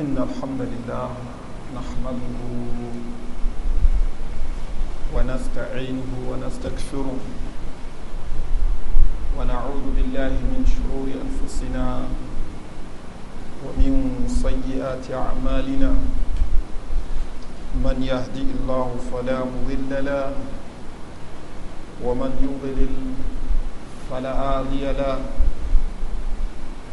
إن الحمد لله نحمده ونستعينه ونستكفره ونعوذ بالله من شرور أنفسنا ومن سيئات أعمالنا من يهدي الله فلا مضل له ومن يضلل فلا هادي له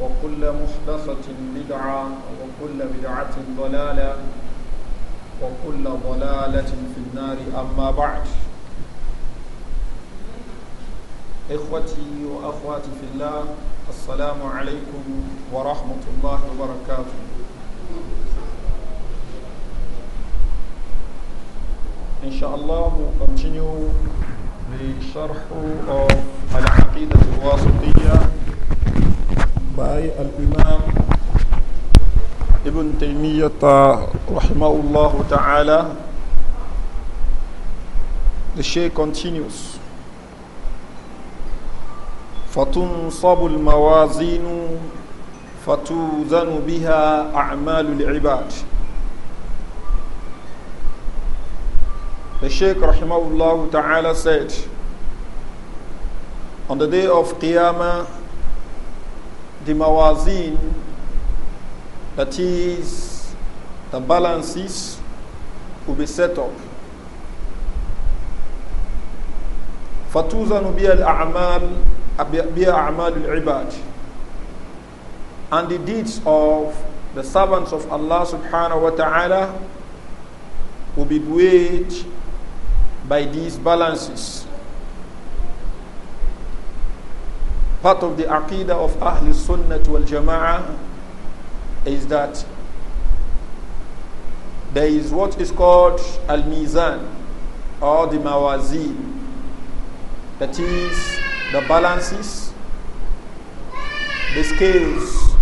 وكل محدثة بدعة وكل بدعة ضلالة وكل ضلالة في النار أما بعد إخوتي وأخواتي في الله السلام عليكم ورحمة الله وبركاته Inshallah, we'll continue the sharh of Al-Aqidah al باي الإمام ابن تيمية رحمه الله تعالى الشيء Shaykh continues فتنصب الموازين فتوزن بها أعمال العباد The Shaykh rahimahullah ta'ala said, On the day of Qiyamah, the mawazin, that is, the balances, will be set up. فَتُوزَنُ بِيَ الْأَعْمَالِ بِيَ أَعْمَالِ الْعِبَادِ And the deeds of the servants of Allah subhanahu wa ta'ala will be weighed by these balances. part of the aqidah of Ahlul Sunnah wal Jama'ah is that there is what is called Al Mizan or the Mawazin, that is the balances, the scales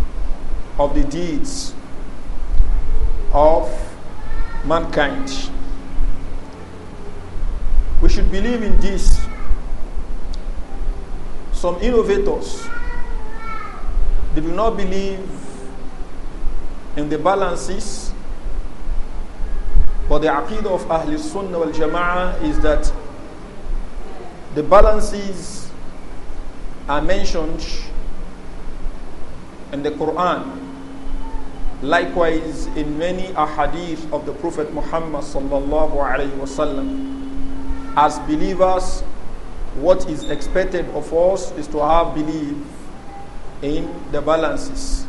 of the deeds of mankind. We should believe in this some innovators, they do not believe in the balances, but the aqidah of Ahl Sunnah wal Jama'ah is that the balances are mentioned in the Quran. Likewise, in many ahadith of the Prophet Muhammad sallallahu alaihi wasallam, as believers what is expected of us is to have belief in the balances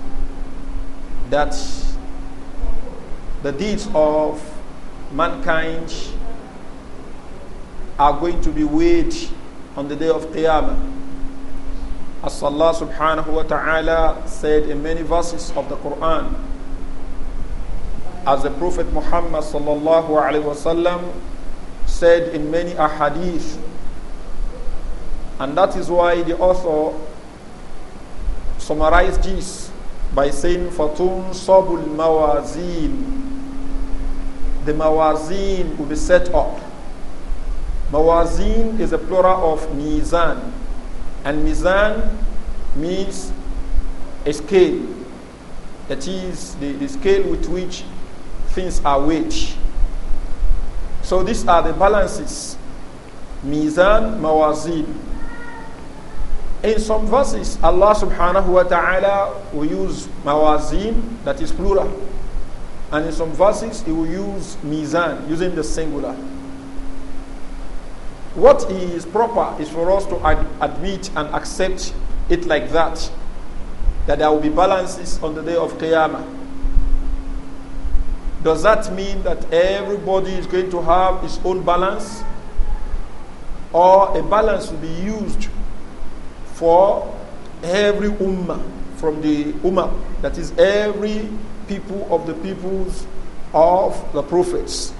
that the deeds of mankind are going to be weighed on the day of Qiyamah. As Allah subhanahu wa ta'ala said in many verses of the Quran, as the Prophet Muhammad sallallahu alayhi wa sallam said in many ahadith and that is why the author summarized this by saying, Fatun Sabul Mawazin. The Mawazin will be set up. Mawazin is a plural of Mizan. And Mizan means a scale. That is the, the scale with which things are weighed. So these are the balances. Mizan, Mawazin. In some verses, Allah subhanahu wa ta'ala will use mawazin, that is plural. And in some verses, He will use mizan, using the singular. What is proper is for us to ad admit and accept it like that, that there will be balances on the day of Qiyamah. Does that mean that everybody is going to have his own balance? Or a balance will be used for every ummah from the ummah, that is every people of the peoples of the prophets.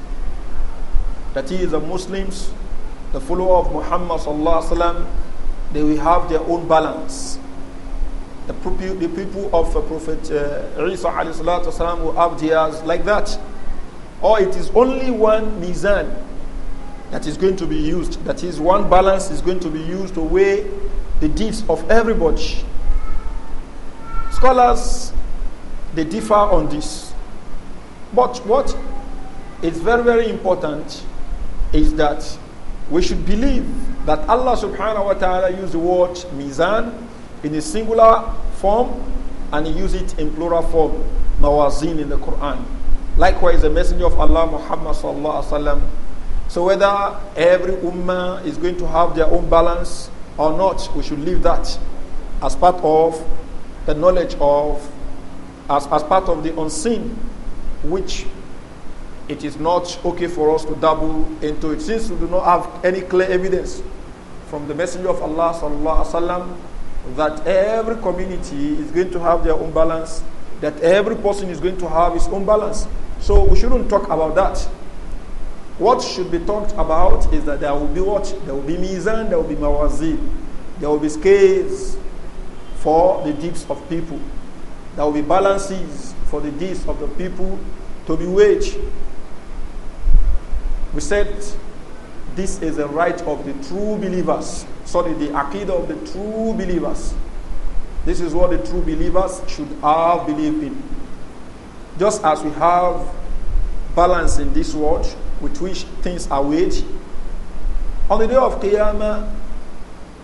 That is the Muslims, the follower of Muhammad sallallahu alaihi wasallam, they will have their own balance. The, the people of the Prophet uh, alayhi salatu wasalam will have theirs like that. Or it is only one mizan that is going to be used. That is one balance is going to be used to weigh the deeds of everybody. Scholars, they differ on this. But what is very, very important is that we should believe that Allah subhanahu wa ta'ala used the word mizan in a singular form and he used it in plural form, mawazin in the Quran. Likewise, the Messenger of Allah Muhammad sallallahu alaihi wasallam. So whether every ummah is going to have their own balance, or not, we should leave that as part of the knowledge of, as, as part of the unseen, which it is not okay for us to dabble into it since we do not have any clear evidence from the Messenger of Allah sallallahu that every community is going to have their own balance, that every person is going to have his own balance. So we shouldn't talk about that. What should be talked about is that there will be what? There will be mizan, there will be mawazin. There will be scales for the deeds of people. There will be balances for the deeds of the people to be weighed. We said this is the right of the true believers. Sorry, the aqidah of the true believers. This is what the true believers should all believe in. Just as we have balance in this world, with which things are weighed. On the day of Qiyamah,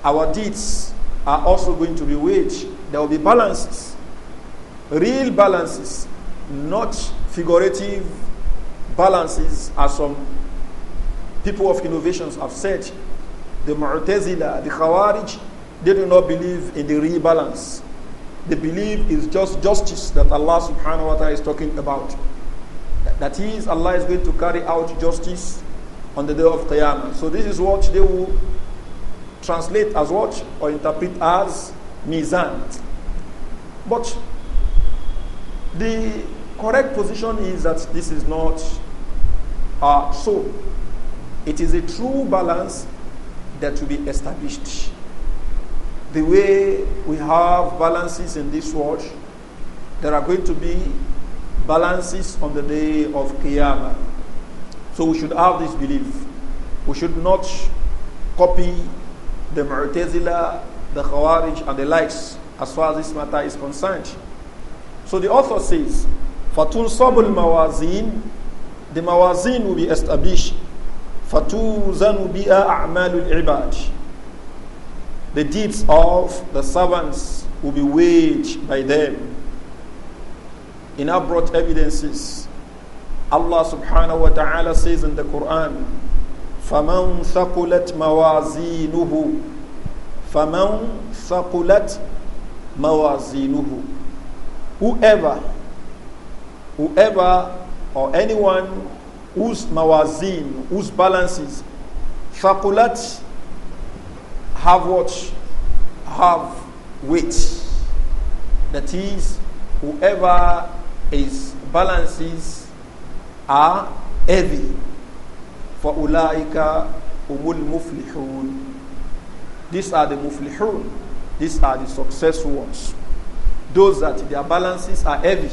our deeds are also going to be weighed. There will be balances, real balances, not figurative balances, as some people of innovations have said. The Mu'tazila, the Khawarij, they do not believe in the real balance. They believe it's just justice that Allah subhanahu wa ta'ala is talking about. That is, Allah is going to carry out justice on the day of Qiyamah. So this is what they will translate as what or interpret as Mizan. But the correct position is that this is not uh, so. It is a true balance that will be established. The way we have balances in this world, there are going to be balances on the day of Qiyamah. So we should have this belief. We should not copy the Mu'tazila, the Khawarij, and the likes as far as this matter is concerned. So the author says, Fatul Sabul Mawazin, the Mawazin will be established. zanu bi'a' A'malul Ibad. The deeds of the servants will be weighed by them. He now brought evidences. Allah subhanahu wa ta'ala says in the Quran, فَمَنْ ثَقُلَتْ مَوَازِينُهُ فَمَنْ ثَقُلَتْ مَوَازِينُهُ Whoever, whoever or anyone whose mawazin, whose balances, thaqulat have what? Have weight. That is, whoever his balances are heavy. فَأُولَٰئِكَ هُمُ الْمُفْلِحُونَ These are the muflihun. These are the successful ones. Those that their balances are heavy.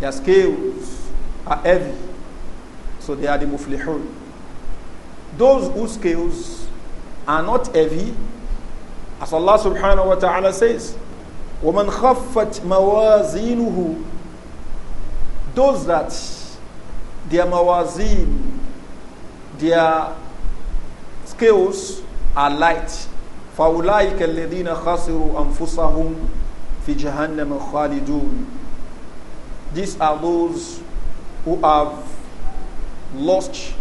Their scales are heavy. So they are the muflihun. Those whose scales are not heavy, as Allah subhanahu wa ta'ala says, وَمَنْ خَفَّتْ مَوَازِينُهُ Those that their mawazin, their scales are light. فَأُولَٰئِكَ الَّذِينَ خَسِرُوا أَنفُسَهُمْ فِي جَهَنَّمَ خَالِدُونَ These are those who have lost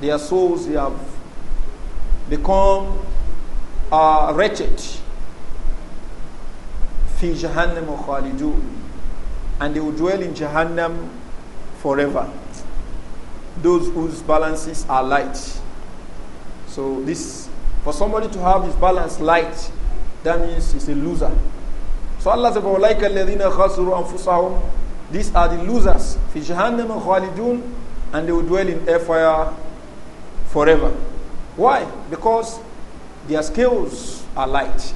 their souls, they have become uh, wretched fi jahannam khalidun and they will dwell in jahannam forever those whose balances are light so this for somebody to have his balance light that means he's a loser so Allah said like alladhina khasiru anfusahum these are the losers fi jahannam khalidun and they will dwell in air fire forever why because their scales are light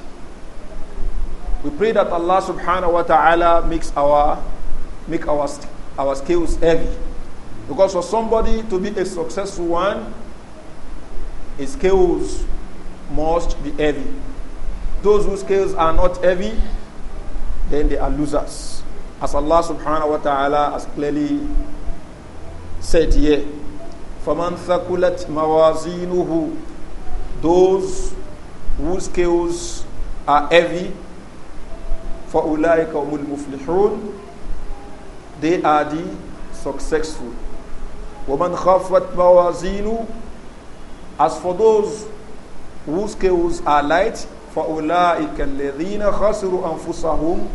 we pray that Allah subhanahu wa ta'ala makes our make our our skills heavy. Because for somebody to be a successful one, his skills must be heavy. Those whose skills are not heavy, then they are losers. As Allah subhanahu wa ta'ala has clearly said here. فَمَنْ ثَقُلَتْ مَوَازِينُهُ Those whose skills are heavy, فَأُولَٰئِكَ هُمُ الْمُفْلِحُونَ They are the successful. وَمَنْ خَفَّتْ مَوَازِينُ As for those whose scales are light, فَأُولَٰئِكَ الَّذِينَ خَسِرُوا أَنفُسَهُمْ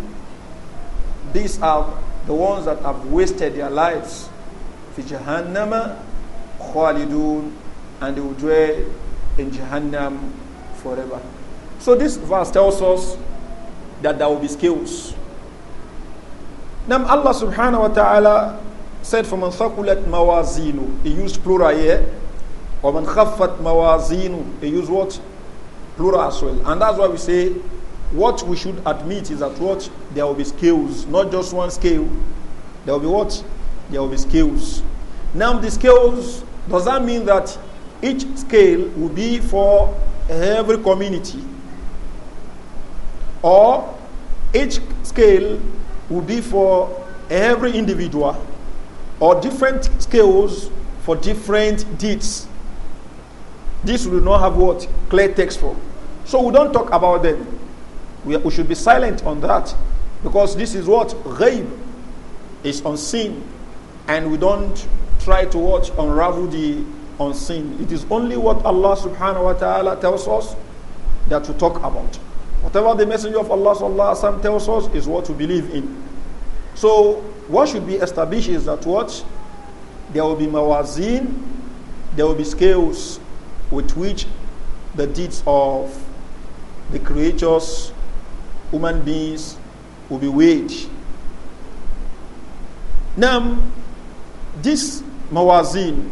These are the ones that have wasted their lives. فِي جَهَنَّمَ خَالِدُونَ And they will dwell in Jahannam forever. So this verse tells us that there will be scales. Now Allah subhanahu wa ta'ala said for man thakulat mawazinu, he used plural here. Or man khaffat mawazinu, he used what? Plural as well. And that's why we say what we should admit is that what there will be scales, not just one scale. There will be what? There will be scales. Now the scales, does that mean that each scale will be for every community? Or each scale would be for every individual, or different scales for different deeds. This will not have what? Clear text for. So we don't talk about them. We, we should be silent on that because this is what? Ghaib is unseen. And we don't try to watch unravel the unseen. It is only what Allah subhanahu wa ta'ala tells us that we talk about. Whatever the Messenger of Allah sallallahu tells us is what we believe in. So what should be established is that what there will be mawazin, there will be scales with which the deeds of the creatures, human beings, will be weighed. Now, this mawazin,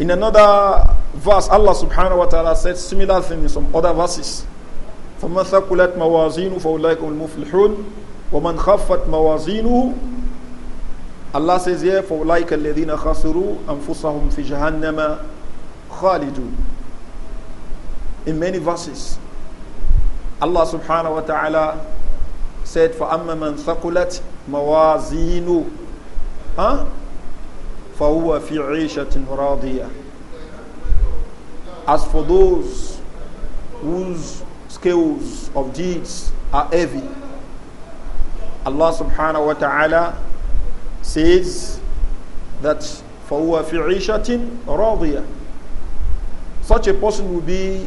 in another verse, Allah subhanahu wa ta'ala said similar thing in some other verses. ثم ثقلت موازينه فأولئك هم المفلحون ومن خفت موازينه Allah says here, فَأُولَٰئِكَ الَّذِينَ خَسِرُوا أَنفُسَهُمْ فِي جَهَنَّمَ خَالِدُونَ In many verses, Allah subhanahu wa ta'ala said, فَأَمَّا مَنْ ثَقُلَتْ موازينه ها فَهُوَ فِي عِيشَةٍ رَاضِيَةٍ As for those whose scales of deeds are heavy. Allah subhanahu wa ta'ala says that فَهُوَ رَاضِيَةٍ Such a person will be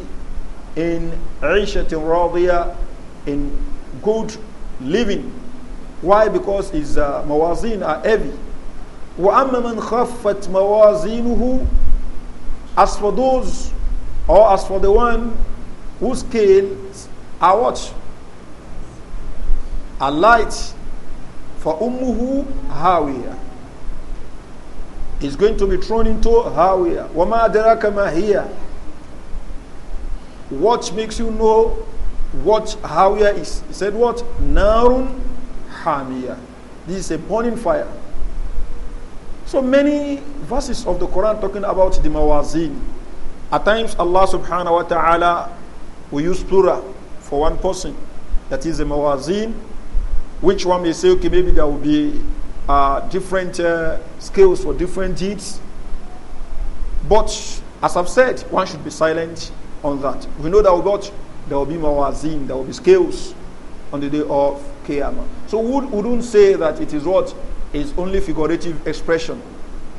in عِيشَةٍ رَاضِيَةٍ in good living. Why? Because his uh, mawazin are heavy. وَأَمَّا مَنْ خَفَّتْ مَوَازِينُهُ As for those, or as for the one whose scales are watch a light. For ummuhu hawiya. Is going to be thrown into hawiya. Wama adraka ma hiya. What makes you know what hawiya is? He said what? Narun hamiya. This is a burning fire. So many verses of the Quran talking about the mawazin. At times Allah subhanahu wa ta'ala we use plural for one person. That is the mawazin, which one may say, okay, maybe there will be uh, different uh, scales for different deeds. But as I've said, one should be silent on that. We know that there will be mawazin, there will be scales on the day of Qiyamah. So we wouldn't say that it is what is only figurative expression.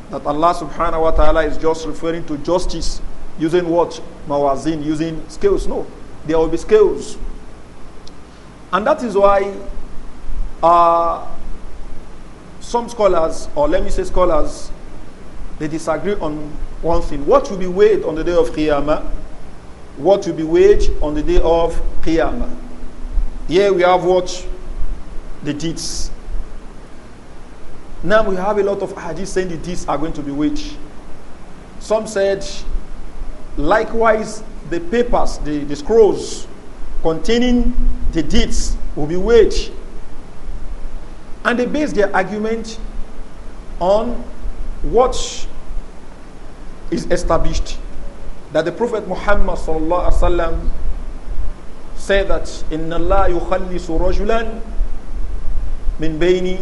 That Allah subhanahu wa ta'ala is just referring to justice using what? Mawazin, using scales. No there will be scales. And that is why uh, some scholars, or let me say scholars, they disagree on one thing. What will be weighed on the day of Qiyamah? What will be weighed on the day of Qiyamah? Here we have what? The deeds. Now we have a lot of hadith saying the deeds are going to be weighed. Some said, likewise, the papers, the, the scrolls containing the deeds will be weighed. And they base their argument on what is established. That the Prophet Muhammad وسلم said that in Allah yukhallisu rajulan min bayni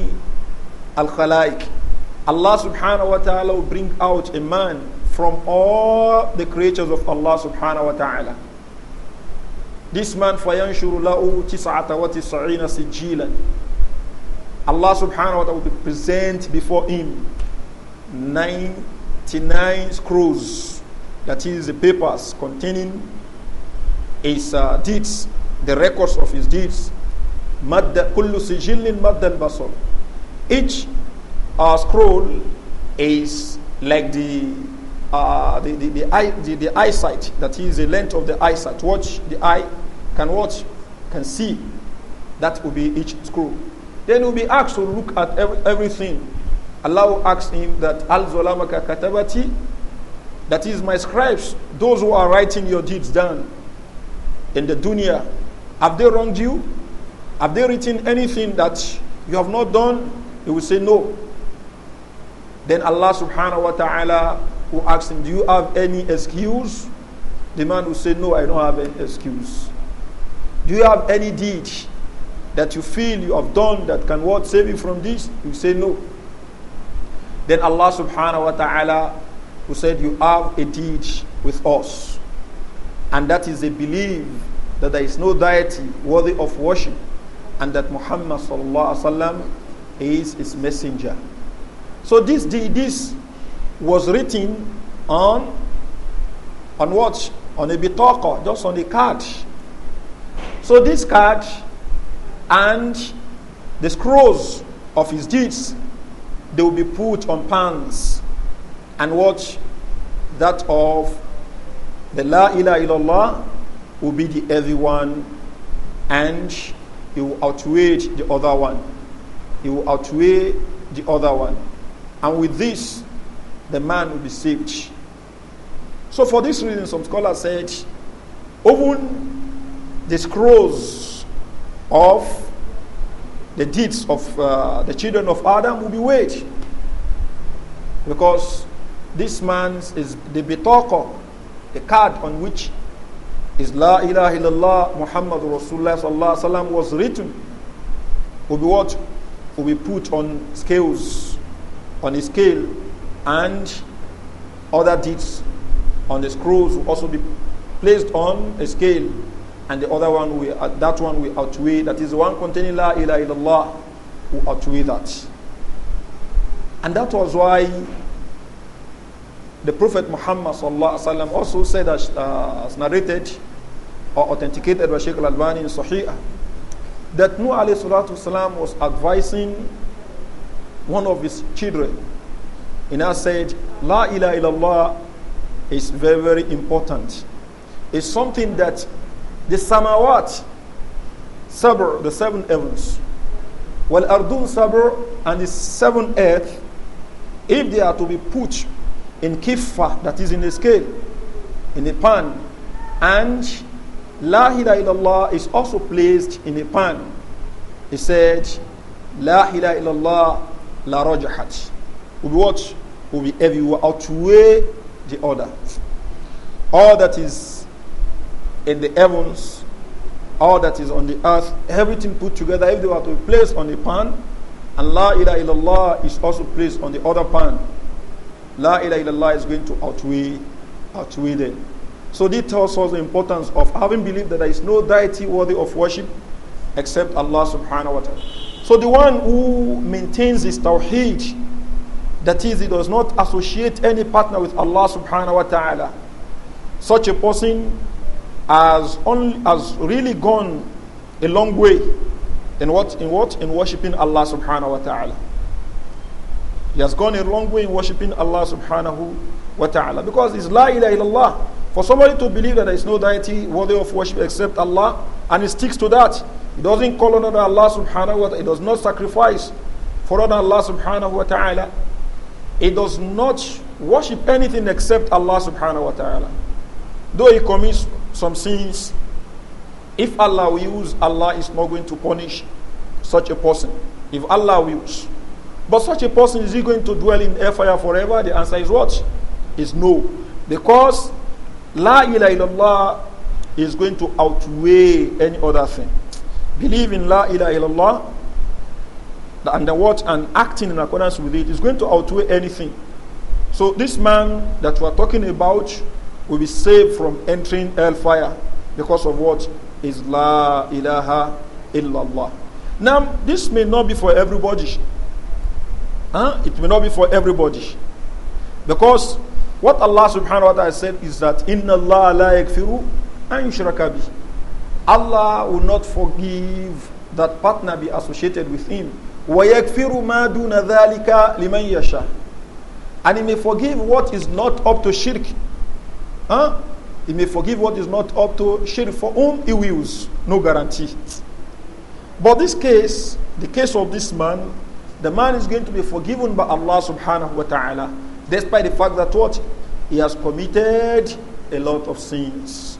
al Allah subhanahu wa ta'ala will bring out a man from all the creatures of Allah subhanahu wa ta'ala. This man فَيَنْشُرُ لَهُ تِسْعَةَ وَتِسْعِينَ سِجِّيلًا Allah subhanahu wa ta'ala will present before him 99 scrolls, that is the papers containing his uh, deeds, the records of his deeds. كُلُّ سِجِّلٍ مَدَّ الْبَصَرِ Each uh, scroll is like the uh, the, the, the, eye, the, the eyesight, that is the length of the eyesight, Watch the eye can watch, can see. That will be each screw. Then he'll be asked to look at every, everything. Allah asks him that Al Zolamaka Katabati, that is my scribes, those who are writing your deeds down in the dunya, have they wronged you? Have they written anything that you have not done? He will say no. Then Allah subhanahu wa ta'ala who asked him, Do you have any excuse? The man will say, No, I don't have any excuse. Do you have any deed that you feel you have done that can what save you from this? You say no. Then Allah subhanahu wa ta'ala who said you have a deed with us. And that is a belief that there is no deity worthy of worship and that Muhammad sallallahu alaihi wasallam is his messenger. So this deed, this was written on on what? On a bitoka, just on a card. So this card and the scrolls of his deeds, they will be put on pans and watch that of the La ilaha illallah will be the heavy one and it will outweigh the other one. It will outweigh the other one. And with this, the man will be saved. So, for this reason, some scholars said even the scrolls of the deeds of uh, the children of Adam will be weighed. Because this man is the bitaka, the card on which is La ilaha illallah Muhammad Rasulullah sallallahu alaihi was written will be what? Will be put on scales, on a scale and other deeds on the scrolls will also be placed on a scale and the other one will, uh, that one will outweigh that is the one containing la ilaha illallah will outweigh that and that was why the prophet muhammad sallallahu also said as, uh, as narrated or authenticated by Sheikh al-Albani in Sahih that Nuh alayhi salatu was advising one of his children he now said, La ilaha illallah is very, very important. It's something that the samawat, sabr, the seven heavens, well, ardun sabr, and the seven earth, if they are to be put in kiffa, that is in a scale, in a pan, and La ilaha illallah is also placed in a pan. He said, La ilaha illallah la rajahat will be what? Will be heavy, will outweigh the other. All that is in the heavens, all that is on the earth, everything put together, if they were to be placed on a pan, and La ilaha illallah is also placed on the other pan, La ilaha illallah is going to outweigh, outweigh them. So this tells us the importance of having believed that there is no deity worthy of worship except Allah subhanahu wa ta'ala. So the one who maintains his tawheed that is, he does not associate any partner with Allah subhanahu wa ta'ala. Such a person has, only, has really gone a long way in what? In what? In worshipping Allah subhanahu wa ta'ala. He has gone a long way in worshipping Allah subhanahu wa ta'ala. Because it's la ilaha illallah. For somebody to believe that there is no deity worthy of worship except Allah, and he sticks to that, he doesn't call on other Allah subhanahu wa ta'ala, he does not sacrifice for other Allah subhanahu wa ta'ala, he does not worship anything except Allah subhanahu wa ta'ala. Though he commits some sins, if Allah wills, Allah is not going to punish such a person. If Allah wills. But such a person, is he going to dwell in hellfire forever? The answer is what? Is no. Because La ilaha illallah is going to outweigh any other thing. Believe in La ilaha illallah and the what and acting in accordance with it is going to outweigh anything. So this man that we are talking about will be saved from entering hellfire because of what is la ilaha illallah. Now this may not be for everybody. Huh? It may not be for everybody. Because what Allah subhanahu wa ta'ala said is that Inna Allah la yakfiru an Allah will not forgive that partner be associated with him وَيَكْفِرُ مَا دُونَ ذَلِكَ لِمَنْ يَشَاءُ And he may forgive what is not up to shirk. Huh? He may forgive what is not up to shirk for whom he wills. No guarantee. But this case, the case of this man, the man is going to be forgiven by Allah subhanahu wa ta'ala, despite the fact that what? He has committed a lot of sins.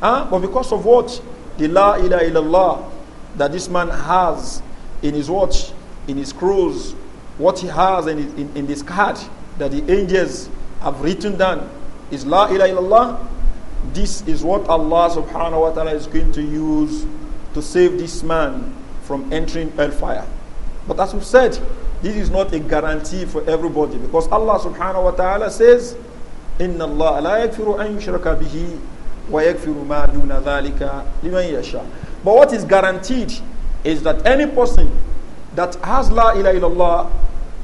Huh? But because of what? The la ilaha illallah that this man has in his watch, in his scrolls, what he has in, his, in, in this card that the angels have written down is La ilaha illallah. This is what Allah subhanahu wa ta'ala is going to use to save this man from entering hellfire. But as we've said, this is not a guarantee for everybody because Allah subhanahu wa ta'ala says, Inna Allah la yakfiru an yushraka bihi wa yakfiru ma duna dhalika liman yasha. But what is guaranteed is that any person that has La ilaha illallah,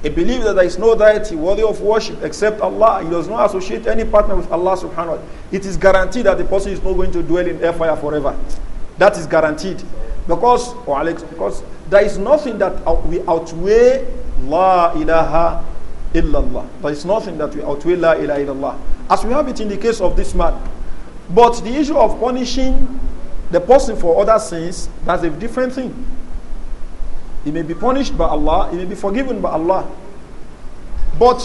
a belief that there is no deity worthy of worship except Allah, he does not associate any partner with Allah subhanahu wa ta'ala, it is guaranteed that the person is not going to dwell in hellfire forever. That is guaranteed. Because, oh Alex, because there is nothing that we outweigh La ilaha illallah. There is nothing that we outweigh La ilaha illallah. As we have it in the case of this man. But the issue of punishing the person for other sins, that's a different thing. He may be punished by Allah, he may be forgiven by Allah. But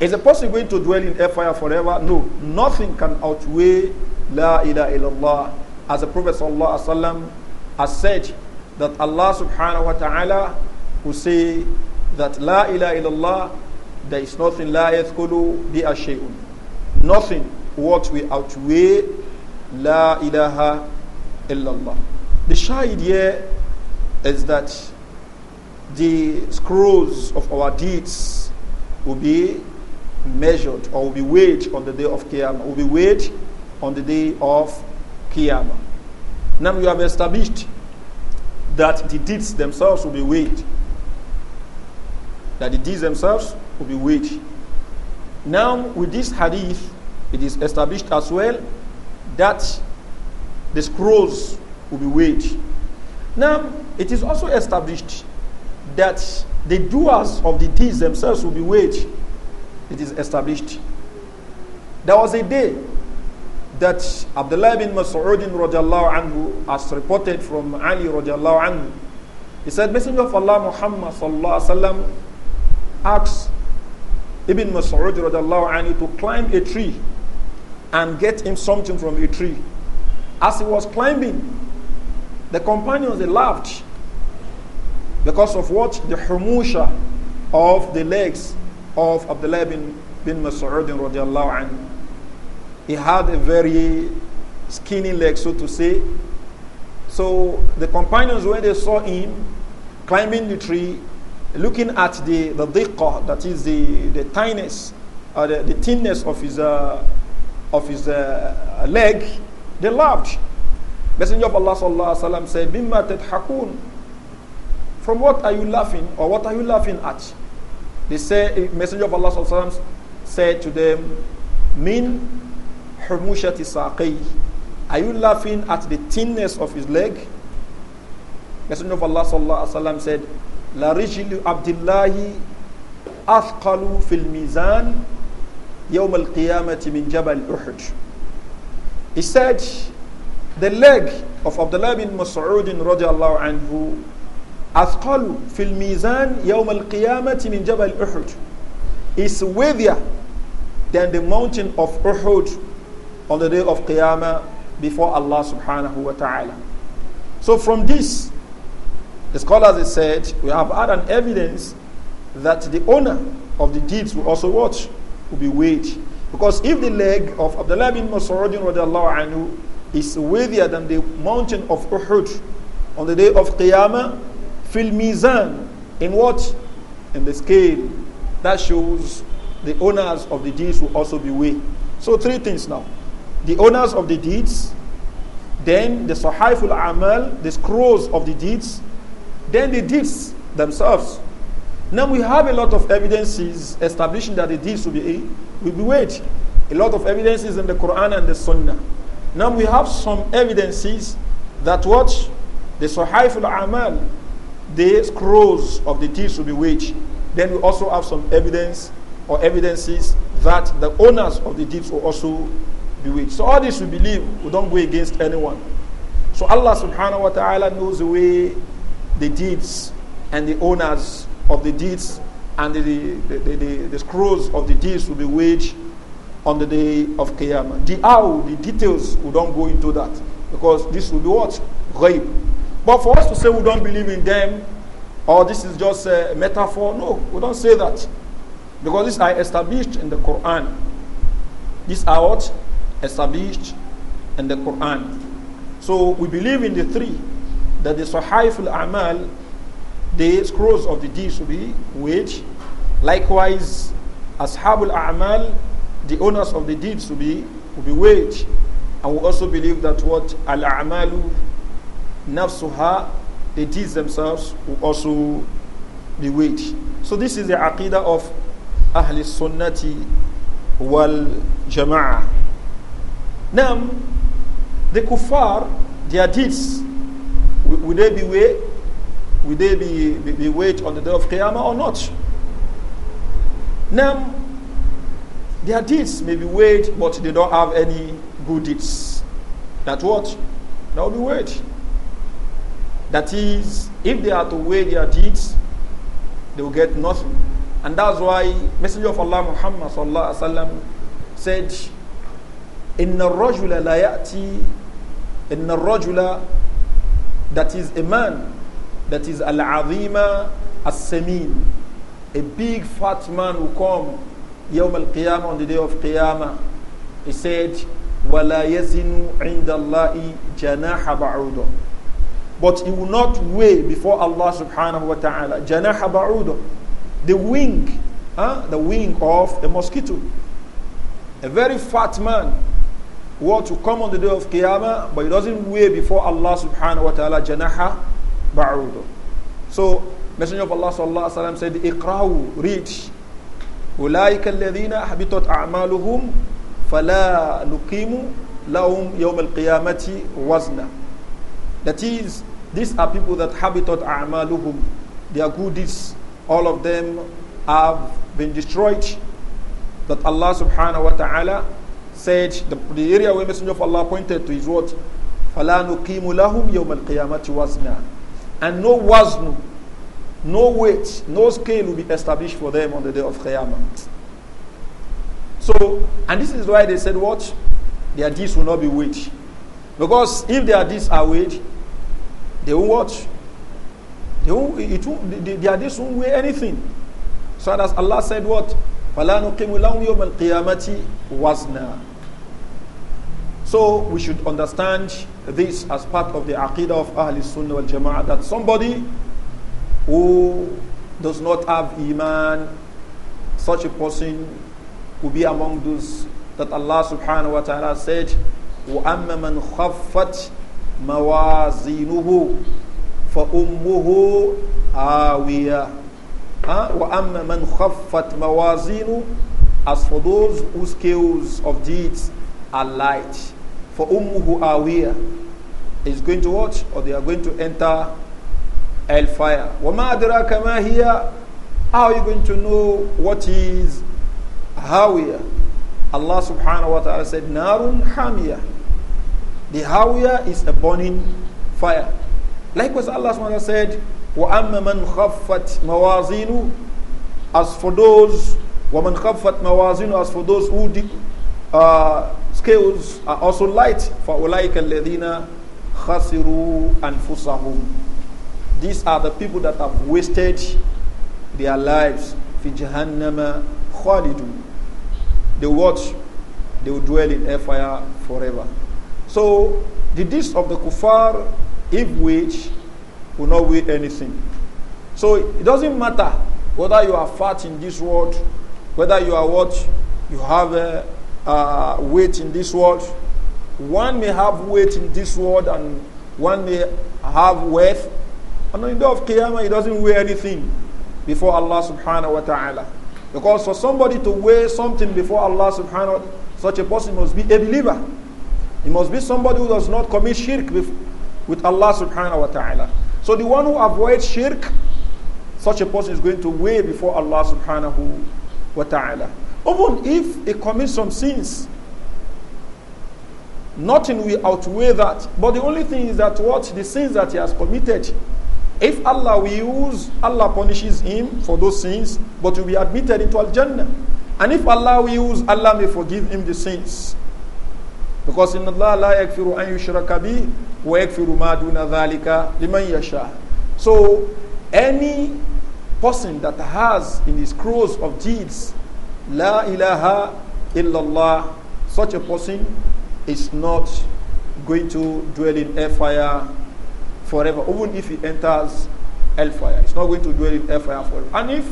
is a person going to dwell in hellfire forever? No, nothing can outweigh La ilaha illallah. As the Prophet Wasallam has said, that Allah subhanahu wa ta'ala will say that La ilaha illallah, there is nothing La yathkulu bi ashayun. Nothing works without outweigh La ilaha illallah. The shahid here is that the scrolls of our deeds will be measured or will be weighed on the day of Qiyamah, will be weighed on the day of Qiyamah. Now we have established that the deeds themselves will be weighed. That the deeds themselves will be weighed. Now, with this hadith, it is established as well that the scrolls will be weighed. Now, it is also established that the doers of the deeds themselves will be weighed. It is established. There was a day that Abdullah bin Mas'udin radiallahu anhu, as reported from Ali radiallahu anhu, he said, Messenger of Allah Muhammad sallallahu sallam asked Ibn Mas'ud radiallahu anhu to climb a tree and get him something from a tree. As he was climbing, the companions they laughed because of what? The humusha of the legs of Abdullah bin, bin Mas'ud radiallahu anhu. He had a very skinny leg, so to say. So the companions, when they saw him climbing the tree, looking at the, the diqqa, that is the, the tiness, uh, the, the thinness of his, uh, of his uh, leg, they laughed. Messenger of Allah sallallahu alaihi wasallam said, "Bimma hakun." From what are you laughing, or what are you laughing at? They say, eh, Messenger of Allah sallallahu alaihi wasallam said to them, "Min humushati saqi." Are you laughing at the thinness of his leg? Messenger of Allah sallallahu alaihi wasallam said, "La rijlu Abdullahi athqalu fil mizan yawm al-qiyamati min jabal Uhud." He said, the leg of Abdullah bin Mas'ud radiallahu anhu أثقل في الميزان يوم القيامة من جبل أحد is weightier than the mountain of Uhud on the day of Qiyamah before Allah subhanahu wa ta'ala. So from this, the scholars have said, we have had an evidence that the owner of the deeds will also watch, will be weighed. Because if the leg of Abdullah bin Mas'ud anhu is weightier than the mountain of Uhud on the day of Qiyamah, fil mizan, in what? In the scale. That shows the owners of the deeds will also be weighed. So three things now. The owners of the deeds, then the Sahiful Amal, the scrolls of the deeds, then the deeds themselves. Now we have a lot of evidences establishing that the deeds will be, be weighed. A lot of evidences in the Quran and the Sunnah. Now we have some evidences that what the Sahih al-Amal, the scrolls of the deeds will be weighed. Then we also have some evidence or evidences that the owners of the deeds will also be weighed. So all this we believe, we don't go against anyone. So Allah subhanahu wa ta'ala knows the way the deeds and the owners of the deeds and the, the, the, the, the scrolls of the deeds will be weighed on the day of Qiyamah. The how, the details, we don't go into that because this will be what? rape. But for us to say we don't believe in them or this is just a metaphor, no, we don't say that because these are established in the Quran. These are what? Established in the Quran. So we believe in the three that the Sahih al-Amal the scrolls of the deeds will be weighed. Likewise, Ashabul A'mal, the owners of the deeds will be, will be weighed. And we also believe that what Al A'malu, Nafsuha, the deeds themselves will also be weighed. So this is the Aqidah of ahli Sunnati wal Jama'ah. Now, the kuffar, their deeds, will they be weighed? will they be, be, be weighed on the day of Qiyamah or not? Now, their deeds may be weighed, but they don't have any good deeds. That what? That will be weighed. That is, if they are to weigh their deeds, they will get nothing. And that's why Messenger of Allah Muhammad sallallahu said, "In the la yati, in rajula, that is a man that is Al Azima As Samin. A big fat man will come Yawm Al Qiyamah on the day of Qiyamah. He said, "Wala يَزِنُ عِنْدَ اللَّهِ But he will not weigh before Allah subhanahu wa ta'ala. جَنَاحَ بَعُودًا The wing, huh? the wing of a mosquito. A very fat man who ought to come on the day of Qiyamah, but he doesn't weigh before Allah subhanahu wa ta'ala جَنَاحَ so, Messenger of Allah sallallahu alaihi wasallam said, "Iqra'u, read. Ulaika alladhina habitat a'maluhum fala nuqimu lahum yawm al-qiyamati wazna." That is, these are people that habitat a'maluhum. Their good deeds, all of them have been destroyed. That Allah subhanahu wa ta'ala said, the, the area where Messenger of Allah pointed to is what? فَلَا نُقِيمُ لَهُمْ يَوْمَ الْقِيَامَةِ وَزْنًا and no wazn, no weight, no scale will be established for them on the day of Qiyamah. So, and this is why they said, what? Their deeds will not be weighed. Because if their deeds are weighed, they won't watch. They won't, it won't, their deeds won't weigh anything. So, as Allah said, what? فَلَا نُقِيمُ لَهُمْ يَوْمَ الْقِيَامَةِ وَزْنًا so we should understand this as part of the aqidah of Ahl Sunnah wal Jama'ah that somebody who does not have Iman, such a person will be among those that Allah subhanahu wa ta'ala said, وَأَمَّا مَنْ خَفَّتْ مَوَازِينُهُ فَأُمُّهُ آوِيَةٌ وَأَمَّا مَنْ خَفَّتْ مَوَازِينُهُ As for those whose scales of deeds are light, for Ummuhu Awiyah is going to watch or they are going to enter hellfire. وَمَا أَدْرَاكَ مَا هِيَ How are you going to know what is Hawiya? Allah subhanahu wa ta'ala said, Narun Hamiya. The Hawiya is a burning fire. Likewise, Allah subhanahu wa ta'ala said, وَأَمَّا مَنْ خَفَّتْ mawazinu." As for those, وَمَنْ خَفَّتْ مَوَازِينُ As for those who did, uh, scales are also light. for فَأُولَٰئِكَ الَّذِينَ خَسِرُوا أَنفُسَهُمْ These are the people that have wasted their lives. فِي Jahannama. خَالِدُونَ They watch, they will dwell in fire forever. So, the deeds of the kuffar, if which, will not weigh anything. So, it doesn't matter whether you are fat in this world, whether you are what, you have a uh, uh, weight in this world. One may have weight in this world and one may have wealth. And on the day of Qiyamah, he doesn't weigh anything before Allah subhanahu wa ta'ala. Because for somebody to weigh something before Allah subhanahu wa ta'ala, such a person must be a believer. He must be somebody who does not commit shirk with, with Allah subhanahu wa ta'ala. So the one who avoids shirk, such a person is going to weigh before Allah subhanahu wa ta'ala. Even if he commits some sins, nothing will outweigh that. But the only thing is that what the sins that he has committed, if Allah wills, Allah punishes him for those sins, but will be admitted into Al Jannah. And if Allah wills, Allah may forgive him the sins. Because in Allah la yakfiru an yushrakabi wa yakfiru ma duna dhalika liman yasha. So any person that has in his scrolls of deeds La ilaha illallah, such a person is not going to dwell in hellfire forever, even if he enters hellfire. It's not going to dwell in hellfire forever. And if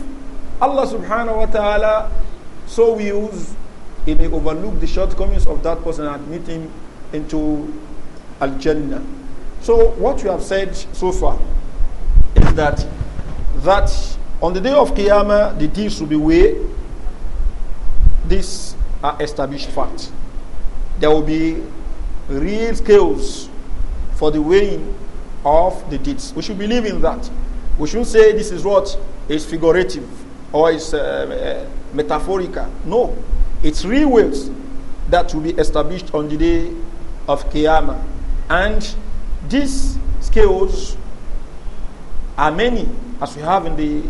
Allah subhanahu wa ta'ala so wills, he may overlook the shortcomings of that person and admit him into Al Jannah. So, what we have said so far is that that on the day of Qiyamah, the deeds will be weighed these are established facts. There will be real scales for the weighing of the deeds. We should believe in that. We should say this is what is figurative or is uh, uh, metaphorical. No, it's real weights that will be established on the day of Qiyamah. And these scales are many, as we have in the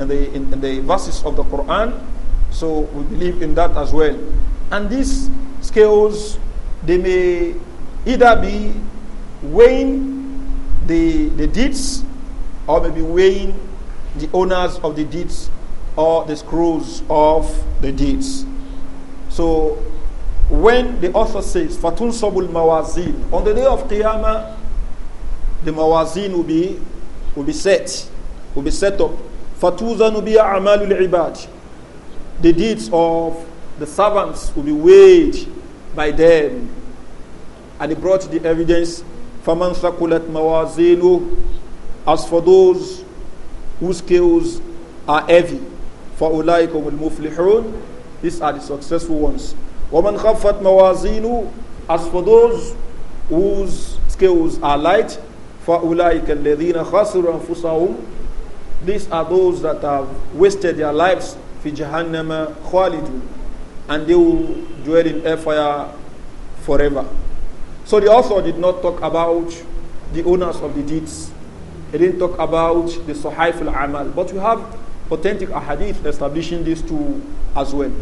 in the in, in the verses of the Quran so we believe in that as well. And these scales, they may either be weighing the, the deeds or maybe weighing the owners of the deeds or the screws of the deeds. So when the author says, Fatun Sabul Mawazin, on the day of Qiyamah, the Mawazin will be, will be set, will be set up. Fatuza nubiya amalul ibad the deeds of the servants will be weighed by them. And he brought the evidence. فَمَنْ ثَقُلَتْ مَوَازِينُ As for those whose scales are heavy, فَأُولَٰئِكُمُ الْمُفْلِحُونَ These are the successful ones. وَمَنْ خَفَّتْ مَوَازِينُ As for those whose scales are light, فَأُولَٰئِكَ الَّذِينَ خَسِرُوا أَنفُسَهُمْ These are those that have wasted their lives fi jahannam khalidun and they will dwell in fire forever. So the author did not talk about the owners of the deeds. He didn't talk about the Sahif al-Amal. But we have authentic ahadith establishing these two as well.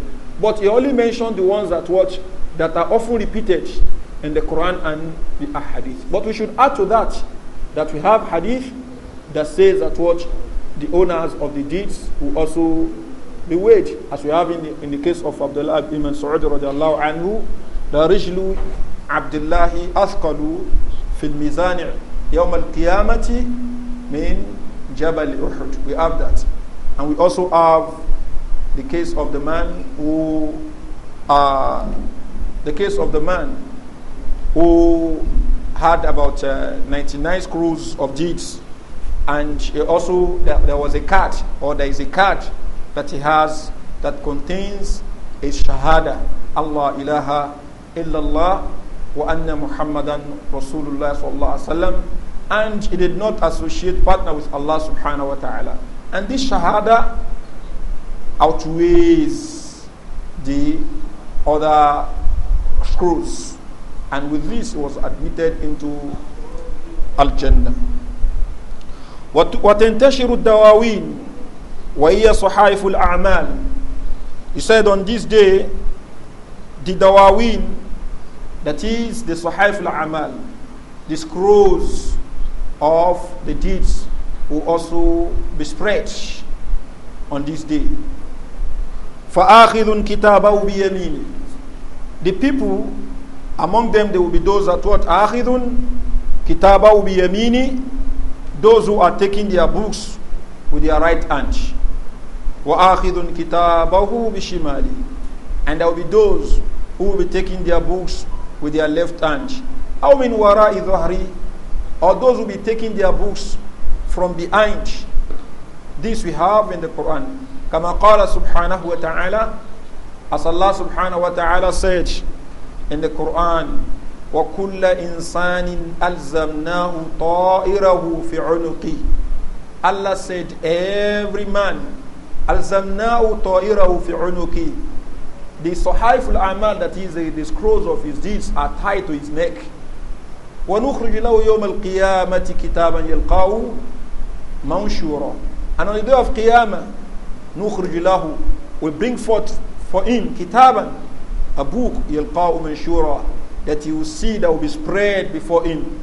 But he only mentioned the ones that watch that are often repeated in the Quran and the ahadith. But we should add to that that we have hadith that says that what the owners of the deeds will also the weighed, as we have in the, in the case of Abdullah ibn Saud radiallahu anhu, the rijlu Abdullahi Askalu fil mizani' yawm al-qiyamati min Jabal Uhud. We have that. And we also have the case of the man who, uh, the case of the man who had about uh, 99 screws of deeds and also there, there was a cat, or there is a cat that he has that contains a shahada Allah ilaha illallah wa anna muhammadan rasulullah sallallahu alaihi wasallam and he did not associate partner with Allah subhanahu wa ta'ala and this shahada outweighs the other screws, and with this he was admitted into al-jannah وتنتشر الدواوين وَهِيَ صَحَائِفُ الْأَعْمَالِ He said on this day, the dawawin, that is the Sahaif الاعمال amal the scrolls of the deeds will also be spread on this day. فَآخِذٌ كِتَابَهُ بِيَمِينِ The people, among them there will be those that what? آخِذٌ كِتَابَهُ بِيَمِينِ Those who are taking their books with their right hand. وَآخِذٌ كِتَابَهُ بِشِمَالِهِ And there will be those who will be taking their books with their left hand. أَوْ مِنْ وَرَاءِ ظَهْرِهِ Or those who will be taking their books from behind. This we have in the Quran. كما قال سبحانه وتعالى As Allah subhanahu wa ta'ala said in the Quran, وكل إنسان ألزمناه طائره في عنقه Allah said, every man أَلْزَمْنَاهُ طَائِرَهُ fi unuki, The Sahif that is the, the scrolls of his deeds, are tied to his neck. وَنُخْرِجُ لَهُ يَوْمَ الْقِيَامَةِ كِتَابًا يَلْقَاهُ مَنْشُورًا And on the day of Qiyamah, نُخْرِجُ لَهُ We bring forth for him kitaban, a book يَلْقَاهُ مَنْشُورًا That he will see, that will be spread before him.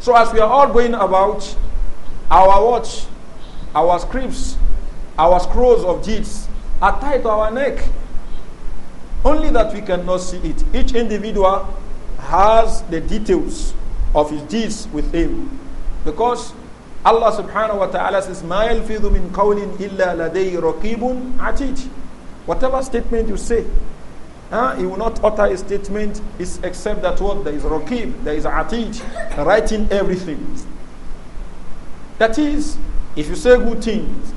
So as we are all going about, our watch, our scripts our scrolls of deeds are tied to our neck. Only that we cannot see it. Each individual has the details of his deeds with him. Because Allah subhanahu wa ta'ala says, مَا يَلْفِظُ مِنْ قَوْلٍ إِلَّا لَدَيْهِ رَقِيبٌ عَتِيدٌ Whatever statement you say, he will not utter a statement is except that what? There is Raqib, there is Atid, writing everything. That is, if you say good things,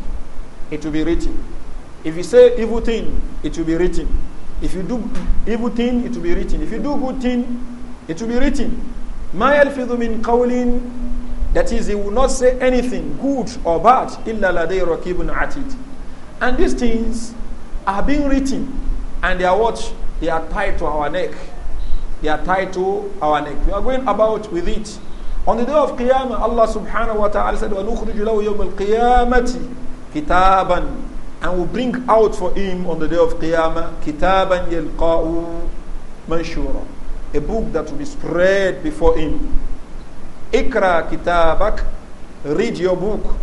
it will be written. If you say evil thing, it will be written. If you do evil thing, it will be written. If you do good thing, it will be written. Ma yalfidhu min kawlin, that is, he will not say anything good or bad. Illa ladai rakibun atid. And these things are being written, and they are what they are tied to our neck. They are tied to our neck. We are going about with it. On the day of Qiyamah, Allah subhanahu wa ta'ala said, وَنُخْرِجُ لَهُ يَوْمَ الْقِيَامَةِ kitaban and will bring out for him on the day of Qiyamah kitaban yalqa'u manshura a book that will be spread before him ikra kitabak read your book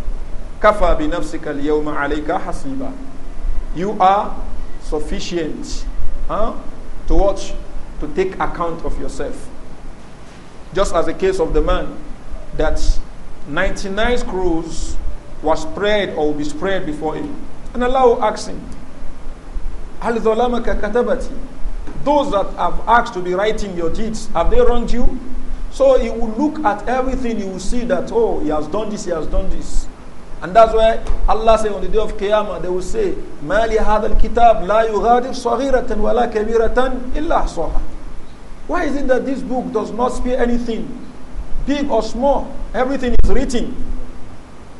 kafa bi nafsika al-yawma alayka hasiba you are sufficient huh, to watch to take account of yourself just as the case of the man that 99 screws was spread or will be spread before him. And Allah will ask him, katabati. Those that have asked to be writing your deeds, have they wronged you? So he will look at everything, he will see that, oh, he has done this, he has done this. And that's why Allah says on the day of Qiyamah, they will say, مَا لِهَذَا الْكِتَابِ لَا يُغَادِرْ صَغِيرَةً وَلَا كَبِيرَةً إِلَّا صَحَةً Why is it that this book does not spare anything, big or small? Everything is written.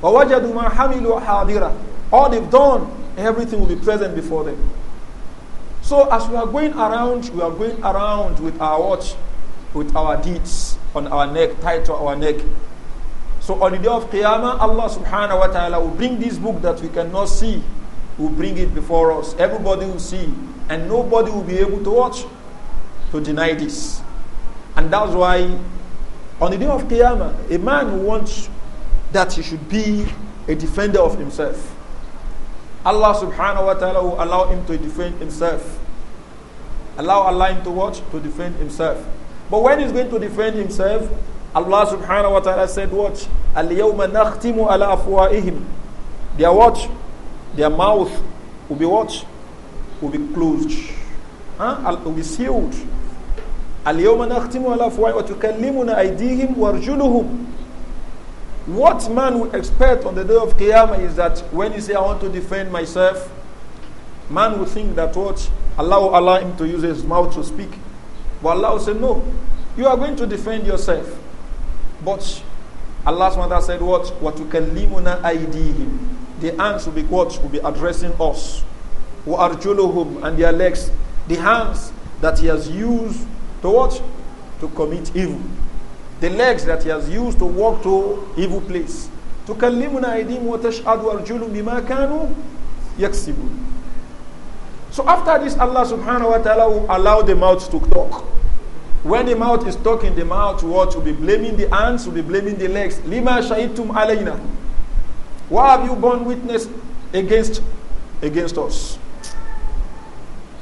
All they've done, everything will be present before them. So as we are going around, we are going around with our watch, with our deeds on our neck, tied to our neck. So on the day of Qiyamah, Allah subhanahu wa ta'ala will bring this book that we cannot see, will bring it before us. Everybody will see, and nobody will be able to watch to deny this. And that's why on the day of Qiyamah, a man who wants that he should be a defender of himself. Allah subhanahu wa ta'ala will allow him to defend himself. Allow Allah him to watch to defend himself. But when he's going to defend himself, Allah subhanahu wa ta'ala said, Watch. Al-yawma ala Their watch, their mouth will be watched, will be closed, huh? will be sealed. Al-yawma nakhtimu ala afwa'ihim wa tukallimuna aydihim wa arjuluhum. What man will expect on the day of Qiyamah is that when he say, I want to defend myself, man will think that what? Allah will allow him to use his mouth to speak. But Allah will say, No, you are going to defend yourself. But Allah's mother said, What? What you can limuna aidihim. The hands will be what? Will be addressing us. Who are juluhum and their legs. The hands that he has used to what? To commit evil the legs that he has used to walk to evil place. تكلمنا أيديهم وتشهد أرجلهم بما كانوا يكسبون. So after this, Allah subhanahu wa ta'ala will allow the mouth to talk. When the mouth is talking, the mouth what will be blaming the hands, will be blaming the legs. Lima shahidtum alayna. Why have you borne witness against against us?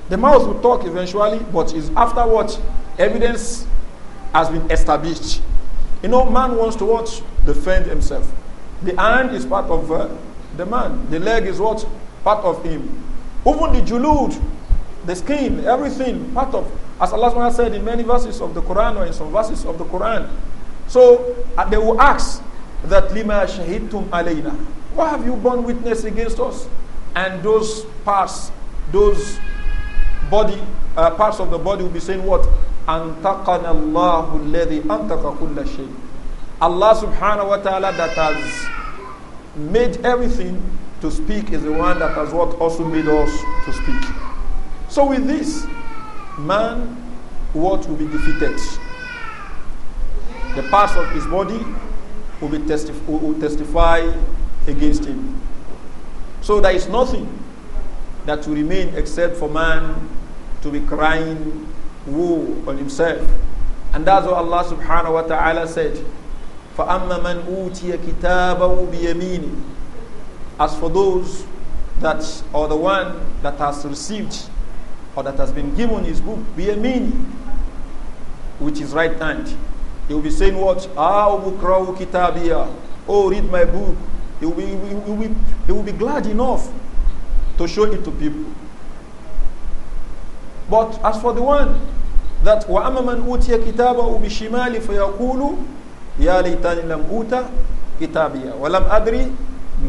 The mouth will talk eventually, but is after what? Evidence has been established. You know, man wants to what? Defend himself. The hand is part of uh, the man. The leg is what? Part of him. Even the julud, the skin, everything, part of. As Allah said in many verses of the Quran or in some verses of the Quran. So uh, they will ask that lima shahidtum alayna. Why have you borne witness against us? And those parts, those body, uh, parts of the body will be saying what? Antaqana Allahu alladhi antaqa kulla shay. Allah subhanahu wa ta'ala that has made everything to speak is the one that has what also made us to speak. So with this, man what will be defeated. The parts of his body will, be testif- will testify against him. So there is nothing that will remain except for man to be crying woe on himself. And that's what Allah subhanahu wa ta'ala said. فَأَمَّا مَنْ أُوتِيَ كِتَابَهُ بِيَمِينِ As for those that are the one that has received or that has been given his book, بِيَمِينِ which is right hand. He will be saying what? Awukrawu kitabiya. Oh, read my book. He will, be, he, will be, he will be glad enough to show it to people. But as for the one that wa amma man وَأَمَّا مَنْ أُوتِيَ كِتَابَهُ بِشِمَالِ فَيَقُولُ يَا لَيْتَنِي لَمْ أُوتَ كِتَابِيَ وَلَمْ أَدْرِ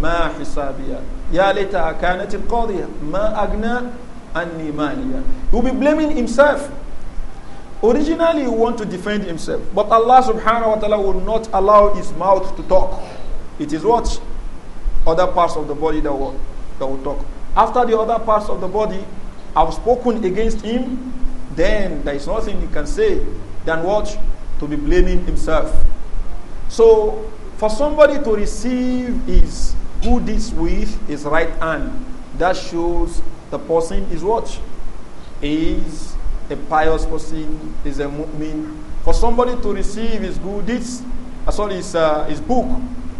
مَا حِسَابِيَ يَا لَيْتَهَا كَانَتِ ma agna anni maliya he will be blaming himself. Originally, he want to defend himself, but Allah subhanahu wa ta'ala will not allow his mouth to talk. It is what? Other parts of the body that will, that will talk. After the other parts of the body have spoken against him, then there is nothing he can say than what? To be blaming himself. So, for somebody to receive his good deeds with his right hand, that shows the person is what? Is a pious person, is a mu'min. For somebody to receive his good deeds, uh, sorry, his, uh, his book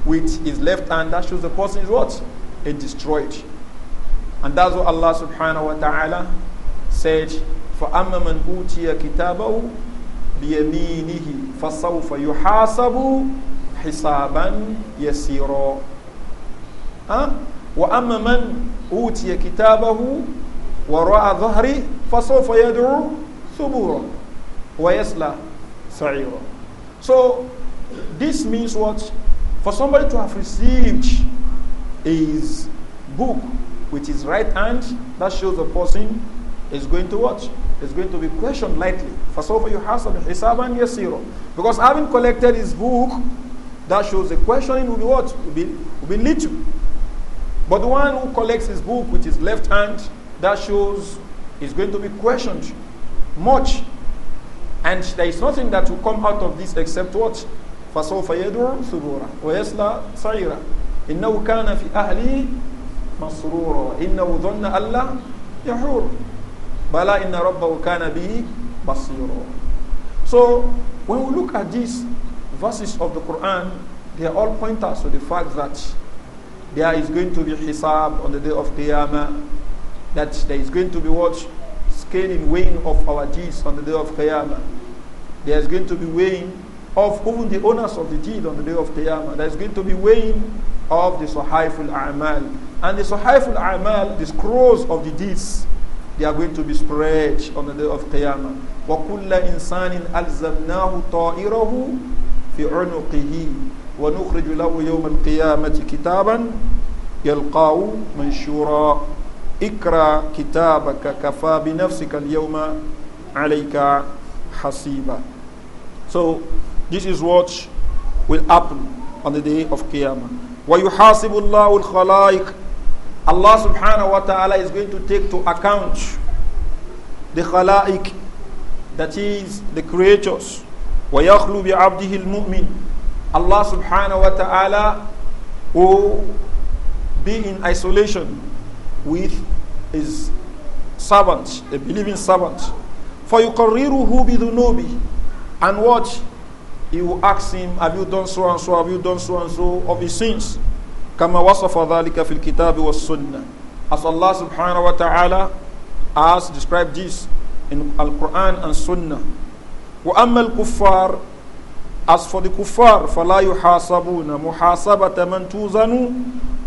with his left hand, that shows the person is what? A destroyed. And that's what Allah subhanahu wa ta'ala said فأما من أوتي كتابه بيمينه فسوف يحاسب حسابا يسيرا أه؟ وأما من أوتي كتابه وراء ظهره فسوف يدعو ثبورا ويسلى سعيرا So this means what? For somebody to have received his book with his right hand, that shows the person is going to watch is going to be questioned lightly. فَسَوْفَ يُحَاسَبُ حِسَابًا يَسِيرًا Because having collected his book, that shows the questioning will be what? Will be, will be little. But the one who collects his book with his left hand, that shows is going to be questioned much. And there is nothing that will come out of this except what? فَسَوْفَ يَدْعُ ثُبُورًا وَيَسْلَى سَعِيرًا إِنَّهُ كَانَ فِي أَهْلِهِ مَسْرُورًا إِنَّهُ ظَنَّ أَلَّا يَحُورًا Bala inna rabbahu kana bihi basiro. So when we look at these verses of the Quran, they are all pointers to the fact that there is going to be hisab on the day of Qiyamah, that there is going to be what? Scaling, weighing of our deeds on the day of Qiyamah. There is going to be weighing of even the owners of the deed on the day of Qiyamah. There is going to be weighing of the Sahaiful A'mal. And the Sahaiful A'mal, the scrolls of the deeds, They are going to be spread on the day of Qiyamah. وَكُلَّ إِنسَانٍ أَلْزَمْنَاهُ طَائِرَهُ فِي عُنُقِهِ ونخرج له يوم القيامة كتابا يلقاه منشورا اقرأ كتابك كفى بنفسك اليوم عليك حسيبا So this is what will happen on the day of Qiyamah. ويحاسب الله الخلائق Allah subhanahu wa ta'ala is going to take to account the khala'ik, that is the creators. وَيَخْلُو بِعَبْدِهِ الْمُؤْمِنِ Allah subhanahu wa ta'ala will be in isolation with his servant, a believing servant. For you فَيُقَرِّرُهُ بِذُنُوبِ And what? He will ask him, have you done so and so, have you done so and so of his sins? كما وصف ذلك في الكتاب والسنة as Allah subhanahu wa ta'ala has described this in Al-Quran and Sunnah وأما الكفار as for the kuffar فلا يحاسبون محاسبة من توزن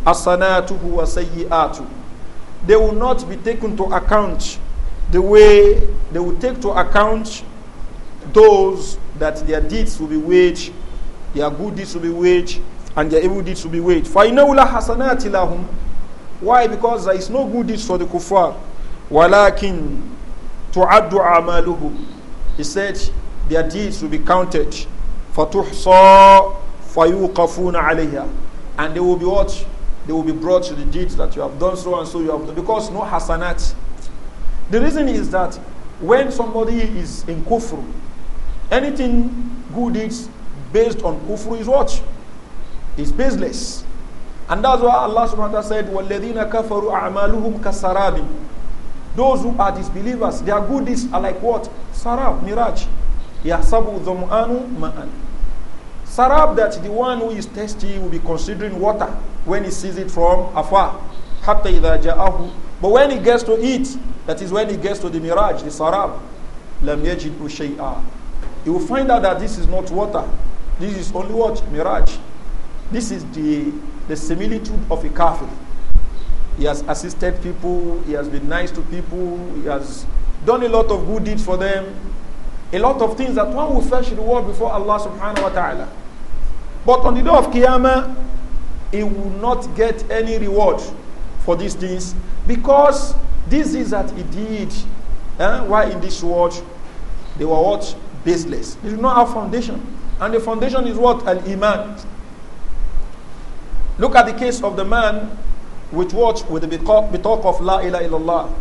حسناته وسيئاته they will not be taken to account the way they will take to account those that their deeds will be weighed their good deeds will be weighed and their evil deeds will be weighed. فَإِنَّهُ لَحَسَنَاتِ لَهُمْ Why? Because there is no good deeds for the kuffar. Walakin تُعَدُّ amaluhu. He said, their deeds will be counted. Fatuhsa فَيُوقَفُونَ عَلَيْهَا And they will be what? They will be brought to the deeds that you have done so and so you have done. Because no hasanat. The reason is that when somebody is in kufr, anything good deeds based on kufr is what? It's business, And that's why Allah subhanahu wa ta'ala said, Those who are disbelievers, their good deeds are like what? Sarab, miraj. يَحْسَبُ anu ma'an. Sarab that the one who is thirsty will be considering water when he sees it from afar. hatta إِذَا jaahu. But when he gets to it, that is when he gets to the miraj, the sarab, لَمْ يَجِدُ شَيْئًا He will find out that this is not water. This is only what? Miraj. This is the, the similitude of a kafir. He has assisted people, he has been nice to people, he has done a lot of good deeds for them, a lot of things that one will fetch reward before Allah subhanahu wa ta'ala. But on the day of Qiyamah, he will not get any reward for these things because this is that he did eh, while in this world they were what? Baseless. They do not have foundation. And the foundation is what? Al-Iman. Look at the case of the man which watch With the talk of La ilaha illallah.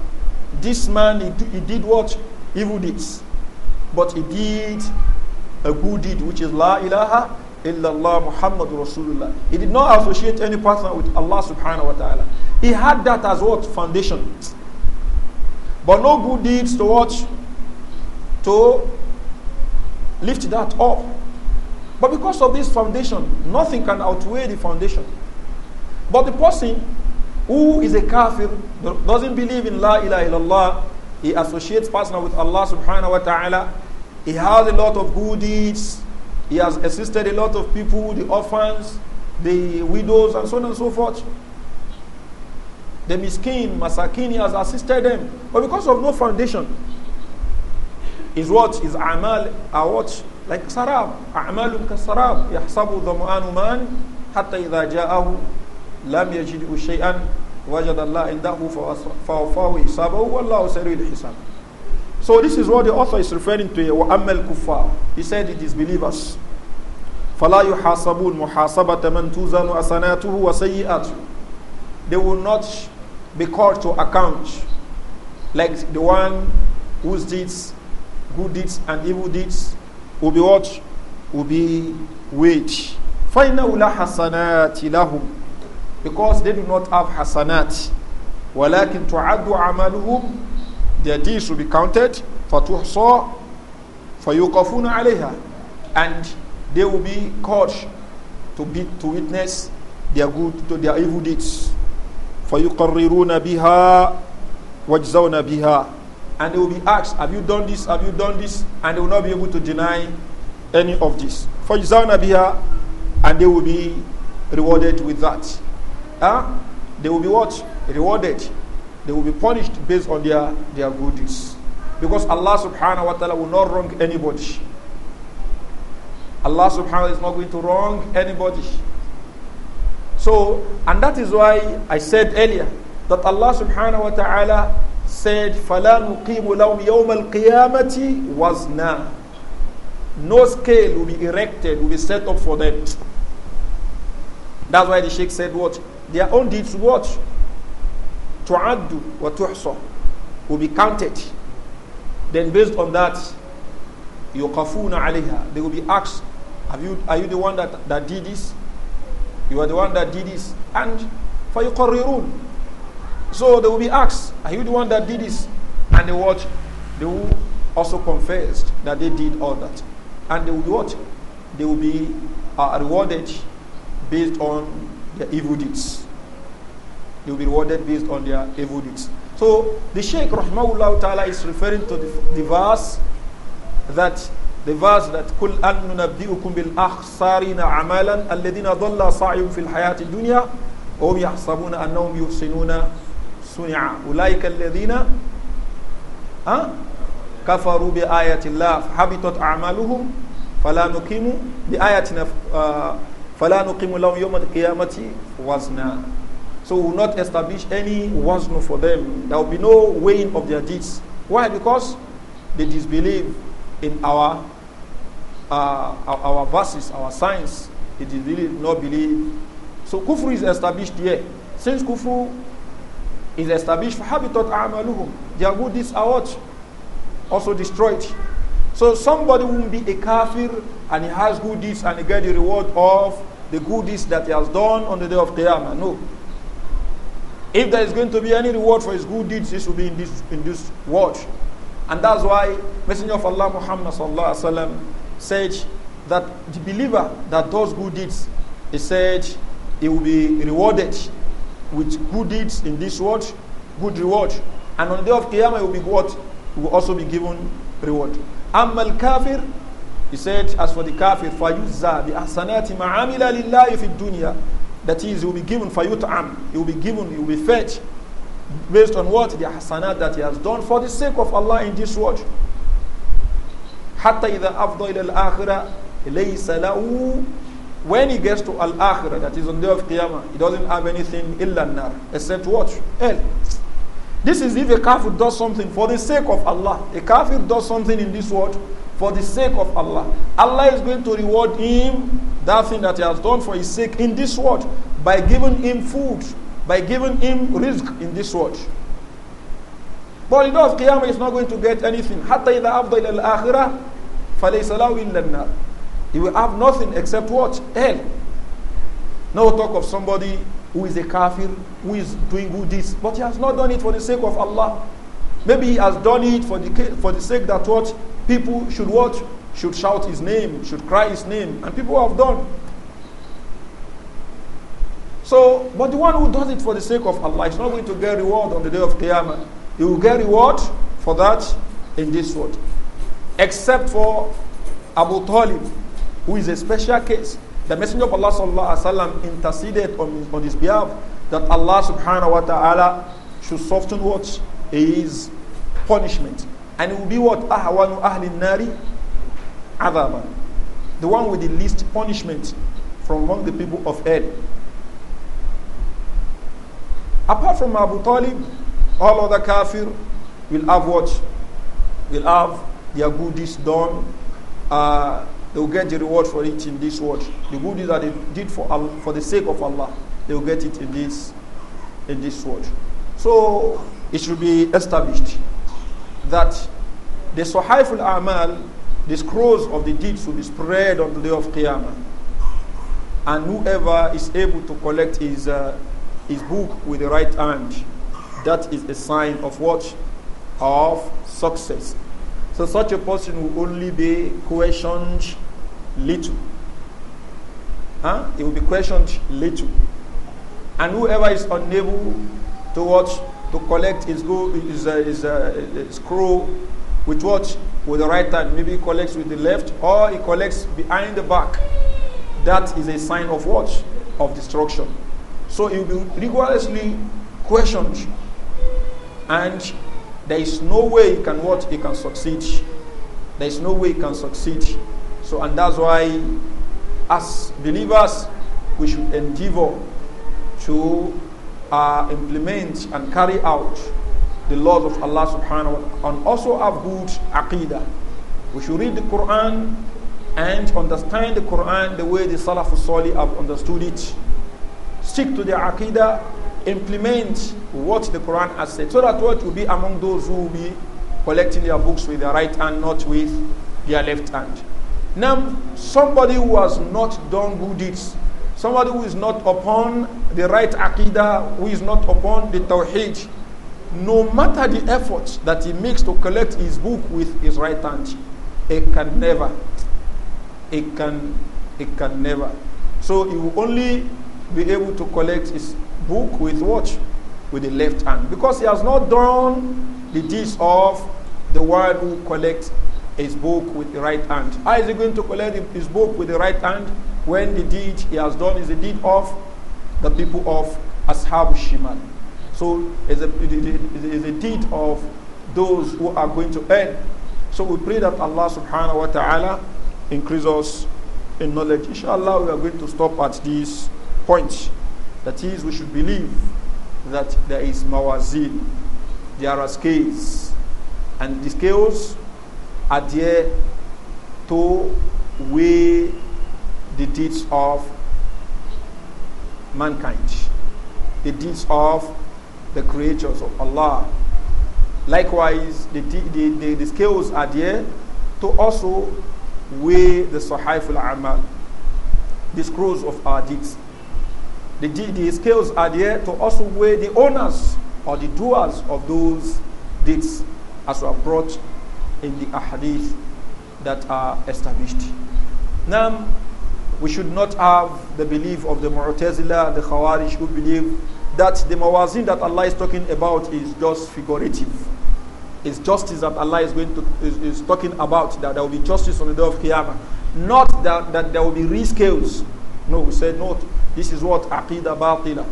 This man, he, he did what? Evil deeds. But he did a good deed, which is La ilaha illallah Muhammad Rasulullah. He did not associate any partner with Allah subhanahu wa ta'ala. He had that as what? Foundation. But no good deeds to watch, to lift that up. But because of this foundation, nothing can outweigh the foundation. But the person who is a kafir, doesn't believe in La ilaha illallah, he associates partner with Allah subhanahu wa ta'ala, he has a lot of good deeds, he has assisted a lot of people, the orphans, the widows, and so on and so forth. The miskin, masakin, he has assisted them. But because of no foundation, his what? His amal are what? Like sarab. A'malun sarab, يَحْسَبُ ظَمْآنُ مَانْ حَتَّى إِذَا لم يجده شيئا وجد الله عنده فوفاه حسابه والله سريع الحساب So this is what the author is referring to here. وَأَمَّا الْكُفَّارِ He said it is believers. فَلَا يُحَاسَبُونَ مُحَاسَبَةَ مَنْ تُوزَنُ أَسَنَاتُهُ وَسَيِّئَاتُهُ They will not be called to account like the one whose deeds, good deeds and evil deeds will be what? Will be weighed. فَإِنَّهُ لَا حَسَنَاتِ لَهُمْ because they do not have hasanat. وَلَكِنْ تُعَدُّ عَمَلُهُمْ Their deeds will be counted. for فَيُقَفُونَ عَلَيْهَا And they will be called to, be, to witness their good, to their evil deeds. فَيُقَرِّرُونَ بِهَا وَجْزَوْنَ بِهَا And they will be asked, have you done this, have you done this? And they will not be able to deny any of this. فَيُزَوْنَ بِهَا And they will be rewarded with that huh, they will be what? Rewarded. They will be punished based on their, their good deeds. Because Allah subhanahu wa ta'ala will not wrong anybody. Allah subhanahu wa ta'ala is not going to wrong anybody. So, and that is why I said earlier that Allah subhanahu wa ta'ala said, فَلَا نُقِيمُ لَهُمْ يَوْمَ الْقِيَامَةِ وَزْنًا No scale will be erected, will be set up for them. That's why the Sheikh said what? their own deeds what? Tu'addu wa tuhsa will be counted. Then based on that, yuqafuna alayha. They will be asked, Have you, are you the one that, that did this? You are the one that did this. And fayuqarrirun. So they will be asked, Are you the one that did this? And they what? They will also confess that they did all that. And they will be what? They will be uh, rewarded based on their evil deeds. They'll be rewarded based on their evil deeds. So the Shaykh Rahmahullah Ta'ala is referring to the, the verse that the verse that قل أن ننبئكم بالأخسارين عملا الذين ضل سعيهم في الحياة الدنيا وهم يحسبون أنهم يحسنون صنعا أولئك الذين ها كفروا بآية الله فحبطت أعمالهم فلا نقيم بآياتنا فلا نقيم لهم يوم القيامة وزنا so we will not establish any ones no for them. There will be no weighing of their deeds. Why? Because they disbelieve in our uh, our, verses, our signs. They disbelieve, not believe. So kufru is established here. Since kufru is established, habitat amaluhum. Their good deeds are what? Also destroyed. So somebody will be a kafir and he has good deeds and he get the reward of the good deeds that he has done on the day of Qiyamah. No. If there is going to be any reward for his good deeds, this will be in this, in this world. And that's why Messenger of Allah Muhammad Wasallam said that the believer that does good deeds, he said he will be rewarded with good deeds in this world, good reward. And on the day of Qiyamah, he will be what? He will also be given reward. Ammal kafir, he said, as for the kafir, فَيُزَّى بِأَحْسَنَاتِ مَعَامِلَ لِلَّهِ فِي الدُّنْيَا that is, he will be given for you to am. He will be given, he will be fed based on what? The hasanat that he has done for the sake of Allah in this world. حتى إذا أفضى إلى الآخرة ليس له when he gets to Al-Akhirah, that is on the day of Qiyamah, he doesn't have anything illa nar, except what? Hell. This is if a kafir does something for the sake of Allah. A kafir does something in this world for the sake of Allah. Allah is going to reward him that thing that he has done for his sake in this world by giving him food, by giving him risk in this world. But in the day of Qiyamah, not going to get anything. He will have nothing except what? Hell. No talk of somebody who is a kafir, who is doing good deeds, but he has not done it for the sake of Allah. Maybe he has done it for the, for the sake that what people should what? Should shout his name, should cry his name. And people have done. So, but the one who does it for the sake of Allah is not going to get reward on the day of Qiyamah. He will get reward for that in this world. Except for Abu Talib, who is a special case. The Messenger of Allah sallallahu alaihi wasallam interceded on, on his behalf that Allah subhanahu wa ta'ala should soften what his punishment. And it will be what? Ahawanu ahli nari adaba. The one with the least punishment from among the people of hell. Apart from Abu Talib, all other kafir will have what? Will have their good done. Uh, they will get the reward for it in this world. The good that they did for, for the sake of Allah, they will get it in this, in this world. So it should be established that the Sahiful Amal, the scrolls of the deeds, will be spread on the day of Qiyamah. And whoever is able to collect his, uh, his book with the right hand, that is a sign of what? Of success. So such a person will only be questioned little. Huh? He will be questioned little. And whoever is unable to watch to collect his, go, his, uh, his, uh, his crow with what? With the right hand. Maybe he collects with the left or he collects behind the back. That is a sign of what? Of destruction. So he will be rigorously questioned. And there is no way he can what? He can succeed. There is no way he can succeed. So and that's why as believers we should endeavor to uh, implement and carry out the laws of Allah subhanahu wa ta'ala and also have good aqidah. We should read the Quran and understand the Quran the way the Salafus Salih have understood it. Stick to the aqidah, implement what the Quran has said so that what will be among those who will be collecting their books with their right hand, not with their left hand. Now, somebody who has not done good deeds Somebody who is not upon the right aqidah, who is not upon the tawheed, no matter the efforts that he makes to collect his book with his right hand, it can never. It can, it can never. So he will only be able to collect his book with what? With the left hand. Because he has not done the deeds of the one who collects his book with the right hand. How is he going to collect his book with the right hand when the deed he has done is the deed of the people of Ashab Shiman? So it's a, it's a deed of those who are going to earn. So we pray that Allah subhanahu wa ta'ala increase us in knowledge. Inshallah, we are going to stop at this point. That is, we should believe that there is mawazin, there are scales, and the scales adhere to weigh the deeds of mankind, the deeds of the creators of Allah. Likewise, the, the, the, the scales are there to also weigh the Sahiful al Amal, the scrolls of our deeds. The, the scales are there to also weigh the owners or the doers of those deeds as were brought in the ahadith that are established. Now, we should not have the belief of the Mu'tazila, the Khawarij who believe that the mawazin that Allah is talking about is just figurative. It's justice that Allah is going to is, is talking about that there will be justice on the day of Qiyamah. Not that, that there will be rescales. No, we said no. This is what Aqidah Batila.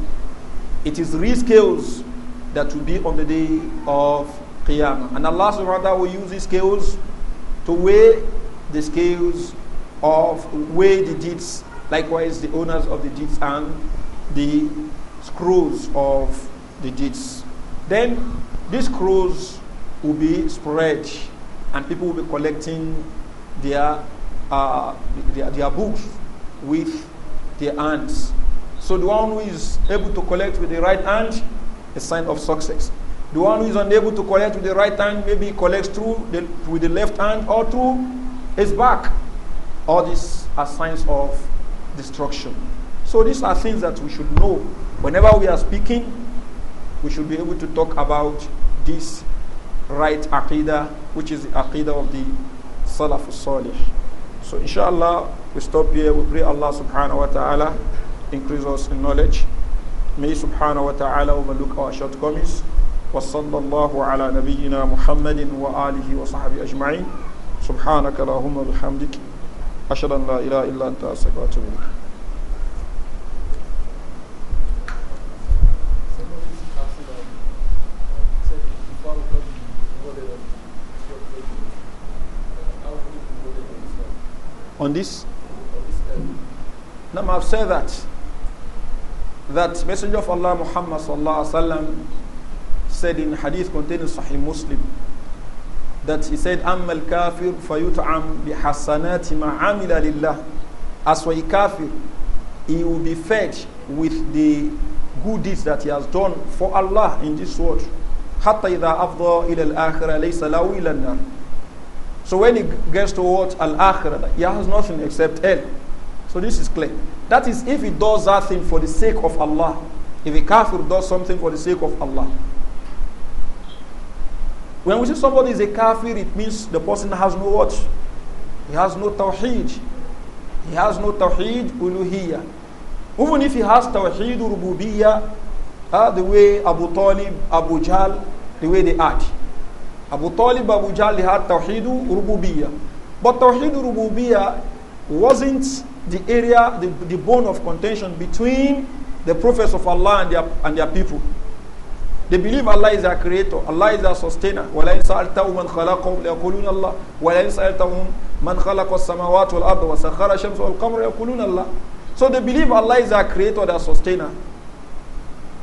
It is rescales that will be on the day of Qiyamah. And Allah subhanahu wa ta'ala will use his scales to weigh the scales of weigh the deeds, likewise the owners of the deeds and the screws of the deeds. Then these screws will be spread and people will be collecting their, uh, their, their books with their hands. So the one who is able to collect with the right hand, a sign of success. The one who is unable to collect with the right hand maybe collects through the, with the left hand or through his back. All these are signs of destruction. So these are things that we should know. Whenever we are speaking, we should be able to talk about this right aqidah, which is the aqidah of the Salafus Salih. So inshallah, we stop here. We pray Allah subhanahu wa ta'ala increase us in knowledge. May subhanahu wa ta'ala overlook our shortcomings. وصلى الله على نبينا محمد وآله وصحبه أجمعين سبحانك اللهم وبحمدك أشهد أن لا إله إلا أنت أستغفرك وأتوب on this? Now I've said that that Messenger of Allah Muhammad sallallahu alaihi wasallam said in hadith containing Sahih Muslim that he said, Amma al-kafir fayut'am bihasanati ma'amila lillah. As for a kafir, he will be fed with the good deeds that he has done for Allah in this world. Hatta idha afdha ila al-akhirah laysa lahu So when he gets towards al-akhirah, he has nothing except hell. So this is clear. That is if he does that thing for the sake of Allah. If a kafir does something for the sake of Allah, when we say somebody is a kafir, it means the person has no what? He has no tawheed. He has no tawheed uluhiyya. Even if he has tawheed rububiyya, uh, the way Abu Talib, Abu Jal, the way they act, Abu Talib, Abu Jal they had tawheed rububiyya. But tawheed rububiyya wasn't the area, the, the bone of contention between the prophets of Allah and their, and their people. They believe Allah is their creator, Allah is their sustainer. وَلَئِنْ سَأَلْتَهُمْ مَنْ خَلَقَهُمْ لَيَقُولُونَ اللَّهُ وَلَئِنْ سَأَلْتَهُمْ مَنْ خَلَقَ السَّمَاوَاتِ وَالْأَرْضَ وَسَخَّرَ الشَّمْسَ وَالْقَمَرَ يَقُولُونَ اللَّهُ So they believe Allah is their creator, their sustainer.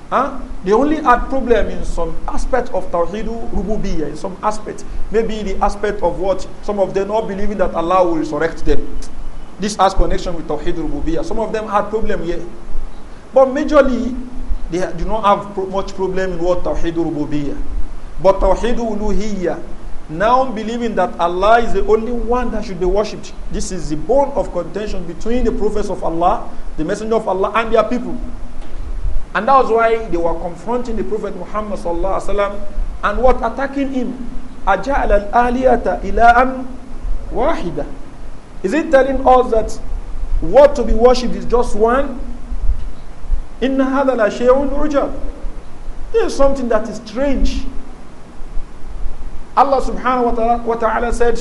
Huh? They only had problem in some aspect of Tawhidu Rububiya, in some aspect. Maybe the aspect of what some of them not believing that Allah will resurrect them. This has connection with Tawhidu Rububiya. Some of them had problem here. But majorly, they do not have pro much problem in what Tawheed Rububiyyah. But Tawheed Uluhiyyah, now believing that Allah is the only one that should be worshipped. This is the bone of contention between the prophets of Allah, the messenger of Allah, and their people. And that was why they were confronting the Prophet Muhammad وسلم, and what attacking him. أَجَعَلَ الْآلِيَةَ إِلَىٰ wahida. Is it telling us that what to be worshipped is just one? Inna hadha la shay'un ujab. This is something that is strange. Allah subhanahu wa ta'ala said,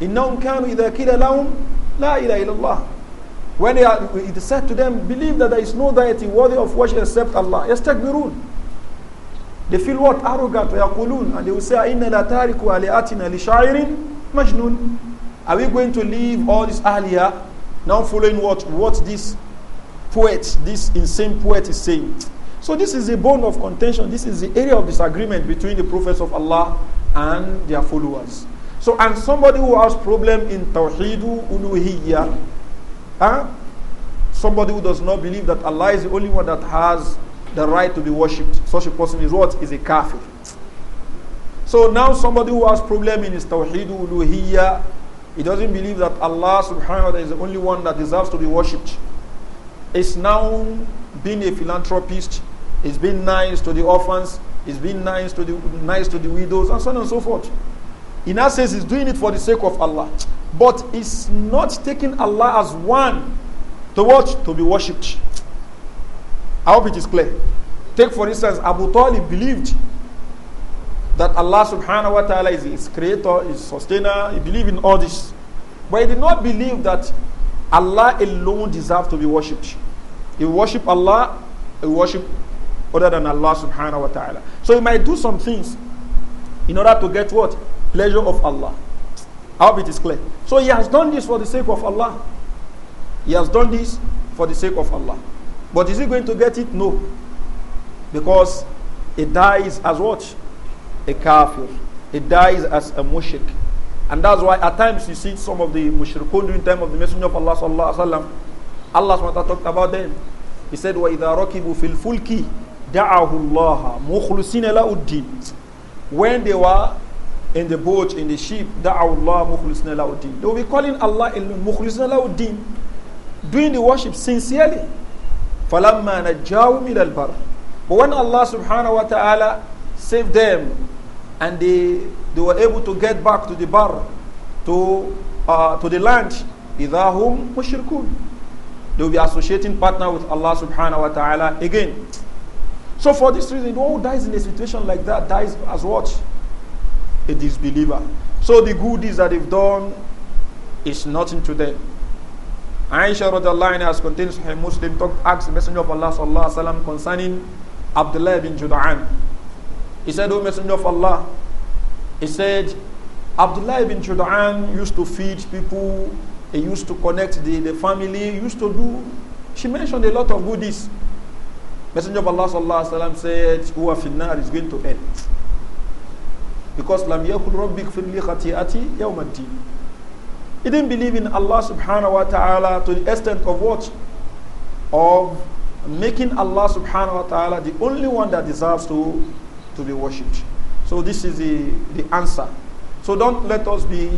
Innahum kanu idha kila lahum la ilaha illallah. When they are, it is said to them, believe that there is no deity worthy of worship except Allah. Yastakbirun. They feel what? Arrogant. Yaqulun. And they will say, Inna la tariku aliatina li shairin majnun. Are we going to leave all this earlier, now following what, what this poet, this insane poet is saying. So this is a bone of contention. This is the area of disagreement between the prophets of Allah and their followers. So, and somebody who has problem in Tawheedu Uluhiyya, huh? somebody who does not believe that Allah is the only one that has the right to be worshipped, such a person is what? Is a kafir. So now somebody who has problem in his Tawheedu Uluhiyya, he doesn't believe that Allah subhanahu wa ta'ala is the only one that deserves to be worshipped is now being a philanthropist, is being nice to the orphans, is being nice to the nice to the widows, and so on and so forth. In that sense, he's doing it for the sake of Allah. But it's not taking Allah as one to watch To be worshipped. I hope it is clear. Take for instance, Abu Talib believed that Allah subhanahu wa ta'ala is his creator, his sustainer, he believed in all this. But he did not believe that Allah alone deserves to be worshipped. If you worship Allah, you worship other than Allah subhanahu wa ta'ala. So you might do some things in order to get what? Pleasure of Allah. I hope it is clear. So he has done this for the sake of Allah. He has done this for the sake of Allah. But is he going to get it? No. Because it dies as what? A kafir. It dies as a mushrik. And that's why at times you see some of the mushrikun during time of the Messenger of Allah sallallahu alaihi wasallam. Allah SWT talked about them. He said, وَإِذَا رَكِبُوا فِي الْفُلْكِ دَعَهُ اللَّهَ مُخْلُسِينَ لَهُ الدِّينِ When they were in the boat, in the ship, دَعَهُ اللَّهَ مُخْلِسِينَ لَهُ الدِّينَ They will be calling Allah مُخْلِسِينَ لَهُ الدِّينِ Doing the worship sincerely. فَلَمَّا نَجَّاهُ مِلَى الْبَرِّ But when Allah subhanahu wa ta'ala saved them and they, they were able to get back to the bar, to, uh, to the land. إِذَا هُمْ They will be associating partner with Allah subhanahu wa ta'ala again. So for this reason, one who dies in a situation like that dies as what? A disbeliever. So the good that they've done is nothing to them. Aisha radiallahu anha has contained Sahih Muslim talk, asked the Messenger of Allah sallallahu alaihi wasallam concerning Abdullah bin Juda'an he said, O Messenger of Allah, he said, Abdullah ibn Judan used to feed people, he used to connect the, the family, he used to do, she mentioned a lot of goodies. Messenger of Allah sallallahu alayhi wa said, Uwa finnar is going to end. Because Lam yakul rabbik firli khati'ati yawmaddin. He didn't believe in Allah subhanahu wa ta'ala to the extent of what? Of making Allah subhanahu wa ta'ala the only one that deserves to to be worshipped. So this is the, the answer. So don't let us be,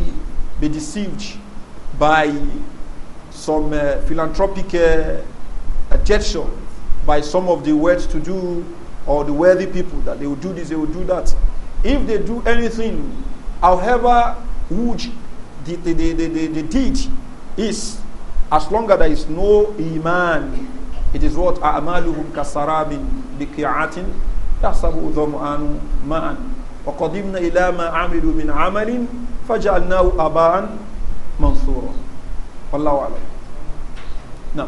be deceived by some uh, philanthropic uh, gesture by some of the words to do or the worthy people that they will do this, they will do that. If they do anything, however huge the, the, the, the, the deed is, as long as there is no iman, it is what amaluhum kasarabin bikiatin. تحسبه ظمآن ماء وقدمنا إلى ما عملوا من عمل فجعلناه أباء منصورا والله أعلم نعم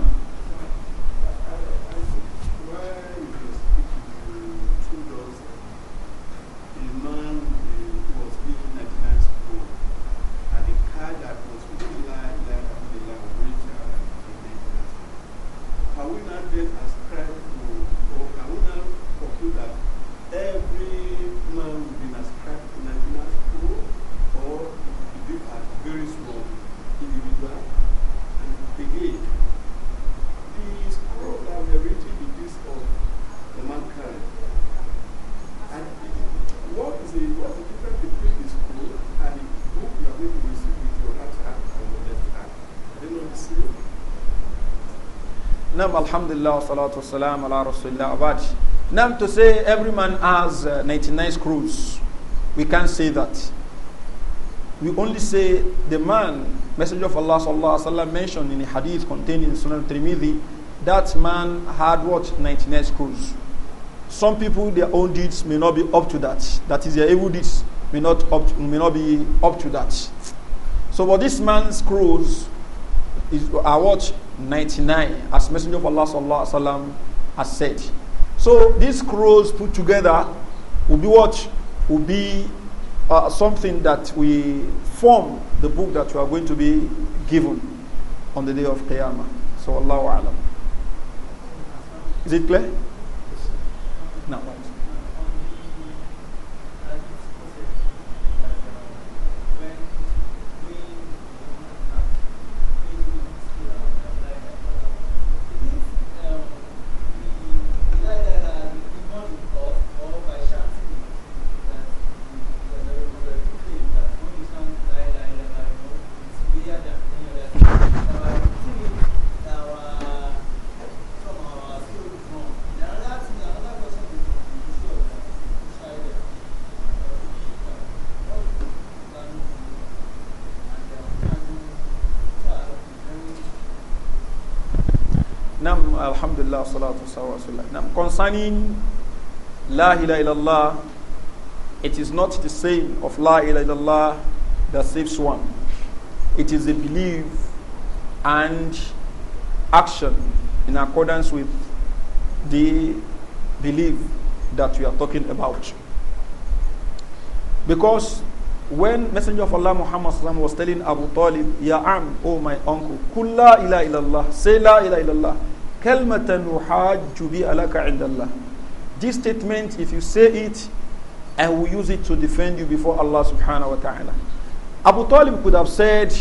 Nam alhamdulillah, salatu salam ala rasulillah abad. Nam to say every man has uh, 99 screws. We can't say that. We only say the man, Messenger of Allah sallallahu alaihi wasallam mentioned in a hadith contained in Sunan Tirmidhi, that man had what 99 screws. Some people their own deeds may not be up to that. That is their evil deeds may not up to, may not be up to that. So, but this man's screws is are what 99 as messenger of allah sallallahu alaihi wasallam has said so these scrolls put together will be what will be uh, something that we form the book that we are going to be given on the day of qiyamah so allah alam is it clear no concerning La ilaha illallah, it is not the saying of La ilaha illallah that saves one. It is a belief and action in accordance with the belief that we are talking about. Because when Messenger of Allah Muhammad was telling Abu Talib, Ya Am, O oh my uncle, Kulla ila illallah, say La ila illallah. Kalmatan uhajju bi alaka Allah. This statement, if you say it, I will use it to defend you before Allah subhanahu wa ta'ala. Abu Talib could have said,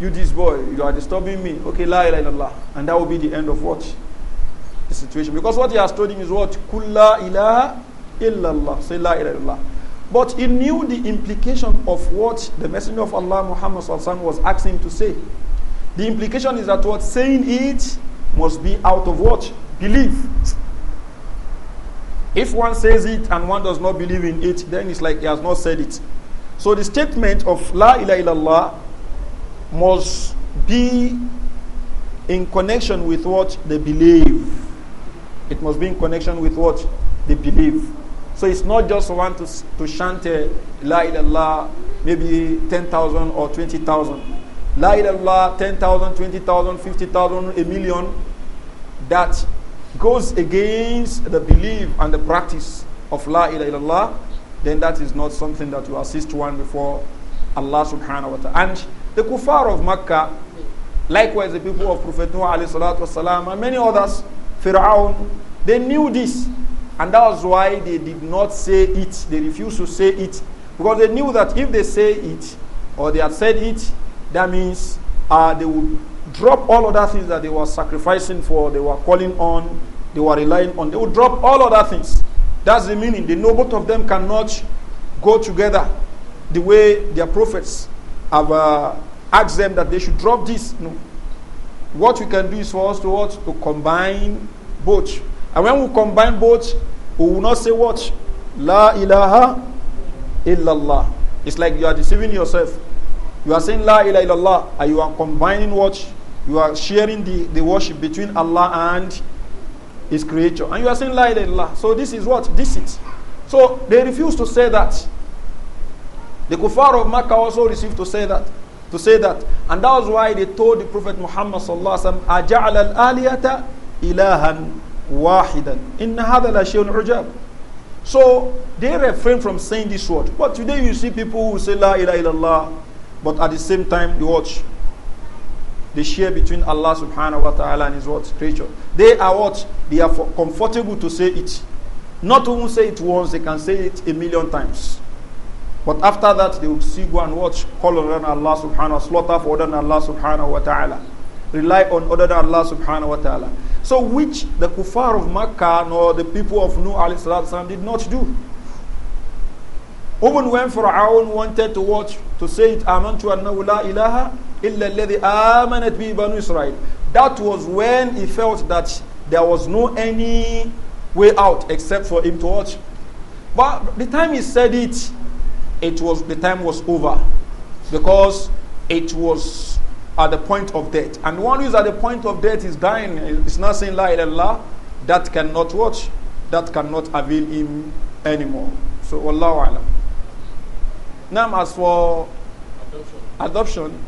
you this boy, you are disturbing me. Okay, la ilaha illallah. And that will be the end of what? The situation. Because what he has told him is what? Kulla ilaha illallah. Say la ilaha illallah. But he knew the implication of what the Messenger of Allah Muhammad was asking him to say. The implication is that what saying it must be out of what? Belief. If one says it and one does not believe in it, then it's like he has not said it. So the statement of La ilaha illallah must be in connection with what they believe. It must be in connection with what they believe. So it's not just one to, to chant eh, La ilaha maybe 10,000 or 20,000. La ilaha 10,000, 20,000, 50,000, a million, that goes against the belief and the practice of La ilaha Illallah. then that is not something that will assist one before Allah subhanahu wa ta'ala. And the kuffar of Makkah, likewise the people of Prophet Noah alayhi salatu wasalam, and many others, Fir'aun, they knew this. And that was why they did not say it. They refused to say it. Because they knew that if they say it, or they had said it, that means uh, they would drop all other things that they were sacrificing for, they were calling on, they were relying on. They would drop all other things. That's the meaning. They know both of them cannot go together the way their prophets have uh, asked them that they should drop this. No. What we can do is for us to what? To combine both. And when we combine both, we will not say what? La ilaha illallah. It's like you are deceiving yourself. You are saying La ilaha illallah, and you are combining what? You are sharing the, the worship between Allah and His creature. And you are saying La ilaha illallah. So this is what? This is. So they refuse to say that. The kuffar of Makkah also refused to say that. To say that. And that was why they told the Prophet Muhammad sallallahu alaihi wasallam, "Aja'al al-aliyata ilahan wahidan." Inna hadha la shay'un ujab. So they refrain from saying this word. But today you see people who say La ilaha illallah but at the same time, you watch, they share between Allah subhanahu wa ta'ala and his what? Creature. They are what? They are comfortable to say it. Not only say it once, they can say it a million times. But after that, they will see go and watch, call on Allah subhanahu wa ta'ala, slaughter for other than Allah subhanahu wa ta'ala, rely on other than Allah subhanahu wa ta'ala. So which the kuffar of Makkah nor the people of Nuh alayhi salam did not do. Even when Fir'aun wanted to watch, to say it, Amantu annahu la ilaha illa alladhi amanat bi banu Israel. That was when he felt that there was no any way out except for him to watch. But the time he said it, it was the time was over because it was at the point of death. And the one who is at the point of death is dying. It's not saying la ilaha. That cannot watch. That cannot avail him anymore. So, Allahu Alam. Now, as for adoption. adoption,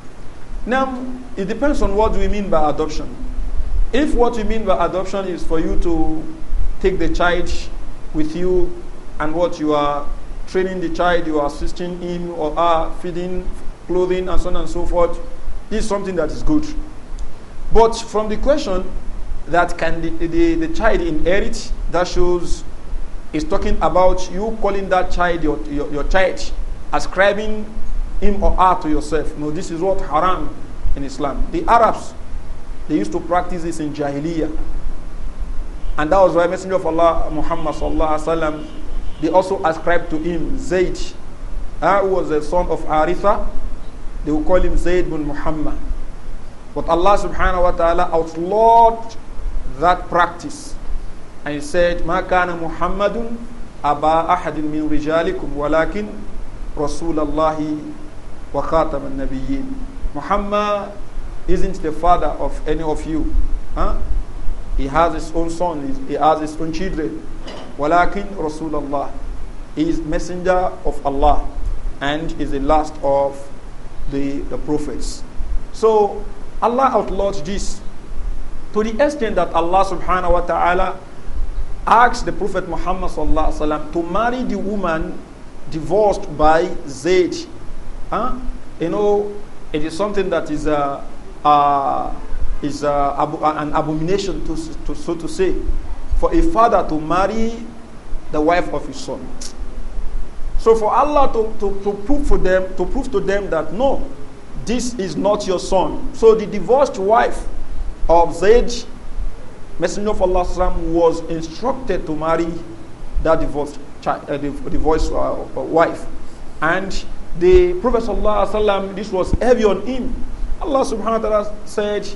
now it depends on what we mean by adoption. If what you mean by adoption is for you to take the child with you and what you are training the child, you are assisting him or her, feeding, clothing, and so on and so forth, is something that is good. But from the question that can the, the, the child inherit, that shows is talking about you calling that child your, your, your child ascribing him or her to yourself. No, this is what haram in Islam. The Arabs, they used to practice this in Jahiliyyah. And that was why Messenger of Allah, Muhammad sallallahu alaihi wasallam, they also ascribed to him Zayd, uh, who was the son of Aritha. They would call him Zayd bin Muhammad. But Allah subhanahu wa ta'ala outlawed that practice. And he said, "Ma kana Muhammadun أَبَا أَحَدٍ min rijalikum, وَلَكِنْ رسول الله وخاتم النبيين Muhammad isn't the father of any of you huh? he has his own son he has his own children ولكن رسول الله he is messenger of Allah and is the last of the, the prophets so Allah outlawed this to the extent that Allah subhanahu wa ta'ala asked the prophet Muhammad sallallahu to marry the woman divorced by Zaid. Huh? You know, it is something that is, a uh, uh, is uh, an abomination, to, to, so to say, for a father to marry the wife of his son. So for Allah to, to, to prove for them to prove to them that no, this is not your son. So the divorced wife of Zaid, Messenger of Allah was instructed to marry that divorced uh, the, the voice uh, wife. And the Prophet ﷺ, this was heavy on him. Allah subhanahu wa ta'ala said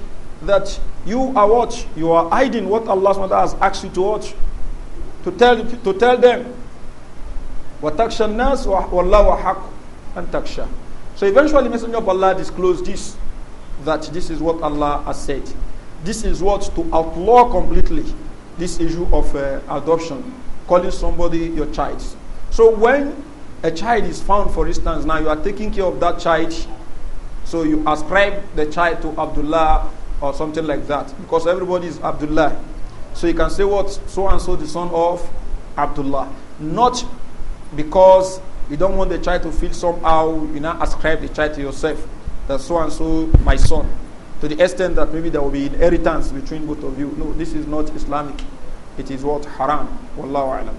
that you are what? You are hiding what Allah subhanahu wa ta'ala has asked you to watch. To tell, to tell them. وَتَكْشَى النَّاسِ وَاللَّهُ وَحَقُّ أَن So eventually Messenger of Allah disclosed this, that this is what Allah has said. This is what to outlaw completely this issue of uh, adoption calling somebody your child. So when a child is found, for instance, now you are taking care of that child, so you ascribe the child to Abdullah or something like that, because everybody is Abdullah. So you can say what so and so the son of Abdullah, not because you don't want the child to feel somehow. You now ascribe the child to yourself that so and so my son, to the extent that maybe there will be inheritance between both of you. No, this is not Islamic. it is what haram. Wallahu alam.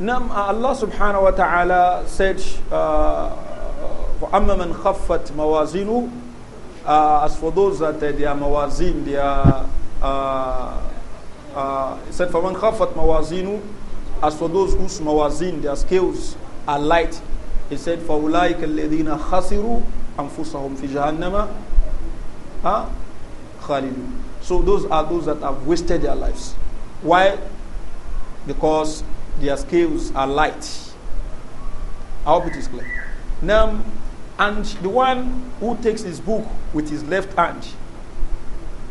Nam, Allah subhanahu wa ta'ala said, مَنْ خَفَّتْ موازينه As for those that uh, their mawazin, their, uh, uh, it said, فَمَنْ خَفَّتْ مَوَازِينُ As for those whose mawazin, their scales are light, he said, فَأُولَٰئِكَ الَّذِينَ خَسِرُوا أَنفُسَهُمْ فِي جَهَنَّمَ خَالِدُونَ So those are those that have wasted their lives. Why? Because their scales are light. I hope it is clear. Now, and the one who takes his book with his left hand,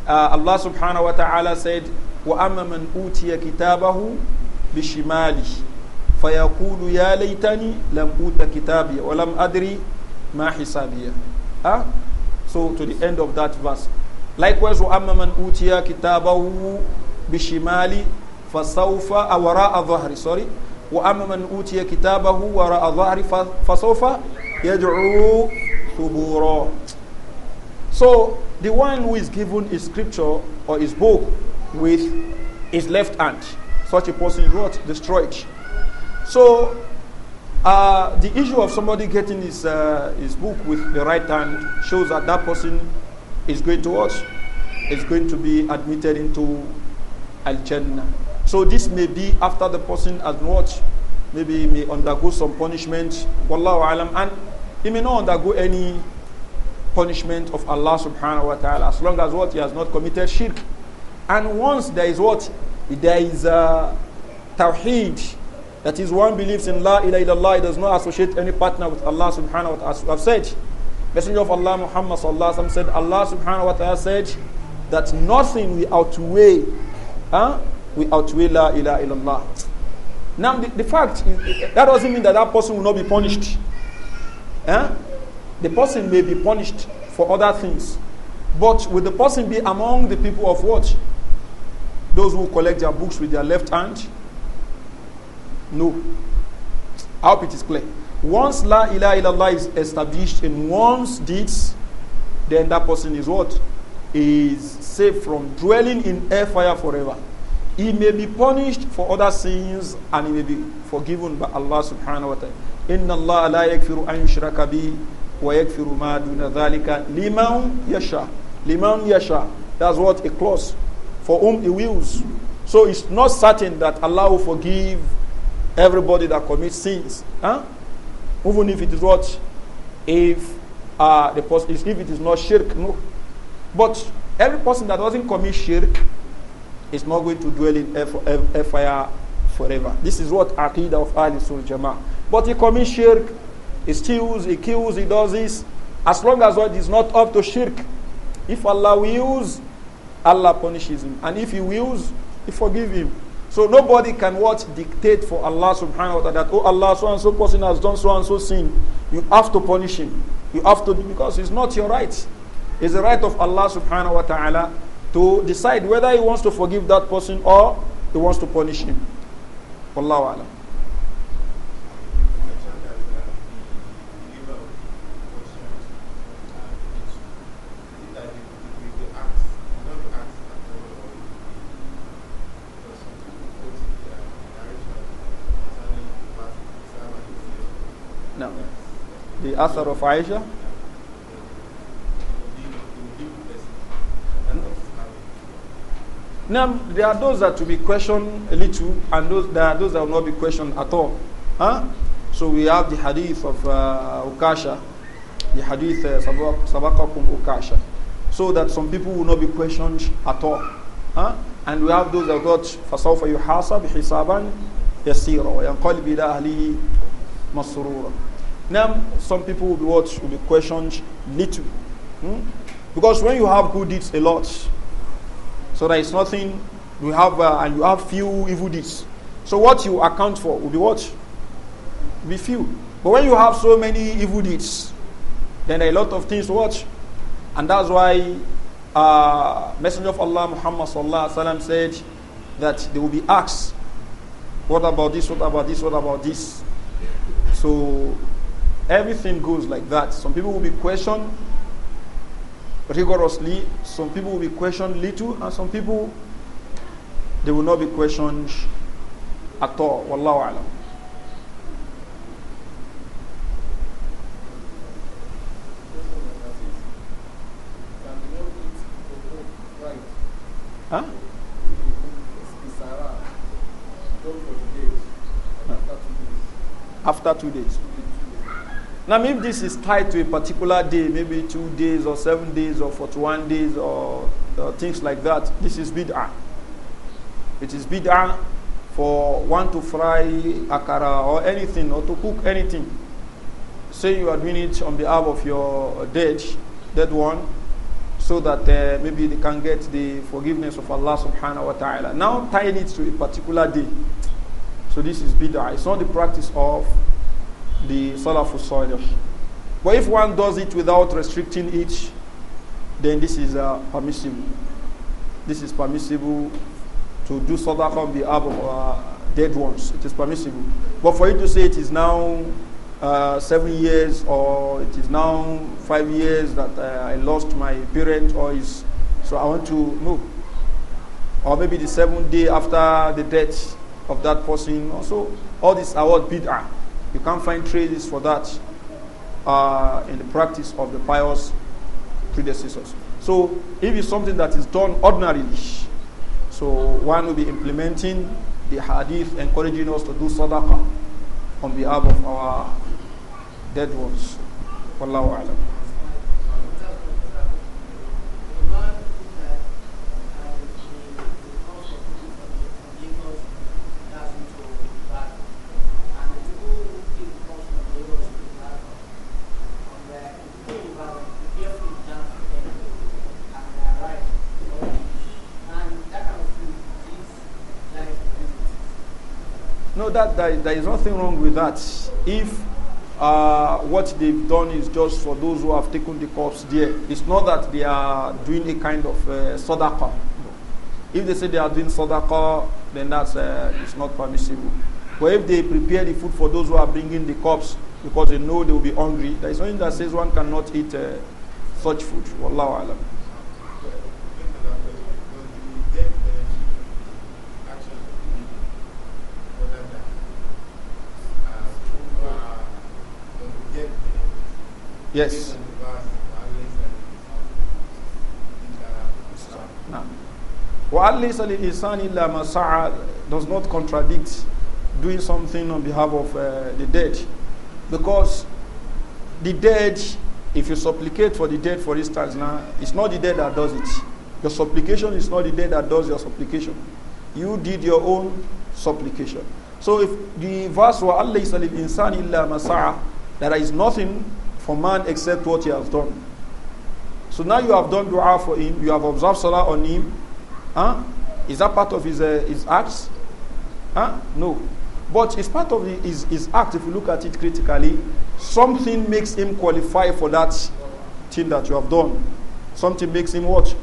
uh, Allah subhanahu wa ta'ala said, وَأَمَّا مَنْ أُوتِيَ كِتَابَهُ بِشِمَالِهِ فيقول يا ليتني لم أوت كتابي ولم أدري ما حسابي huh? So to the end of that verse. Likewise, وَأَمَّا مَنْ أُوتِيَ كِتَابَهُ بِشِمَالِهِ فسوف وراء ظهري sorry وأما من أوتي كتابه وراء ظهري فسوف يدعو ثبورا So the one who is given his scripture or his book with his left hand, such a person is what? Destroyed. So uh, the issue of somebody getting his, uh, his book with the right hand shows that that person is going to what? Is going to be admitted into Al Jannah. So this may be after the person has watched, maybe he may undergo some punishment, wallahu alam, and he may not undergo any punishment of Allah subhanahu wa ta'ala as long as what he has not committed shirk. And once there is what? There is a uh, tawheed, that is one believes in La ilaha illallah, he does not associate any partner with Allah subhanahu wa ta'ala. As we have said, Messenger of Allah Muhammad sallallahu alaihi said, Allah subhanahu wa ta'ala said that nothing will outweigh huh, we outweigh la ilaha illallah. Now, the, the fact is, that doesn't mean that that person will not be punished. Eh? The person may be punished for other things. But will the person be among the people of what? Those who collect their books with their left hand? No. I hope it is clear. Once La ilaha illallah is established in one's deeds, then that person is what? Is safe from dwelling in air fire forever he may be punished for other sins and he may be forgiven by Allah subhanahu wa ta'ala. Inna Allah la yakfiru an yushraka bi wa yakfiru ma duna dhalika liman yasha. Liman yasha. That's what a clause for whom he wills. So it's not certain that Allah will forgive everybody that commits sins. Huh? Even if it is what? If, uh, the person, if it is not shirk, no. But every person that doesn't commit shirk, it's not going to dwell in fire forever. This is what Aqidah of Ahlul Sunnah Jama'ah. But he commits shirk, he steals, he kills, he does this. As long as what is not up to shirk, if Allah wills, Allah punishes him. And if he wills, he forgives him. So nobody can what dictate for Allah subhanahu wa ta'ala that, oh Allah, so and so person has done so and so sin. You have to punish him. You have to, because it's not your right. It's the right of Allah subhanahu wa ta'ala to decide whether he wants to forgive that person or he wants to punish him. Wallahu alam. No. The of Aisha Now, there are those that will be questioned a little, and those, there are those that will not be questioned at all. Huh? So we have the hadith of uh, Ukasha, the hadith uh, Sabakakum Ukasha, so that some people will not be questioned at all. Huh? And we have those that got فَسَوْفَ يُحَاسَبْ حِسَابًا يَسِيرًا وَيَنْقَلِبْ Ali أَهْلِهِ Now, some people will be what? Will be questioned little. Hmm? Because when you have good deeds a lot, so there is nothing you have, uh, and you have few evil deeds. So what you account for will be what? Will be few. But when you have so many evil deeds, then a lot of things to watch. And that's why uh, Messenger of Allah Muhammad sallallahu said that they will be asked, "What about this? What about this? What about this?" So everything goes like that. Some people will be questioned rigorously. Some people will be questioned little, and some people they will not be questioned at all. Wallahu alam. Huh? After two days. Now, if this is tied to a particular day, maybe two days or seven days or 41 days or uh, things like that, this is bid'ah. It is bid'ah for one to fry akara or anything or to cook anything. Say you are doing it on behalf of your dead, dead one, so that uh, maybe they can get the forgiveness of Allah subhanahu wa ta'ala. Now, tying it to a particular day. So this is bid'ah. It's not the practice of the for Salih. But if one does it without restricting it, then this is uh, permissible. This is permissible to do sadaqah on behalf of uh, dead ones. It is permissible. But for you to say it is now uh, seven years or it is now five years that uh, I lost my parent or is so I want to know. Or maybe the seventh day after the death of that person. Also, all this are what bid'ah. You can't find traces for that uh, in the practice of the pious predecessors. So if it's something that is done ordinarily, so one will be implementing the hadith encouraging us to do sadaqah on behalf of our dead ones. Wallahu alam. that there, there is nothing wrong with that if uh, what they've done is just for those who have taken the corpse there. It's not that they are doing a kind of uh, If they say they are doing sadaqa, then that's uh, it's not permissible. But if they prepare the food for those who are bringing the corpse because they know they will be hungry, there is nothing that says one cannot eat uh, such food. Wallahu alam. Yes. وَأَلَّيْسَ لِلْإِنسَانِ إِلَّا مَا does not contradict doing something on behalf of uh, the dead. Because the dead, if you supplicate for the dead, for instance, now, it's not the dead that does it. Your supplication is not the dead that does your supplication. You did your own supplication. So if the verse وَأَلَّيْسَ لِلْإِنسَانِ إِلَّا مَا سَعَى there is nothing for man except what he has done. So now you have done dua for him, you have observed salah on him. Huh? Is that part of his, uh, his acts? Huh? No. But it's part of his, his act, if you look at it critically, something makes him qualify for that thing that you have done. Something makes him what?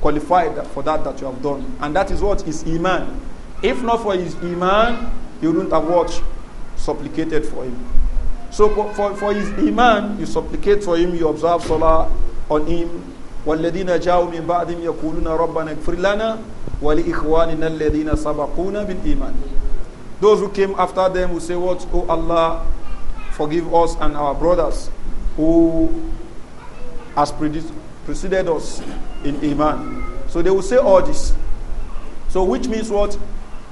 Qualified for that that you have done. And that is what is Iman. If not for his Iman, you wouldn't have what? Supplicated for him. So for, for his iman, you supplicate for him, you observe salah on him. والذين جاءوا من بعدهم يقولون ربنا اغفر لنا ولإخواننا الذين سبقونا بالإيمان Those who came after them will say what? Oh Allah, forgive us and our brothers who has preceded us in Iman. So they will say all this. So which means what?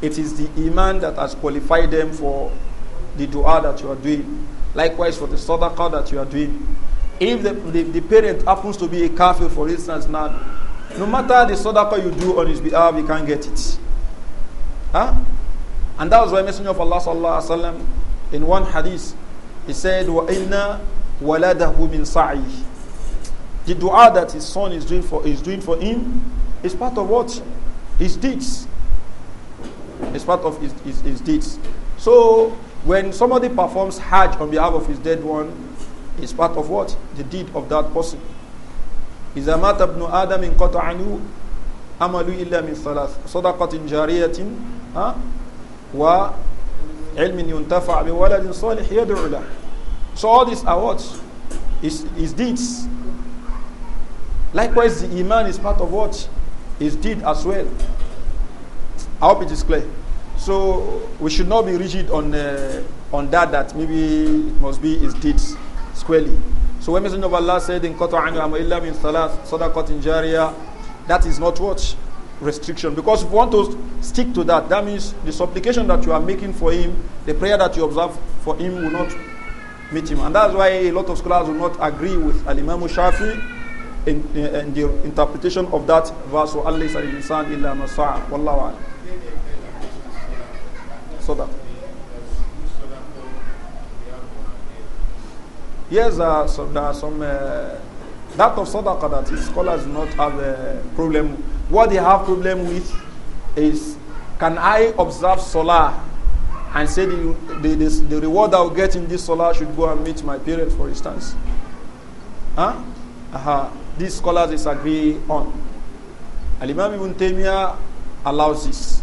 It is the Iman that has qualified them for the dua that you are doing. Likewise for the sadaqah that you are doing. If the, the, the, parent happens to be a kafir, for instance, now, no matter the sadaqah you do on his behalf, you can't get it. Huh? And that was why Messenger of Allah sallallahu alaihi wasallam in one hadith, he said, "Wa inna waladahu min sa'i." The du'a that his son is doing for is doing for him is part of what his deeds. It's part of his, his, his deeds. So when somebody performs Hajj on behalf of his dead one, it's part of what? The deed of that person. إذا مات ابن آدم انقطع عنه عمله إلا من ثلاث صدقة جارية ها وعلم ينتفع بولد صالح يدعو له So all these are what? Is, is deeds. Likewise, the Iman is part of what? Is deed as well. I hope it is clear. So we should not be rigid on uh, on that. That maybe it must be his deeds squarely. So when Messenger of Allah said in illa min salat sadaqatin jariyah, that is not what restriction. Because if you want to stick to that, that means the supplication that you are making for him, the prayer that you observe for him will not meet him. And that's why a lot of scholars will not agree with Al Imam Shafi in, in, in the interpretation of that verse. So Allah is al insan illa Wallahu Sadaqah. Yes, uh, so there uh, are some. Uh, that of Sadaqah that scholars do not have a problem. What they have problem with is can I observe solar and say the, the, the, the reward I'll get in this solar should go and meet my parents, for instance? Huh? Uh-huh. These scholars disagree on. Al Imam Ibn Taymiyyah allows this.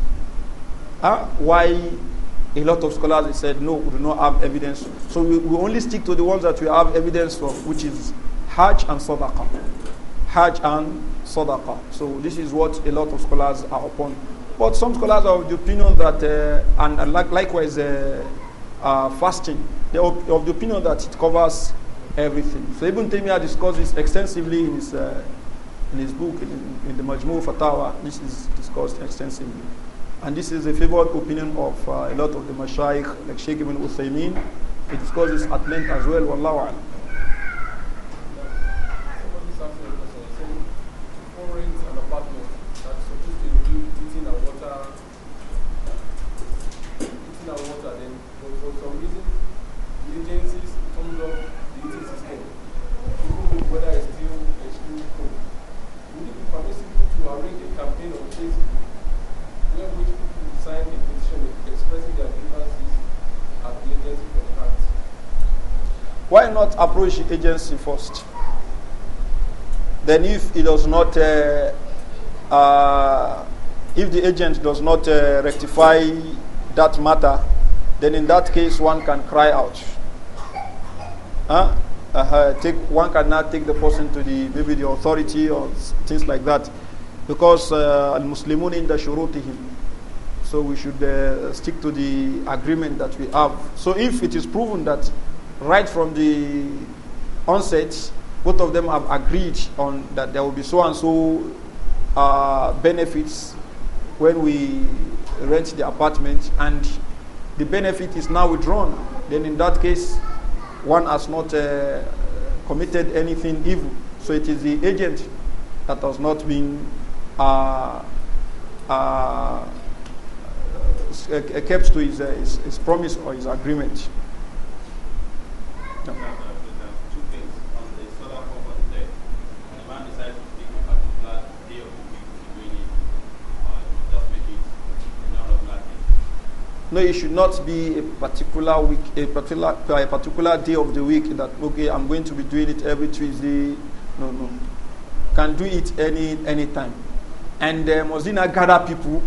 Huh? Why a lot of scholars have said, no, we do not have evidence. So we, we only stick to the ones that we have evidence for, which is Hajj and Sadaqah. Hajj and Sadaqah. So this is what a lot of scholars are upon. But some scholars are of the opinion that, uh, and, and, likewise, uh, uh, fasting, they are of the opinion that it covers everything. So Ibn Taymiyyah discussed this extensively in his, uh, in his book, in, in the Majmu Fatawa. This is discussed extensively. And this is the favored opinion of uh, a lot of the mashayikh, like Sheikh Ibn Uthaymeen. It discusses at length as well, wallahu alam. why not approach the agency first? Then, if it does not, uh, uh, if the agent does not uh, rectify that matter, then in that case one can cry out. Huh? Uh, take one cannot take the person to the maybe the authority or things like that, because uh, al Muslimun in the shurutihim. So we should uh, stick to the agreement that we have. So if it is proven that right from the onset, both of them have agreed on that there will be so and so uh, benefits when we rent the apartment, and the benefit is now withdrawn. Then, in that case, one has not uh, committed anything evil. So, it is the agent that has not been uh, uh, uh kept to his, uh, his, his promise or his agreement. No, it should not be a particular week, a particular a particular day of the week that okay, I'm going to be doing it every Tuesday. No, no, can do it any any time, and uh, must not gather people.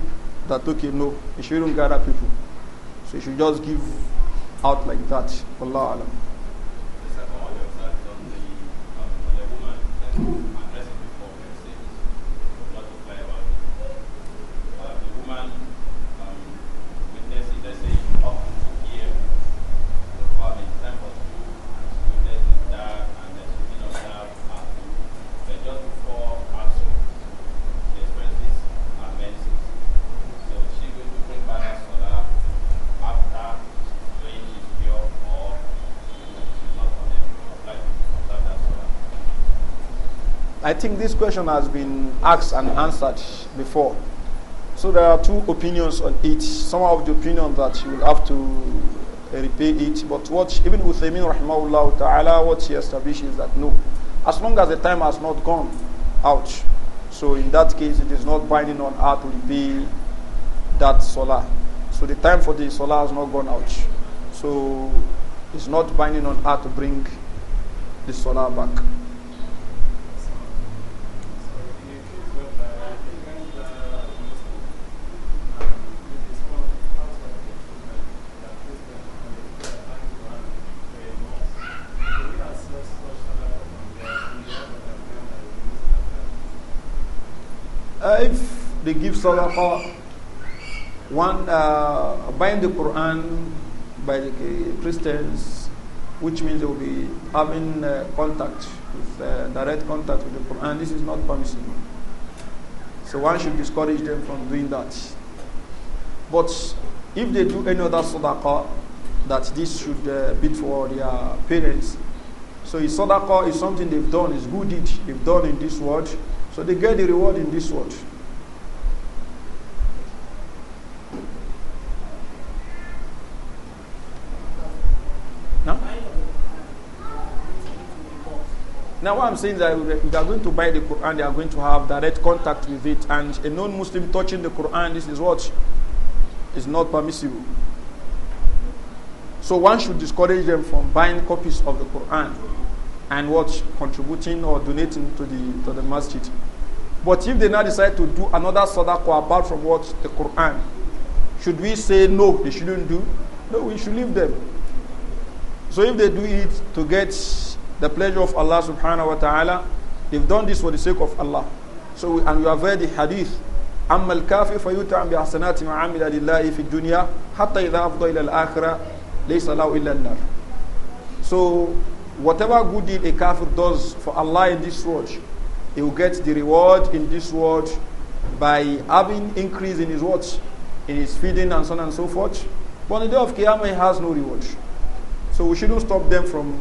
That okay, no, you shouldn't gather people. So you should just give out like that. Allah Alam. think this question has been asked and answered before. So there are two opinions on it. Some of the opinion that you will have to uh, repay it, but what Ibn Uthaymin rahimahullah ta'ala, what he establishes that no, as long as the time has not gone out, so in that case it is not binding on her to repay that solar. So the time for the solar has not gone out. So it's not binding on her to bring the solar back. uh, if they give sadaqah, one uh, buying the Quran by the uh, Christians, which means they will be having uh, contact with uh, direct contact with the Quran. This is not permissible. So one should discourage them from doing that. But if they do any other salāh, that this should uh, be for their parents. So salāh is something they've done, it's good deed they've done in this world so they get the reward in this world. Now, now what I'm saying is that if they are going to buy the Quran, they are going to have direct contact with it. And a non-Muslim touching the Quran, this is what is not permissible. So one should discourage them from buying copies of the Quran and what contributing or donating to the to the masjid. But if they now decide to do another sadaqah apart from what the Quran, should we say no, they shouldn't do? No, we should leave them. So if they do it to get the pleasure of Allah subhanahu wa ta'ala, they've done this for the sake of Allah. So we, and we have heard the hadith أما الكافر فيتعم بحسنات ما عمل لله في الدنيا حتى إذا أفضى إلى الآخرة ليس له إلا النار So whatever good deed a kafir does for Allah in this world he will get the reward in this world by having increase in his watch, In his feeding and so on and so forth. But on the day of Qiyamah, he has no reward. So we shouldn't stop them from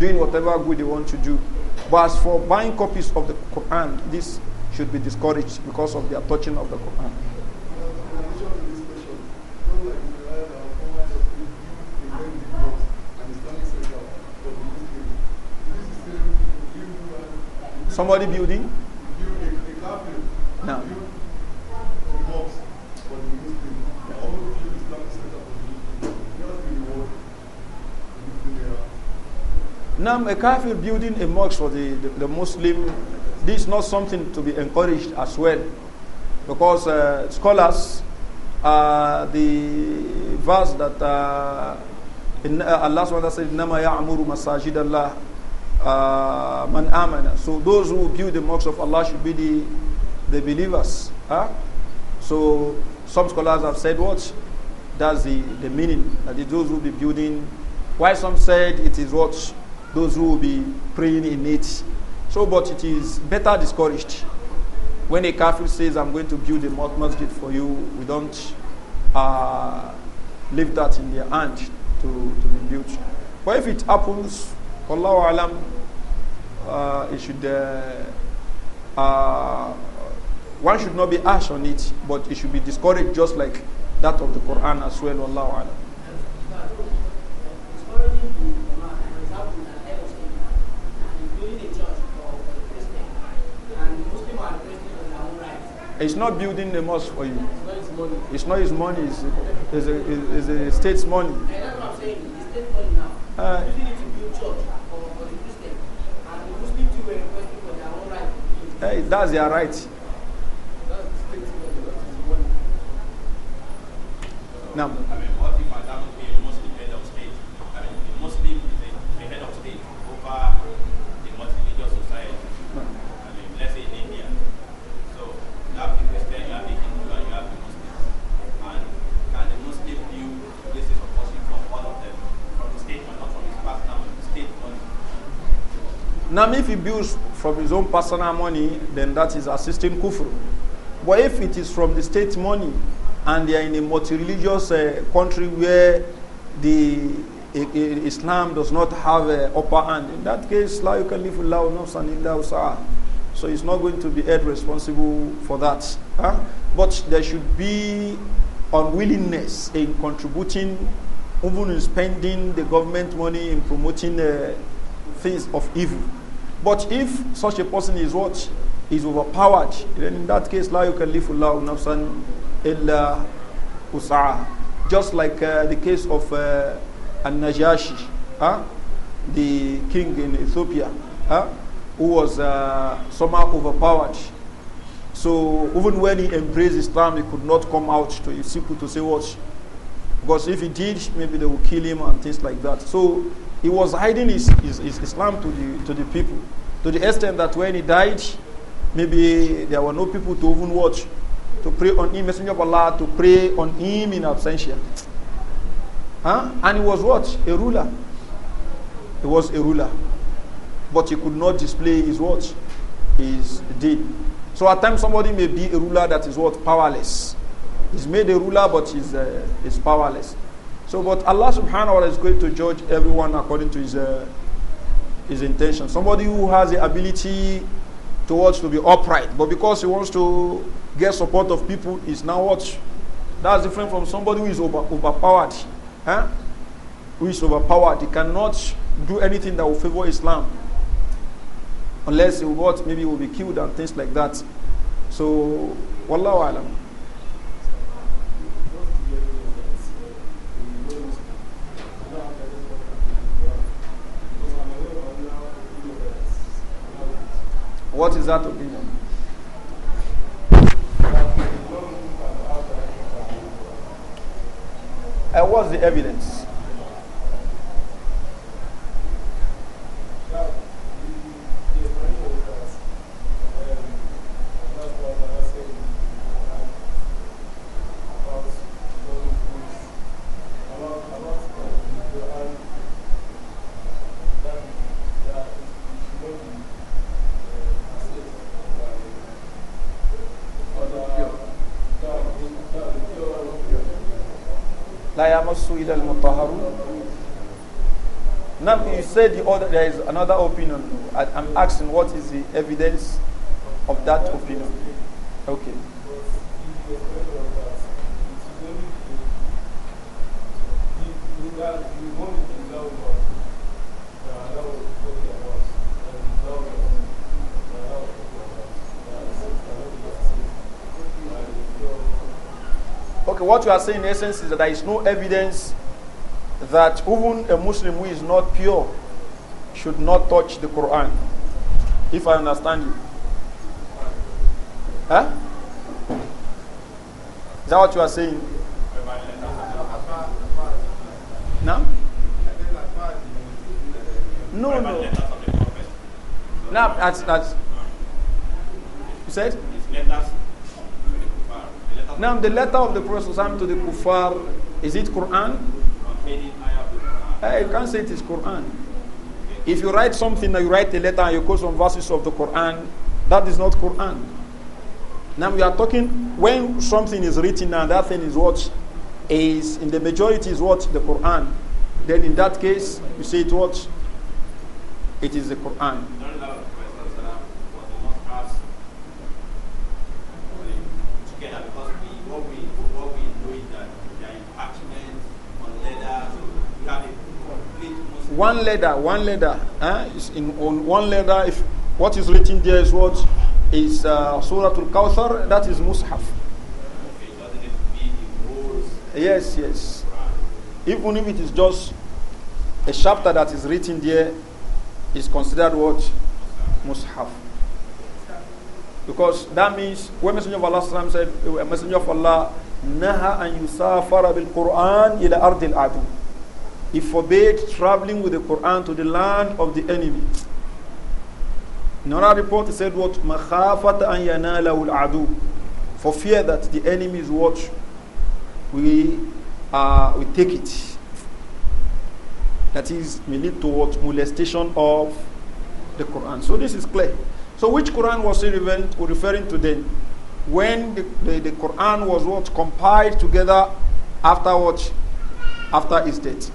doing whatever good they want to do. But as for buying copies of the Quran, this should be discouraged because of their touching of the Quran. Somebody building? No. No, a kafir building a mosque for the, the, the, Muslim, this is not something to be encouraged as well. Because uh, scholars, uh, the verse that uh, in, uh, Allah said, "Nama masajid Allah uh, man amana. So those who build the mosques of Allah should be the, the believers. Huh? So some scholars have said what? That's the, the meaning. That is those who be building. Why some said it is what? Those who will be praying in it. So but it is better discouraged. When a kafir says, I'm going to build a masjid for you, we don't uh, leave that in their hand to, to be built. But if it happens, Wallahu alam, uh, it should, uh, uh, one should not be harsh on it, but it should be discouraged just like that of the Quran as well. Wallahu alam. It's not building the mosque for you. It's not his money. It's not his money. It's, a, it's, a, it's a state's money. what I'm saying. It's state money now. Uh, hey, that's their right. Now. Now, if he builds from his own personal money, then that is assisting kufr. But if it is from the state money and they are in a multi-religious uh, country where the uh, Islam does not have an uh, upper hand, in that case, la yukallifu lahu nafsan illa usaha. So it's not going to be held responsible for that. Huh? But there should be unwillingness in contributing, even in spending the government money in promoting uh, things of evil. But if such a person is what? Is overpowered, then in that case, la yukallifullahu nafsan illa usaha. Just like uh, the case of uh, An-Najashi, huh? the king in Ethiopia, huh? who was uh, somehow overpowered. So even when he embraced Islam, he could not come out to Isiku to say what? Because if he did, maybe they will kill him and things like that. So he was hiding his, his, his Islam to the, to the people, to the extent that when he died, maybe there were no people to even watch, to pray on him, Messenger of Allah, to pray on him in absentia. Huh? And he was what? A ruler. He was a ruler. But he could not display his what? His deed. So at times somebody may be a ruler that is what? Powerless. He's made a ruler, but he's, uh, he's powerless. So, but Allah subhanahu wa ta'ala is going to judge everyone according to his, uh, his intention. Somebody who has the ability towards to be upright, but because he wants to get support of people, is now what? That's different from somebody who is over, overpowered. Huh? Who is overpowered. He cannot do anything that will favor Islam. Unless he what? Maybe he will be killed and things like that. So, wallahu alam. What is that opinion? And what's the evidence? said the other, there is another opinion. I, am asking what is the evidence of that opinion. Okay. Okay, what you are saying in essence is that there is no evidence that even a Muslim who is not pure should not touch the Quran. If I understand you. Huh? Is that what you are saying? No? No, no. No, that's, that's. You said? Now, the letter of the Prophet to the Kufar, is it Quran? Hey, you can't say it is Quran. If you write something, you write a letter and you quote some verses of the Quran, that is not Quran. Now we are talking when something is written and that thing is what is in the majority is what the Quran. Then in that case, you say it what? It is the Quran. one leather, one leather, eh? It's in on one leather. If what is written there is what is uh, Surah Al Kawthar, that is Mus'haf. Yes, yes. Even if it is just a chapter that is written there, is considered what Mus'haf. Because that means when Messenger of Allah said, Messenger of Allah, Naha an yusafara bil Quran ila ardil adu. He forbade traveling with the Quran to the land of the enemy. In another report, he said what? مَخَافَةَ أَنْ يَنَالَهُ الْعَدُوُ For fear that the enemy's watch. We, uh, we take it. That is, may lead towards molestation of the Quran. So this is clear. So which Quran was he referring to then? When the, the, the Quran was what? Compiled together after what? After his death.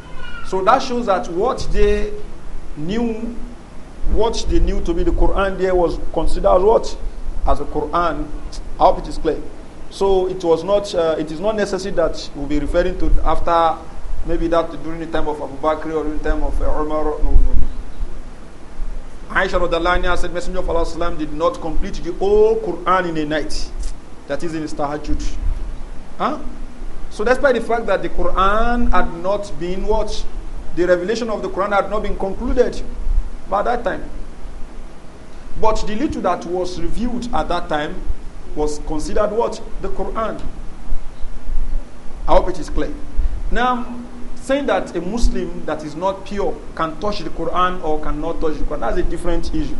So that shows that what they knew, what they knew to be the Quran there was considered what? As a Quran. I hope it is clear. So it was not, uh, it is not necessary that we'll be referring to after maybe that during the time of Abu Bakr or during the time of uh, Umar. No, no. Aisha Radhalania said, Messenger of Allah did not complete the whole Quran in a night. That is in Tahajjud. Huh? So despite the fact that the Quran had not been what? the revelation of the Quran had not been concluded by that time. But the little that was revealed at that time was considered what? The Quran. I hope it is clear. Now, saying that a Muslim that is not pure can touch the Quran or cannot touch the Quran, that's a different issue.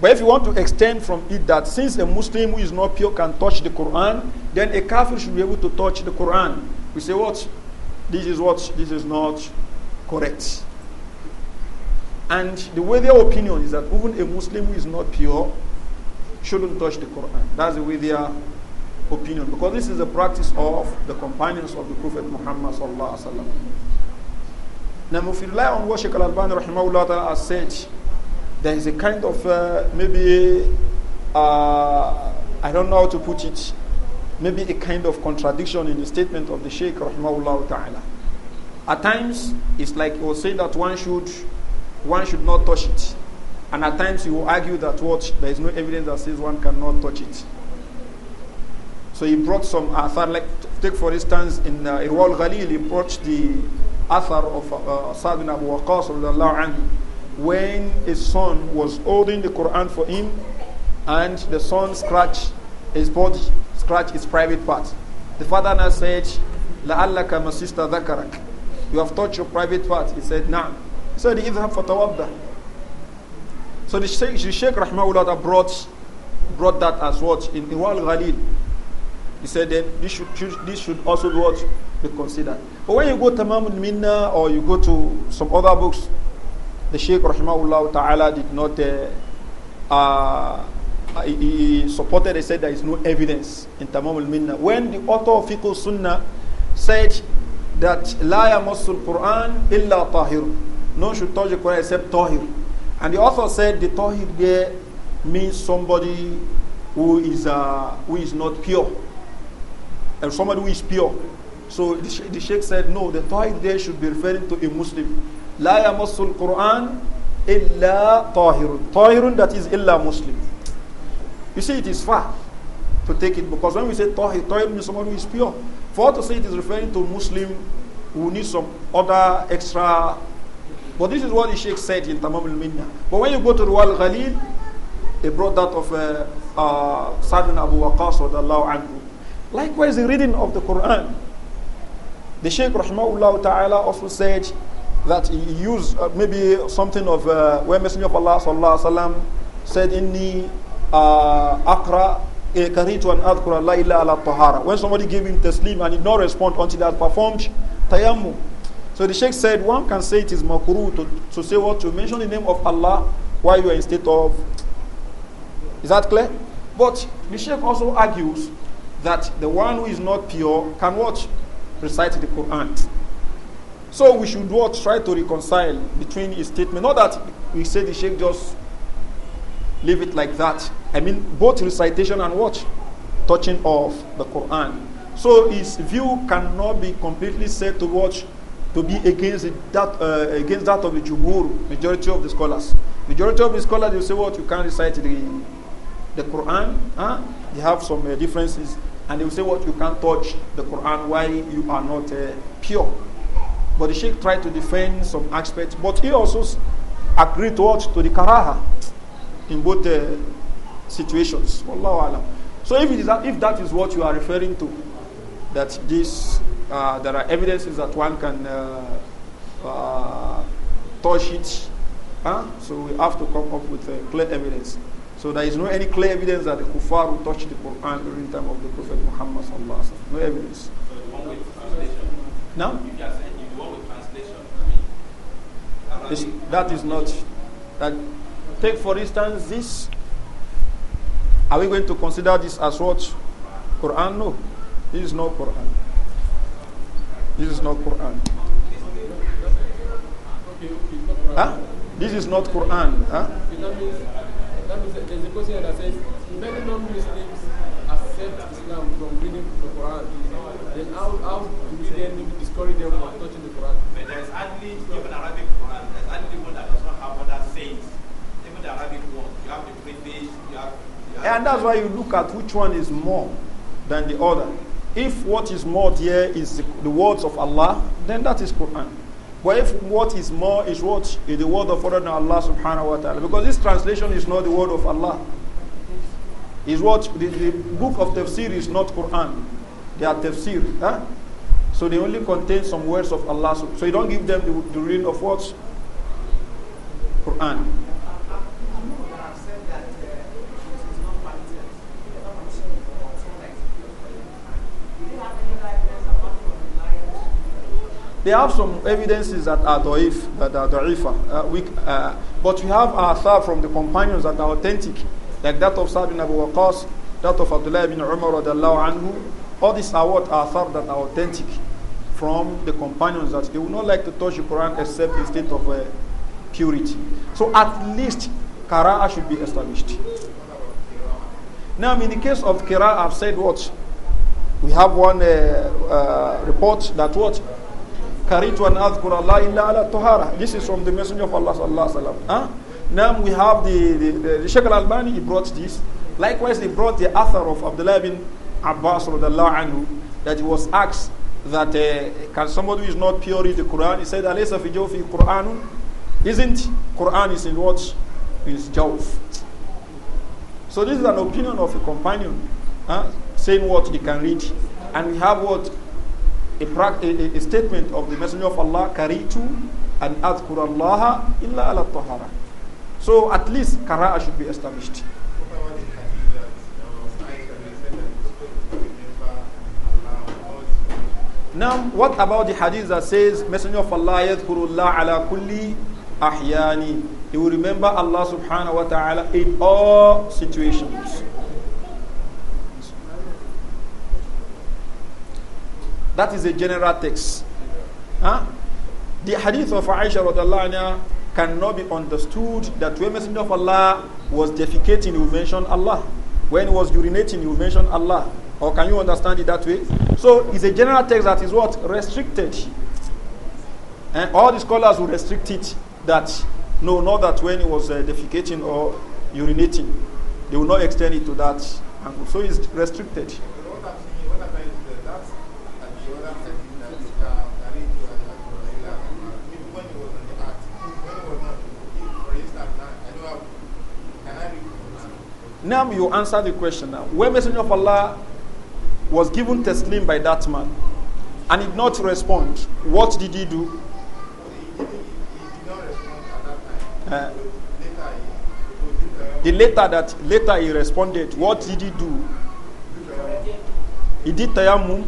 But if you want to extend from it that since a Muslim who is not pure can touch the Quran, then a Kafir should be able to touch the Quran. We say what? This is what this is not correct. And the way their opinion is that even a Muslim who is not pure shouldn't touch the Quran. That's the way their opinion, because this is the practice of the companions of the Prophet Muhammad Now, if you rely on what Sheikh Al-Albani has said, there is a kind of uh, maybe uh, I don't know how to put it maybe a kind of contradiction in the statement of the Sheikh rahmahullah ta'ala. At times, it's like he will say that one should, one should not touch it. And at times he will argue that what there is no evidence that says one cannot touch it. So he brought some athar, like take for instance in uh, Irwal Ghalil, he brought the athar of uh, Sa'd bin Abu when his son was holding the Quran for him and the son scratched his body scratch his private parts. The father now said, "La Allah my sister ذَكَرَكَ You have touched your private part. He said, نعم. He said, إِذْهَبْ فَتَوَضَّ So the Sheikh, the Sheikh Rahmahullah brought, brought that as what? In Iwal Ghalil. He said that this should, this should also be what? Be considered. But when you go to Mamud Minna or you go to some other books, the Sheikh Rahmahullah Ta'ala did not uh, uh, he supported, and said there is no evidence in Tamam al-Minna. When the author of Fiqh Sunnah said that لا يمس القرآن إلا طاهر No should touch the Quran except Tahir. And the author said the Tahir there means somebody who is, uh, who is not pure. And somebody who is pure. So the, the Sheikh said, no, the Tahir there should be referring to a Muslim. لا يمس القرآن إلا طاهر. Tahirun, that is إلا Muslim. You see, it is far to take it because when we say Tawhid, Tawhid means someone who is pure. For us to say it is referring to Muslim who needs some other extra. But this is what the Sheikh said in Tamam al Minna. But when you go to the Wal Ghalil, he brought that of uh, uh, Sa'd Abu Waqas anhu. Likewise, the reading of the Quran. The Sheikh Rahmahullah Ta'ala also said that he used uh, maybe something of uh, where Messenger of Allah Sallallahu Alaihi Wasallam said, Inni uh, Akra karitu an adhkura la illa ala tahara. When somebody gave him taslim and he did not respond until he had performed tayammum. So the sheikh said, one can say it is makruh to, to say what? To mention the name of Allah while you are in state of... Is that clear? But the sheikh also argues that the one who is not pure can what? Recite the Quran. So we should what? Try to reconcile between his statement. Not that we say the sheikh just leave it like that. I mean, both recitation and what? Touching of the Quran. So his view cannot be completely said to watch to be against that uh, against that of the Jumhur, majority of the scholars. Majority of the scholars will say what you can't recite the the Quran. Huh? They have some uh, differences, and they will say what you can't touch the Quran. Why you are not uh, pure? But the Sheikh tried to defend some aspects, but he also agreed to what to the Karaha in both. Uh, situations. So if, that, if that is what you are referring to, that this, uh, there are evidences that one can uh, uh, touch it, huh? so we have to come up with clear evidence. So there is no any clear evidence that the kuffar will touch the Quran during the time of the Prophet Muhammad sallallahu alaihi wasallam. No evidence. So the one with translation. No. You just said you the one with translation. I mean, that is not. That take for instance this are we going to consider this as what? Quran? No. This is not Quran. This is not Quran. Huh? This is not Quran. Huh? That means, that means there's a question that says many non-Muslims accept Islam from reading the Quran. Then how, how do we then discourage them from touching the Quran? But there is hardly even Arabic Quran. There's hardly one that does not have other sayings. Even the Arabic one, you have the British, you have and that's why you look at which one is more than the other. If what is more here is the, the words of Allah, then that is Quran. But if what is more is what is the word of other than Allah subhanahu wa ta'ala. Because this translation is not the word of Allah. Is what the, the, book of tafsir is not Quran. They are tafsir. Huh? So they only contain some words of Allah. So you don't give them the, the reading of what? Quran. They have some evidences that are da'if, that are da'ifa, uh, uh, but we have athar from the companions that are authentic, like that of Sa'd bin Abu Waqas, that of Abdullah bin Umar radiallahu anhu. All these are what athar that are authentic from the companions that they would not like to touch the Quran except in state of uh, purity. So at least Qira'ah should be established. Now in the case of Qira'ah, I've said what? We have one uh, uh report that what? Karitu an adhkur Allah illa ala tahara. This is from the Messenger of Allah sallallahu alaihi wasallam. Huh? Now we have the, the, the, Sheikh al-Albani, he brought this. Likewise, he brought the author of Abdullah bin Abbas radiallahu anhu that he was asked that uh, can somebody who is not pure read the Quran? He said, Alaysa fi jawfi Quranun? Isn't Quran is in what? Is jawf. So this is an opinion of a companion huh? saying what he can read. And we have what? a, a, a statement of the Messenger of Allah, Karitu and Adhkur Allah illa ala tahara. So at least karaa should be established. Now, what about the hadith that says, Messenger of Allah, Yadhkurullah ala kulli ahyani. He will remember Allah subhanahu wa ta'ala in all situations. That is a general text. Huh? The hadith of Aisha anha cannot be understood that when Messenger of Allah was defecating, you mention Allah. When he was urinating, you mention Allah. Or can you understand it that way? So it's a general text that is what? Restricted. And eh? all the scholars will restrict it that no, not that when he was uh, defecating or urinating. They will not extend it to that angle. So it's restricted. Now you answer the question now. When Messenger of Allah was given taslim by that man and did not respond, what did he do? Uh, the later that later he responded, what did he do? He did tayammum.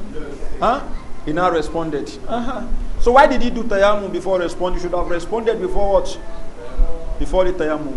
Huh? He now responded. Uh -huh. So why did he do tayammum before respond? You should have responded before what? Before the tayammum.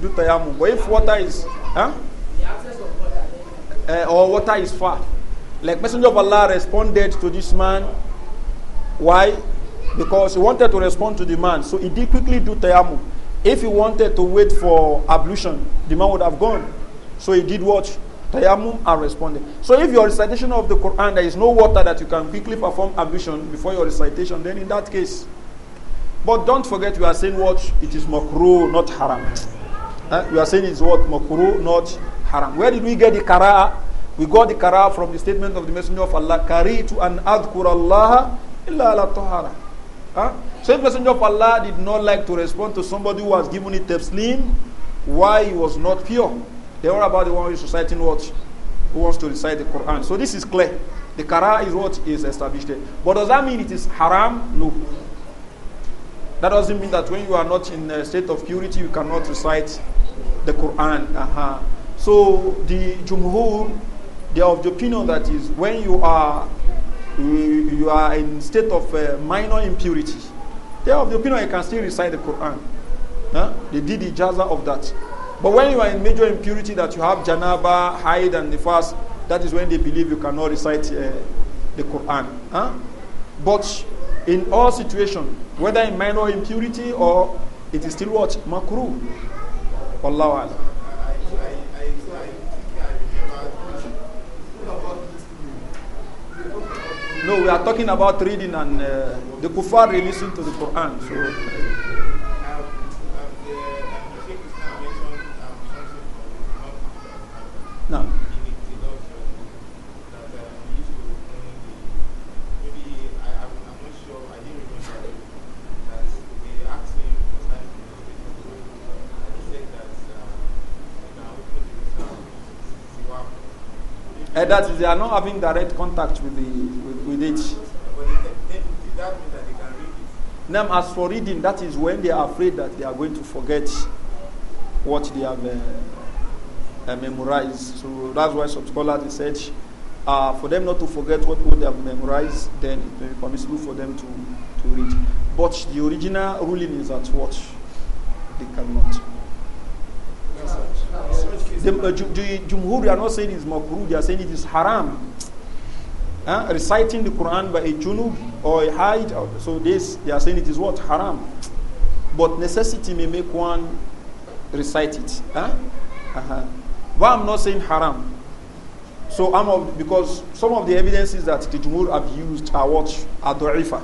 do tayammum. But if water is, huh? The access of water. Uh, or water is far. Like Messenger of Allah responded to this man. Why? Because he wanted to respond to the man. So he did quickly do tayammum. If he wanted to wait for ablution, the man would have gone. So he did watch Tayammum and responded. So if your recitation of the Quran, there is no water that you can quickly perform ablution before your recitation, then in that case. But don't forget we are saying what? It is makruh, not haram. Uh, we are saying it's what? Makuru, not haram. Where did we get the kara'a? We got the kara'a from the statement of the Messenger of Allah, Karitu an adkur Allah illa al tahara. Huh? Messenger of Allah did not like to respond to somebody who has given it taslim, why he was not pure. They are about the one who is reciting what? Who wants to recite the Quran. So this is clear. The kara is what is established there. But does that mean it is haram? No. That doesn't mean that when you are not in a state of purity, you cannot recite the Quran. Uh-huh. So the Jumhur, they are of the opinion that is when you are you, you are in state of uh, minor impurity, they are of the opinion you can still recite the Quran. Huh? They did the jaza of that. But when you are in major impurity that you have janaba, hide and the fast, that is when they believe you cannot recite uh, the Quran. Huh? But in all situation, whether in minor impurity or it is still what? Makruh. Wallahu alam. No, we are talking about reading and uh, the kuffar listening to the Quran. So. No. That that is, they are not having direct contact with, the, with, with it. But Now, as for reading, that is when they are afraid that they are going to forget what they have uh, uh, memorized. So that's why some scholars said, uh, for them not to forget what, what they have memorized, then it may be permissible for them to, to read. But the original ruling is that what they cannot. Yes, the, uh, Jumhur, they are not saying it's makruh, they are saying it is haram. Reciting the Quran by a junub or a hide, so this, they are saying it is what? Haram. But necessity may make one recite it. Huh? Uh-huh. Why I'm not saying haram? So I'm of, because some of the evidences that the Jumhur have used are what? Are da'ifa.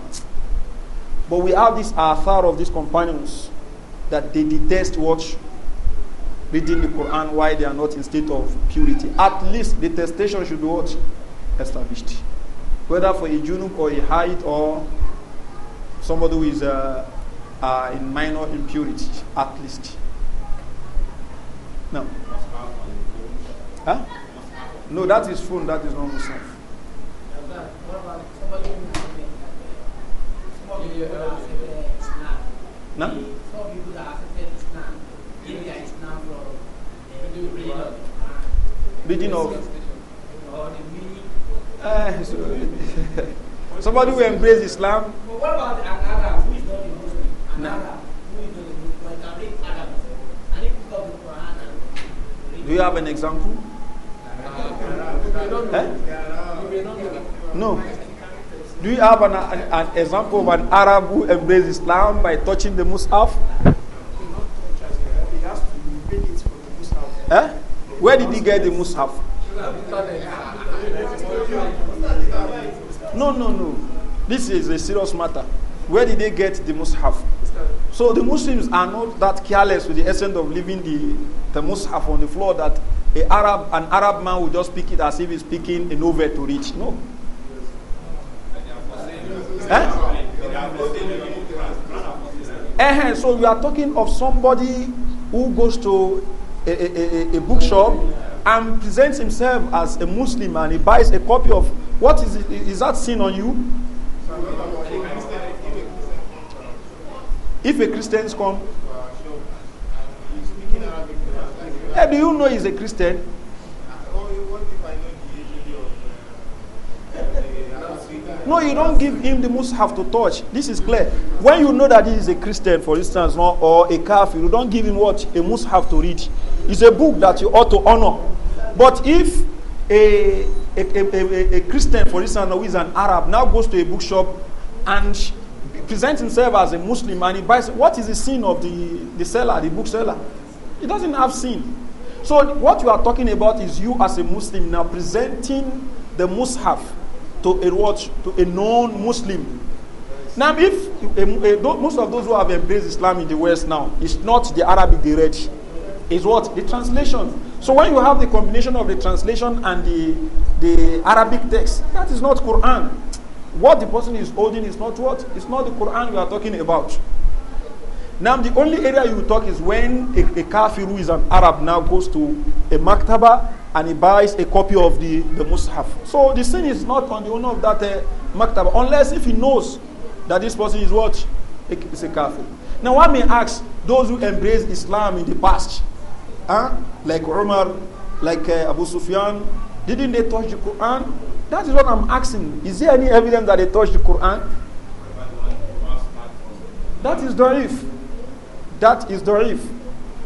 But we have this athar of these companions that they detest what? reading the Quran why they are not in state of purity. At least the testation should be what? Established. Whether for a junub or a height or somebody who is uh, uh, in minor impurity, at least. No. Huh? No, that is phone, that is not Muslim. No? Uh, Reading of. Uh, eh, so somebody who embraced Islam. But what about an Arab who is not a Muslim? An Arab who is not a Muslim, Arab. And he up the Quran and Do you have an example? Eh? Uh, no. Do you have an, an, an, example of an Arab who embraced Islam by touching the Mus'haf? Eh? Where did he get the Mus'haf? No, no, no. This is a serious matter. Where did they get the Mus'haf? So the Muslims are not that careless with the essence of leaving the, the Mus'haf on the floor that a Arab, an Arab man will just pick it as if he's picking a novel to reach. No. Eh? Eh? eh so we are talking of somebody who goes to a, a, a, bookshop and presents himself as a Muslim and he buys a copy of what is that seen on you? If a Christian comes, how do you know he's a Christian? No, you don't give him the have to touch. This is clear. When you know that he is a Christian, for instance, or a kafir, you don't give him what? A have to read. It's a book that you ought to honor. But if a, a, a, a, Christian, for instance, who is an Arab, now goes to a bookshop and presents himself as a Muslim and he buys, what is the sin of the, the seller, the bookseller? He doesn't have sin. So what you are talking about is you as a Muslim now presenting the mushaf to a watch to a non-Muslim. Now, if a, a, most of those who have embraced Islam in the West now, it's not the Arabic they read is what? The translation. So when you have the combination of the translation and the, the Arabic text, that is not Quran. What the person is holding is not what? It's not the Quran you are talking about. Now, the only area you talk is when a, a kafir who is an Arab now goes to a maktaba and he buys a copy of the, the mushaf. So the sin is not on the owner of that uh, maktaba, unless if he knows that this person is what? It's a kafir. Now, one may ask those who embraced Islam in the past, huh? like Omar, like uh, Abu Sufyan? Didn't they touch the Quran? That is what I'm asking. Is there any evidence that they touched the Quran? That is da'if. That is da'if.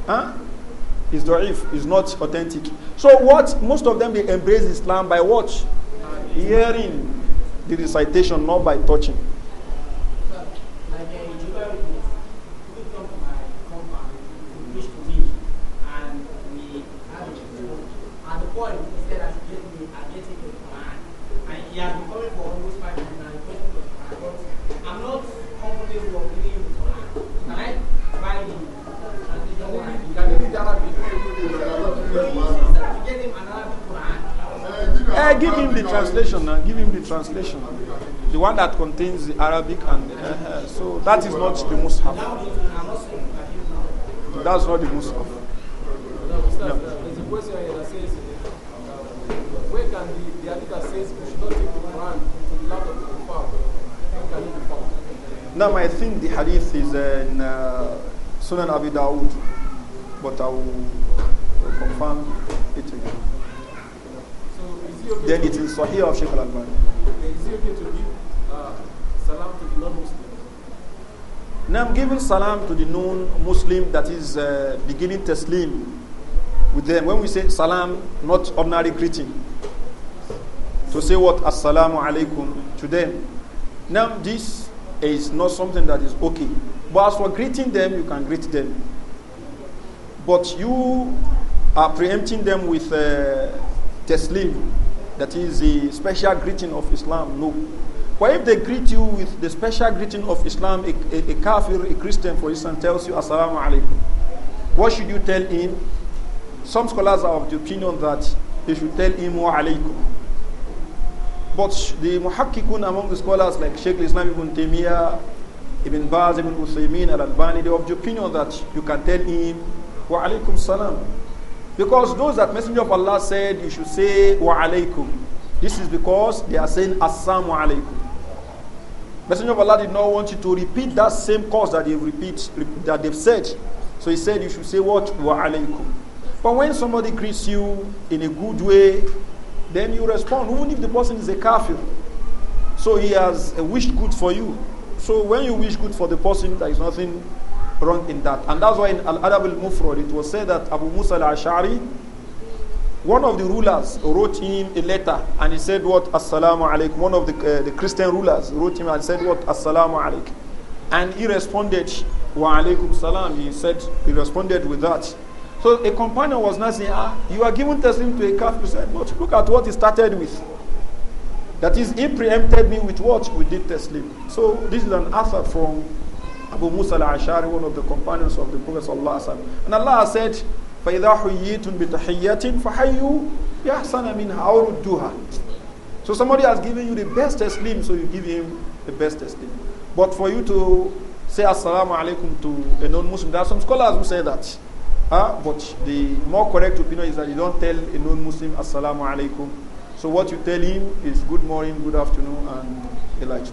Huh? Is da'if. Is not authentic. So what? Most of them, they embrace Islam by what? Hearing the recitation, not by touching. Uh, give him the translation. Uh, give him the translation. The one that contains the Arabic and uh, so that is not the most Mus'haf. That's not the Mus'haf. No. There's a question here that says, where can the, the Hadith says should not take the Quran the land of the Kuffar? Can I think the Hadith is in uh, Sunan Abi Dawud, but I will confirm it again then it is Sahih of Sheikh Al-Albani. Okay, is it okay to give uh, salam to the non-Muslim? Now I'm giving salam to the non-Muslim that is uh, beginning taslim with them. When we say salam, not ordinary greeting. To say what? Assalamu alaikum to them. Now this is not something that is okay. But as for greeting them, you can greet them. But you are preempting them with uh, taslim that is the special greeting of Islam. No. But if they greet you with the special greeting of Islam, a, a, a kafir, a Christian, for instance, tells you Assalamu alaikum, what should you tell him? Some scholars are of the opinion that you should tell him wa alaikum. But the muhakkikun among the scholars like Sheikh Islam ibn Taymiyyah, Ibn Baz, Ibn Uthaymeen, Al-Albani, they are of the opinion that you can tell him wa alaikum salam because those that Messenger of Allah said you should say wa alaykum. This is because they are saying assalamu alaykum. Messenger of Allah did not want you to repeat that same cause that they've repeat that they've said. So he said you should say what wa alaykum. But when somebody greets you in a good way, then you respond, even if the person is a kafir. So he has wished good for you. So when you wish good for the person, there is nothing wrong in that. And that's why in Al Adab al Mufrad it was said that Abu Musa al Ash'ari, one of the rulers, wrote him a letter and he said, What? Assalamu alaikum. One of the, uh, the Christian rulers wrote him and said, What? Assalamu alaikum. And he responded, Wa alaikum salam. He said, He responded with that. So a companion was not saying, Ah, you are giving testimony to a calf. He said, But look at what he started with. That is, he preempted me with what? With the taslim. So this is an answer from Abu Musa al-Ashari, one of the companions of the Prophet sallallahu And Allah said, فَإِذَا حُيِّيتُم بِتَحِيَّةٍ فَحَيُّوا يَحْسَنَ مِنْهَا أَوْ So somebody has given you the best esteem, so you give him the best esteem. But for you to say assalamu alaikum to a non-Muslim, there are some scholars who say that. Huh? But the more correct opinion is that you don't tell a non-Muslim assalamu alaikum. So what you tell him is good morning, good afternoon, and the likes.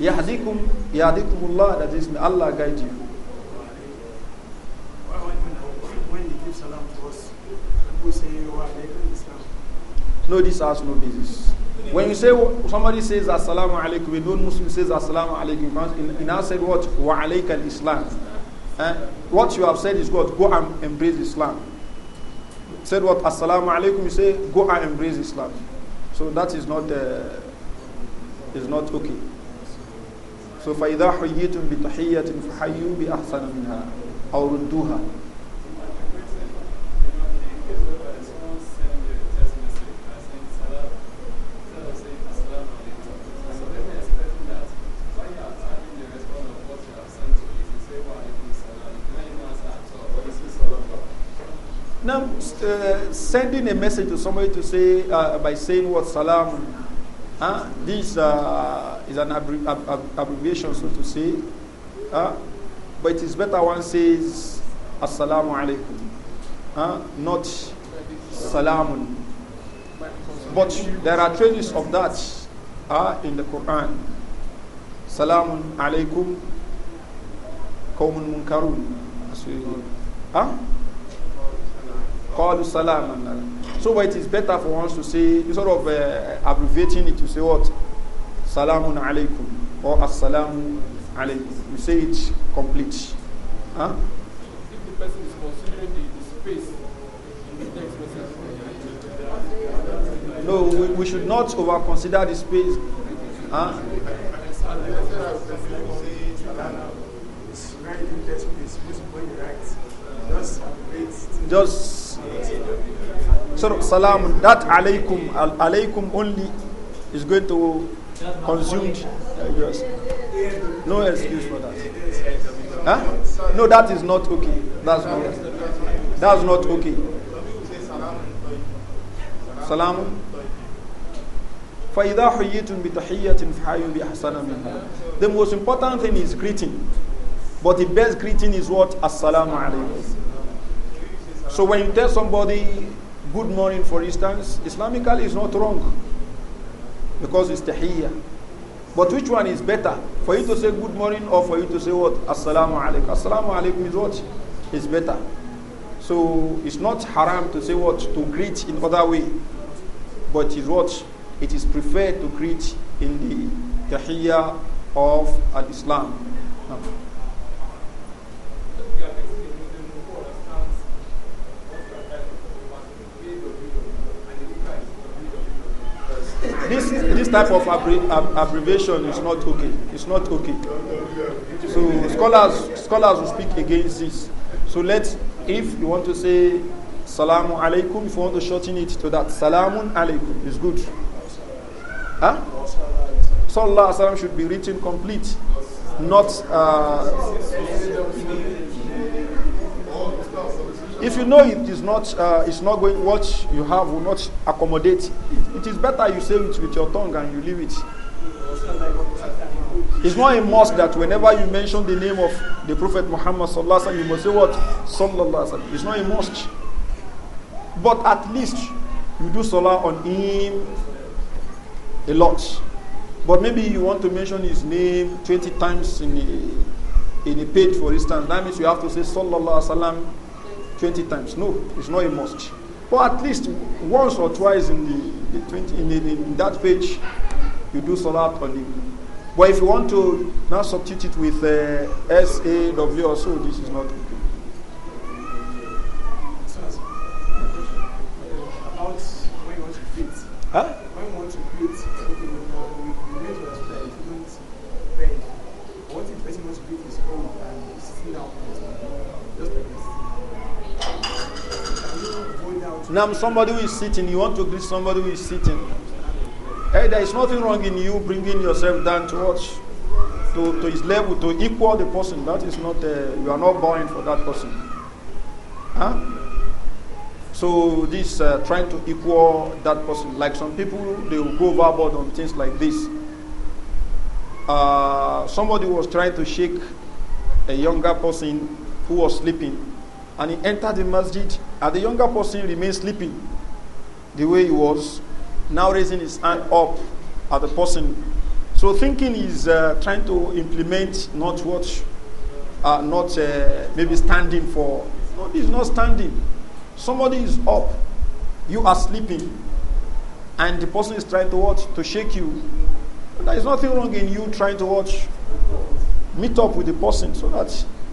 Yahdikum, Yahdikumullah, that is, may Allah guide you. No, this has no basis. When you say somebody says Assalamu alaikum, a non Muslim says Assalamu alaikum, in, answer, our said what? Wa alaikum Islam. Eh? What you have said is what? Go and embrace Islam. Said what? Assalamu alaikum, you say go and embrace Islam. So that is not, uh, is not okay. So فإذا حييتم بتحية فحيوا بأحسن منها أو ردوها. Now, uh, sending a message to somebody to say uh, by saying what salam This uh, is an ab abbreviation, so to say. But it is better one says Assalamu alaikum, not Salamun. But there are traces of that uh, in the Quran. Salamun alaikum, qawmun munkarun. Huh? Qalu alaikum. So, but it is better for us to say, sort of uh, abbreviating it, to say what? Salamun alaykum or assalamu alaykum. You say it complete. Huh? If the person is considering the, the space in the text message, no, we, we should not over consider the space. Huh? Just so salam, that alaykum, al alaykum only is going to consume. Uh, yes. No excuse for that. Huh? No, that is not okay. That's not. That's not okay. Salam. The most important thing is greeting. But the best greeting is what? Assalamu alaikum. So when you tell somebody good morning, for instance, Islamically is not wrong because it's tahiyya. But which one is better? For you to say good morning or for you to say what? Assalamu alaikum. Assalamu alaikum is what? Is better. So it's not haram to say what? To greet in other way. But is what? It is preferred to greet in the tahiyya of al-Islam. No. this this type of abbreviation is not okay. It's not okay. So scholars scholars will speak against this. So let's if you want to say salamu alaikum, if you want to shorten it to that salamun alaikum is good. Huh? Sallallahu alaihi should be written complete, not. Uh, if you know it is not uh, it's not going what you have will not accommodate it is better you say it with your tongue and you leave it. It's not a must that whenever you mention the name of the Prophet Muhammad you must say what It's not a must, but at least you do salah on him a lot. But maybe you want to mention his name 20 times in a, in a page, for instance. That means you have to say sallallahu alaihi wasallam 20 times. No, it's not a must. But at least once or twice in the the 20, in, in that page, you do solar on But if you want to now substitute it with uh, S A W or so, this is not okay. Huh? Now somebody who is sitting, you want to greet somebody who is sitting. Hey, there is nothing wrong in you bringing yourself down to watch, to, to his level, to equal the person. That is not, uh, you are not bound for that person. Huh? So this uh, trying to equal that person, like some people, they will go overboard on things like this. Uh, somebody was trying to shake a younger person who was sleeping and he entered the masjid, and the younger person remained sleeping the way he was, now raising his hand up at the person. So thinking is uh, trying to implement not what, uh, not uh, maybe standing for. No, he's not standing. Somebody is up, you are sleeping, and the person is trying to watch to shake you. There is nothing wrong in you trying to watch. Meet up with the person so that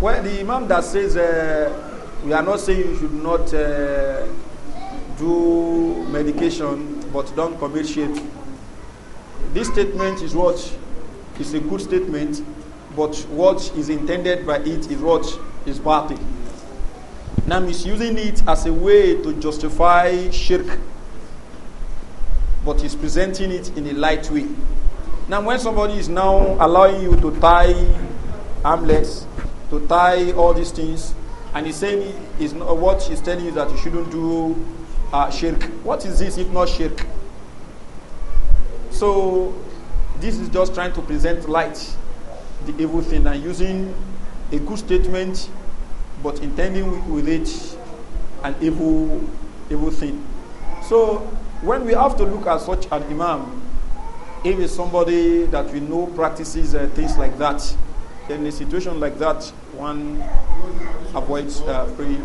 Well, the Imam that says uh, we are not saying you should not uh, do medication, but don't commit shirk. This statement is what is a good statement, but what is intended by it is what is party. Now, misusing it as a way to justify shirk, but he's presenting it in a light way. Now, when somebody is now allowing you to tie armlets, to tie all these things. And he's saying is what he's telling you that you shouldn't do uh, shirk. What is this if not shirk? So this is just trying to present light, the evil thing, and using a good statement, but intending with it an evil, evil thing. So when we have to look at such an imam, if it's somebody that we know practices uh, things like that, in a situation like that, one avoids uh, praying.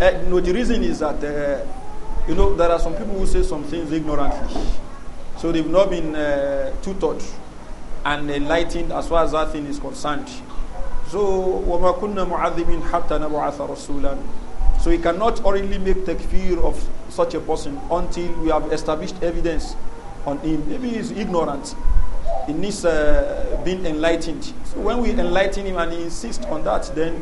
Uh, no, the reason is that uh, you know there are some people who say some things ignorantly, so they've not been uh, tutored and enlightened as far as that thing is concerned. So, وَمَا كُنَّا مُعَذِّبِينَ حَتَّى نَبْعَثَ رَسُولًا So we cannot orally make takfir of such a person until we have established evidence on him. Maybe he's ignorant. He needs uh, being enlightened. So when we enlighten him and he insists on that, then...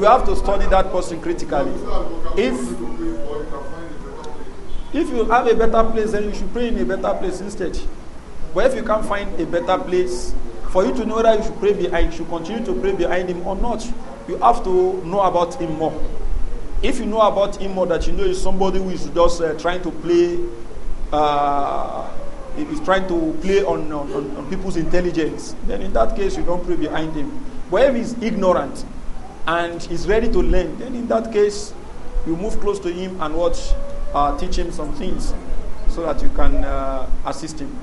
we have to study that person critically. If if you have a better place, then you should pray in a better place instead. But if you can't find a better place, for you to know that you should pray behind, you should continue to pray behind him or not, you have to know about him more. If you know about him more, that you know is somebody who is just uh, trying to play, uh, is trying to play on, on, on people's intelligence, then in that case you don't pray behind him. But if he's ignorant, and is ready to learn, then in that case, you move close to him and watch, uh, teach him some things so that you can uh, assist him.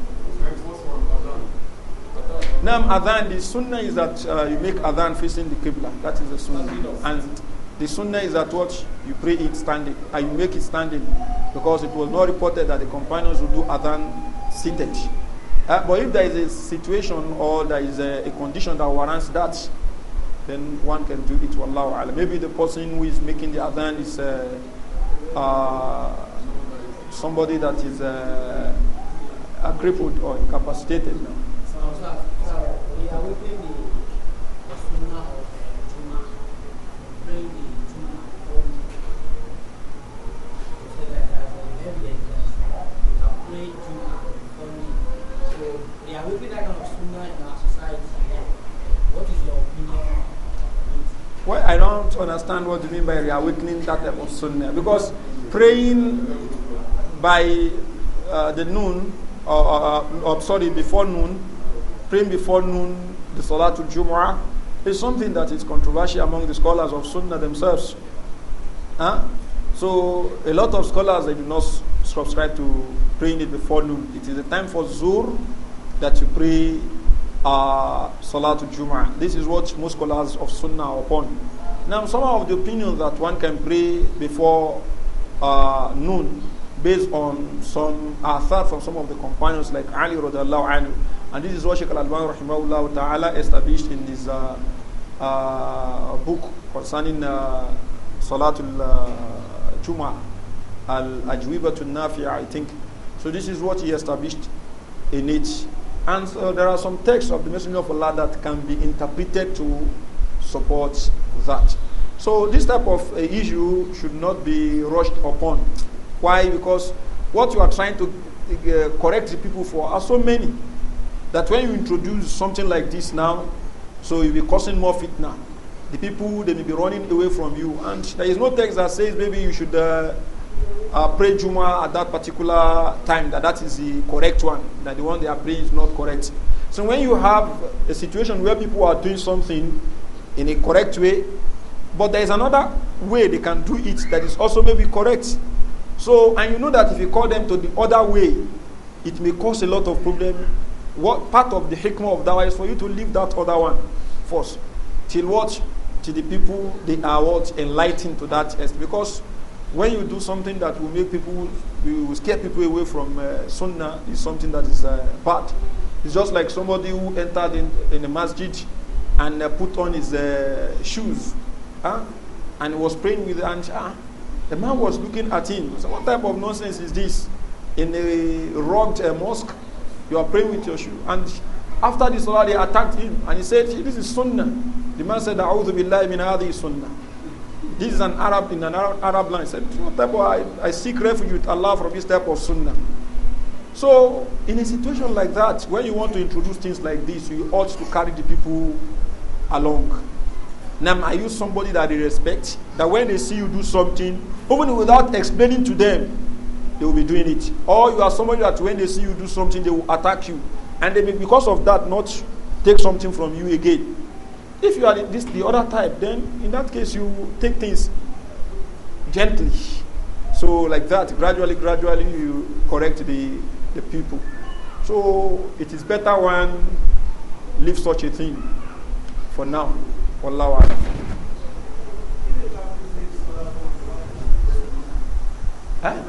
Now, adhan, the sunnah is that uh, you make adhan facing the Qibla. That is the sunnah. And the sunnah is that what you pray it standing, and you make it standing, because it was not reported that the companions would do adhan seated. Uh, but if there is a situation or there is a, a condition that warrants that, then one can do it. Wallahu alam. Maybe the person who is making the adhan is uh, uh, somebody that is uh, a crippled or incapacitated Well, I don't understand what you mean by reawakening that type of sunnah. Because praying by uh, the noon, or, or, or, sorry, before noon, praying before noon, the Salatul Jumu'ah, is something that is controversial among the scholars of Sunnah themselves. Huh? So a lot of scholars, they do not subscribe to praying it before noon. It is a time for Zuhr that you pray uh, Salatul Jum'ah. This is what most scholars of Sunnah are upon. Now, some of the opinion that one can pray before uh, noon based on some athar from some of the companions like Ali radiallahu anhu. And this is what Sheikh Al-Alban rahimahullah ta'ala established in his uh, uh, book concerning uh, Salatul uh, Jum'ah, Al-Ajwibatul Nafi'ah, I think. So this is what he established in it. And so there are some texts of the Messenger of Allah that can be interpreted to support that. So this type of uh, issue should not be rushed upon. Why? Because what you are trying to uh, correct the people for are so many that when you introduce something like this now, so you'll be causing more fitna. The people, they may be running away from you. And there is no text that says maybe you should uh, uh, pray Juma at that particular time, that that is the correct one, that the one they are praying is not correct. So when you have a situation where people are doing something in a correct way, but there is another way they can do it that is also maybe correct. So, and you know that if you call them to the other way, it may cause a lot of problem. What part of the hikmah of dawah is for you to leave that other one first, till what, till the people they are what enlightened to that extent, because when you do something that will make people, will scare people away from uh, sunnah, is something that is uh, bad. It's just like somebody who entered in, in a masjid and uh, put on his uh, shoes huh? and was praying with the hand. Ah, the man was looking at him. So what type of nonsense is this? In a rugged uh, mosque, you are praying with your shoe. And after this they attacked him and he said, This is sunnah. The man said, A'udhu billahi min hadhi sunnah. This is an Arab in an Arab, Arab land. He said, I, I seek refuge with Allah from this type of sunnah. So, in a situation like that, when you want to introduce things like this, you ought to carry the people along. Now, are you somebody that they respect? That when they see you do something, even without explaining to them, they will be doing it. Or you are somebody that when they see you do something, they will attack you. And they may, because of that, not take something from you again. If you are this the other type, then in that case you take things gently. So like that, gradually, gradually you correct the, the people. So it is better one leave such a thing for now. Allah. Huh?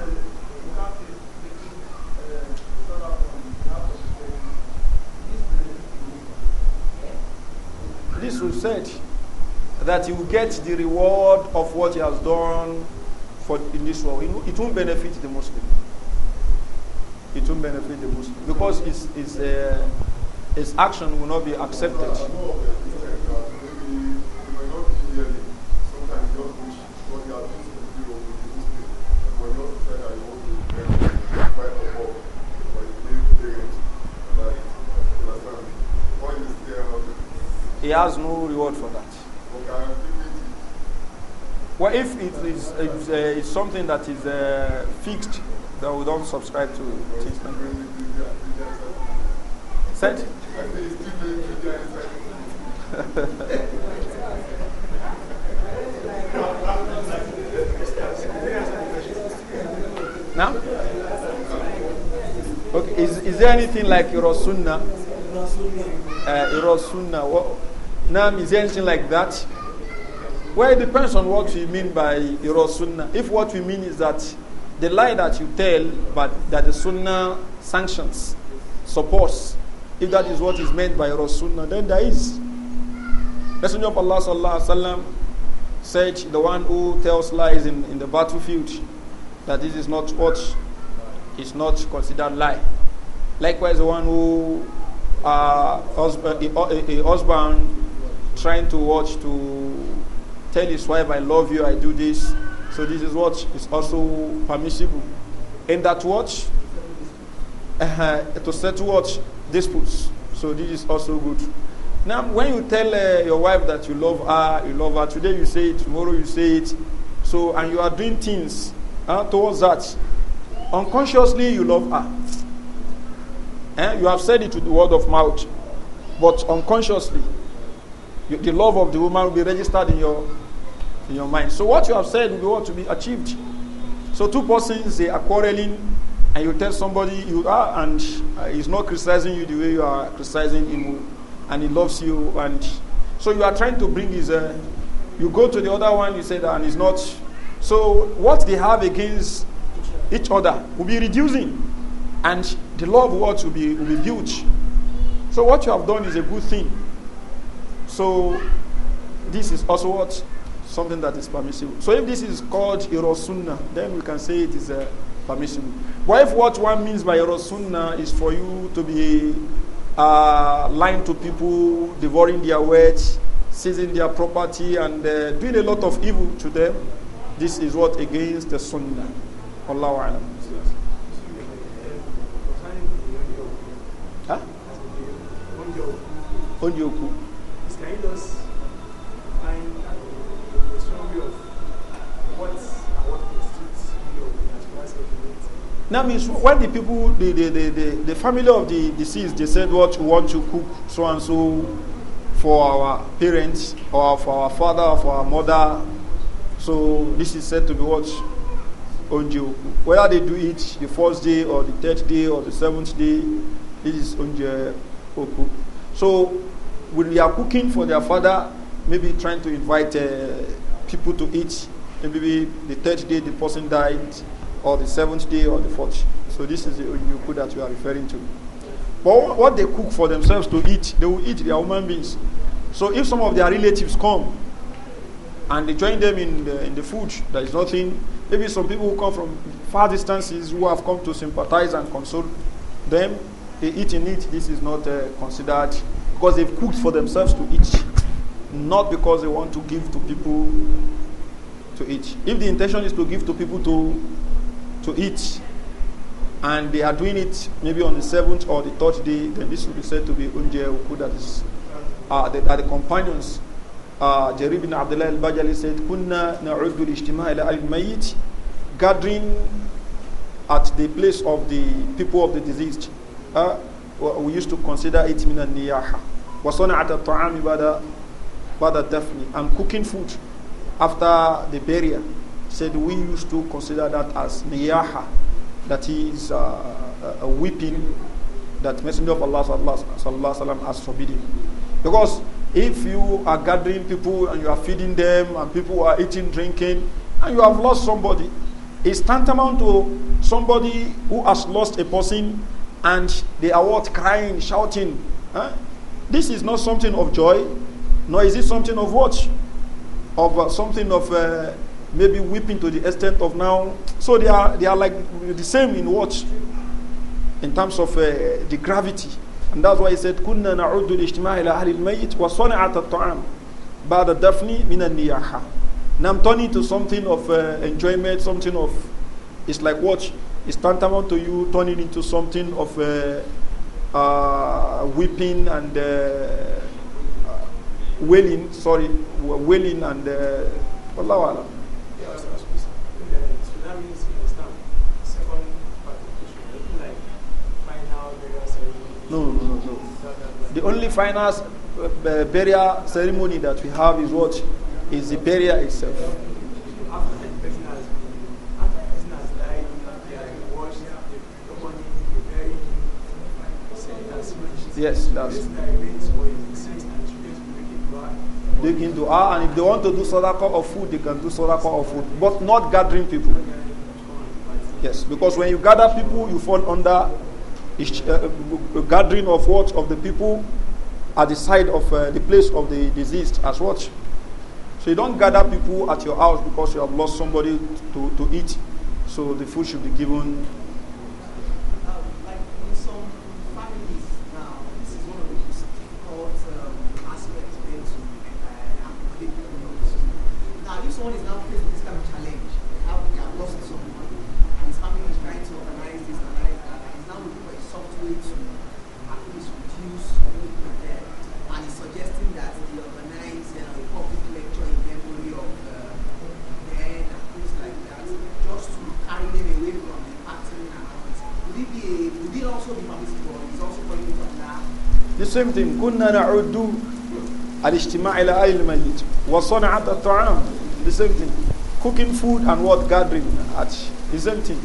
This will said that he will get the reward of what he has done for in this world. It won't benefit the Muslim. It won't benefit the Muslim because his, his, uh, his action will not be accepted. He has no reward for that. Well, if it is if, uh, something that is uh, fixed, then we don't subscribe to things like Said? now? Okay, is, is there anything like your sunnah? Uh, your what? Nam, is anything like that? Well, it depends on what we mean by Iro Sunnah. If what we mean is that the lie that you tell, but that the Sunnah sanctions, supports, if that is what is meant by Iro Sunnah, then there is. Messenger of Allah sallallahu alaihi wasallam said, "The one who tells lies in, in the battlefield, that this is not what is not considered lie. Likewise, the one who uh, husband, a, a, a husband trying to watch to tell his wife, I love you, I do this. So this is what is also permissible. In that watch, uh, to set watch disputes. So this is also good. Now, when you tell uh, your wife that you love her, you love her, today you say it, tomorrow you say it, so, and you are doing things uh, towards that, unconsciously you love her. Eh? You have said it with the word of mouth, but unconsciously the love of the woman will be registered in your in your mind. So what you have said will be what to be achieved. So two persons they are quarreling, and you tell somebody you are, and uh, he's not criticizing you the way you are criticizing him, and he loves you, and so you are trying to bring his. Uh, you go to the other one, you say that, and he's not. So what they have against each other will be reducing, and the love what will be will be built. So what you have done is a good thing. So this is also what something that is permissible. So if this is called Erosunna, then we can say it is uh, permissible. But if what one means by Erosunna is for you to be uh, lying to people, devouring their wealth, seizing their property, and uh, doing a lot of evil to them, this is what against the Sunnah. Allahu Alam. Huh? can you just find strong way of uh, what what constitutes your as that means when the people, the, the, the, the, the family of the deceased, they said, What we want to cook so and so for our parents or for our father or for our mother. So this is said to be what? onjo. Whether they do it the first day or the third day or the seventh day, this is Onju Oku. So when they are cooking for their father, maybe trying to invite uh, people to eat. Maybe the third day the person died, or the seventh day, or the fourth. So this is the food that we are referring to. But what they cook for themselves to eat, they will eat their human beings. So if some of their relatives come and they join them in the, in the food, there is nothing. Maybe some people who come from far distances who have come to sympathize and console them, they eat in it. This is not uh, considered because they've cooked for themselves to eat, not because they want to give to people to eat. If the intention is to give to people to to eat, and they are doing it maybe on the seventh or the third day, then this will be said to be unje uku that is uh, that the companions. Uh, Abdullah al-Bajali said, "Kunna na'uddu al ila al-mayyit, gathering at the place of the people of the deceased." Uh, we used to consider it min al-niyaha. وصنعت الطعام بعد بعد الدفن and cooking food after the burial said we used to consider that as niyaha that is uh, a weeping that messenger of Allah sallallahu alaihi has forbidden because if you are gathering people and you are feeding them and people are eating drinking and you have lost somebody it's tantamount to somebody who has lost a person and they are what? Crying, shouting. Huh? This is not something of joy, nor is it something of what? Of uh, something of uh, maybe weeping to the extent of now. So they are, they are like the same in what? In terms of uh, the gravity. And that's why he said, كُنَّا نَعُدُّ الْإِجْتِمَاعِ إِلَى أَهْلِ الْمَيِّتِ وَصَنِعَةَ الطَّعَامِ بَعْدَ الدَّفْنِ مِنَ النِّيَاحَةِ Now I'm turning to something of uh, enjoyment, something of, it's like what? is tantamount to you turning into something of a, uh, weeping and uh, uh wailing, sorry, wailing and uh, Allah No, no, no, no. The only final uh, burial ceremony that we have is what? Is the burial itself. Yes, that's. They can do ah, and if they want to do sadaqah of food, they can do sadaqah of food, but not gathering people. Yes, because when you gather people, you fall under uh, uh, gathering of what of the people at the side of uh, the place of the deceased as what. So you don't gather people at your house because you have lost somebody to, to eat. So the food should be given someone is now facing this kind of challenge, they have, they have lost someone, and his family is trying to organize this, organize that, and he's now looking for a soft way to at least reduce the debt, and he's suggesting that he organize uh, a public lecture in memory of the uh, dead and things like that, just to carry them away from the pattern and would it, be, would it also be permissible, or also going to The same thing, الاجتماع إلى أهل الميت وصنعة الطعام the same thing. Cooking food and what? Gathering at the same thing.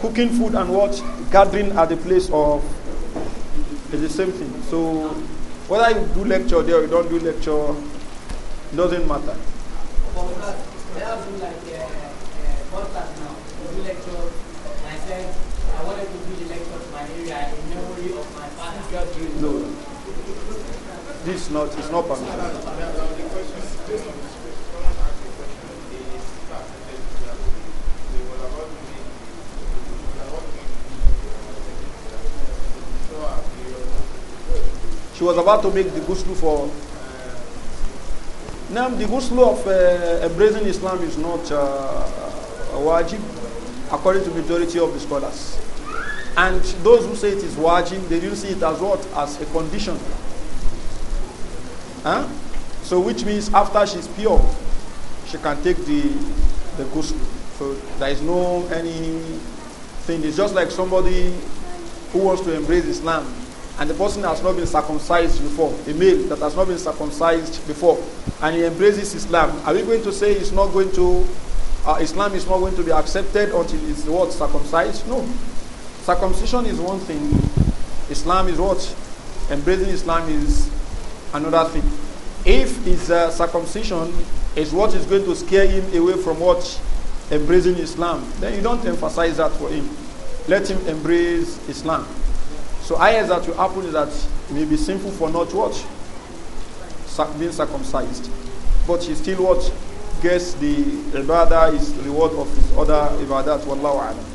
Cooking food and what? Gathering at the place of it's the same thing. So whether you do lecture there or you don't do lecture, doesn't matter. No. This not, it's not permissible. She was about to make the ghusl for. Now, the ghusl of uh, embracing Islam is not uh, wajib, according to majority of the scholars. And those who say it is wajib, they do see it as what? As a condition. Huh? So, which means after she's pure, she can take the, the ghusl. So, there is no any thing. It's just like somebody who wants to embrace Islam and the person has not been circumcised before, a male that has not been circumcised before, and he embraces Islam, are we going to say it's not going to, uh, Islam is not going to be accepted until it's what circumcised? No. Circumcision is one thing. Islam is what? Embracing Islam is another thing. If his uh, circumcision is what is going to scare him away from what? Embracing Islam, then you don't emphasize that for him. Let him embrace Islam. So ayahs that will happen is that may be sinful for not what? Being circumcised. But he still what? Guess the ibadah is reward of his other ibadah. Wallahu alam.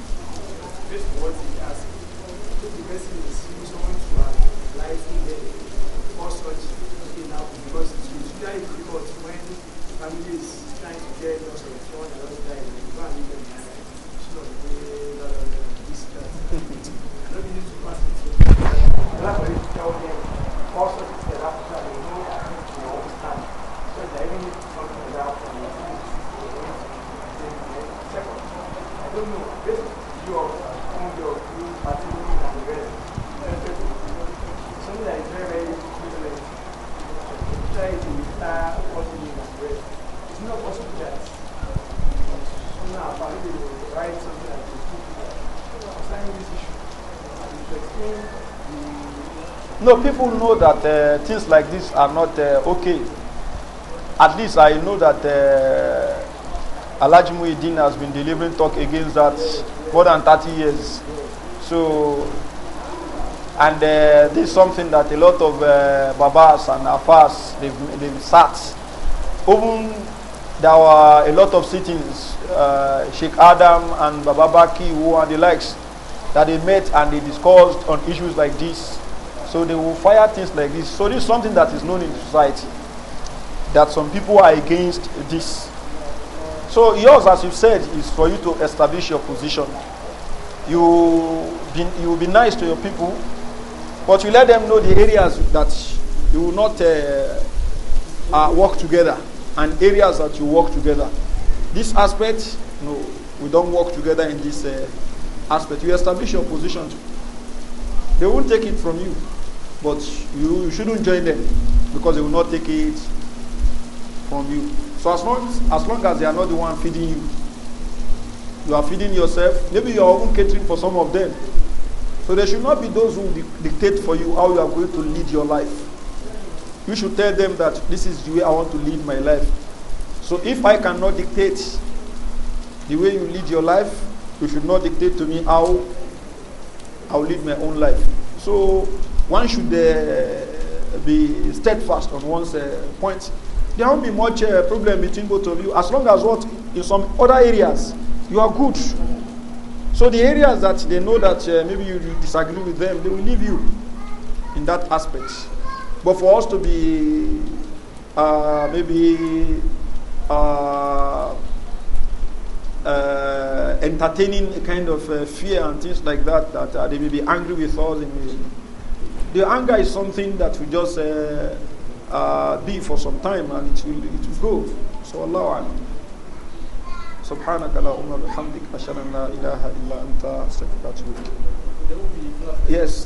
No, people know that uh, things like this are not uh, okay. At least I know that uh, Alhaji has been delivering talk against that more than 30 years. So, and uh, this is something that a lot of uh, Babas and Afas, they've, they've sat. Even there were a lot of sittings, uh, Sheikh Adam and Bababaki, who are the likes, that they met and they discussed on issues like this so they will fire things like this. So this is something that is known in the society that some people are against this. So yours, as you said, is for you to establish your position. You be, you be nice to your people, but you let them know the areas that you will not uh, uh, work together and areas that you work together. This aspect, no, we don't work together in this uh, aspect. You establish your position. They won't take it from you. But you, you shouldn't join them because they will not take it from you. So as long as, long as they are not the one feeding you, you are feeding yourself. Maybe you are even catering for some of them. So there should not be those who dictate for you how you are going to lead your life. You should tell them that this is the way I want to live my life. So if I cannot dictate the way you lead your life, you should not dictate to me how I'll lead my own life. So one should uh, be steadfast on one's uh, point. There won't be much uh, problem between both of you as long as what in some other areas you are good. So the areas that they know that uh, maybe you disagree with them, they will leave you in that aspect. But for us to be uh, maybe uh, uh entertaining a kind of uh, fear and things like that, that uh, they may be angry with us the anger is something that we just uh, uh, be for some time and it will, it will go. So Allah alam. سبحانك اللهم Yes.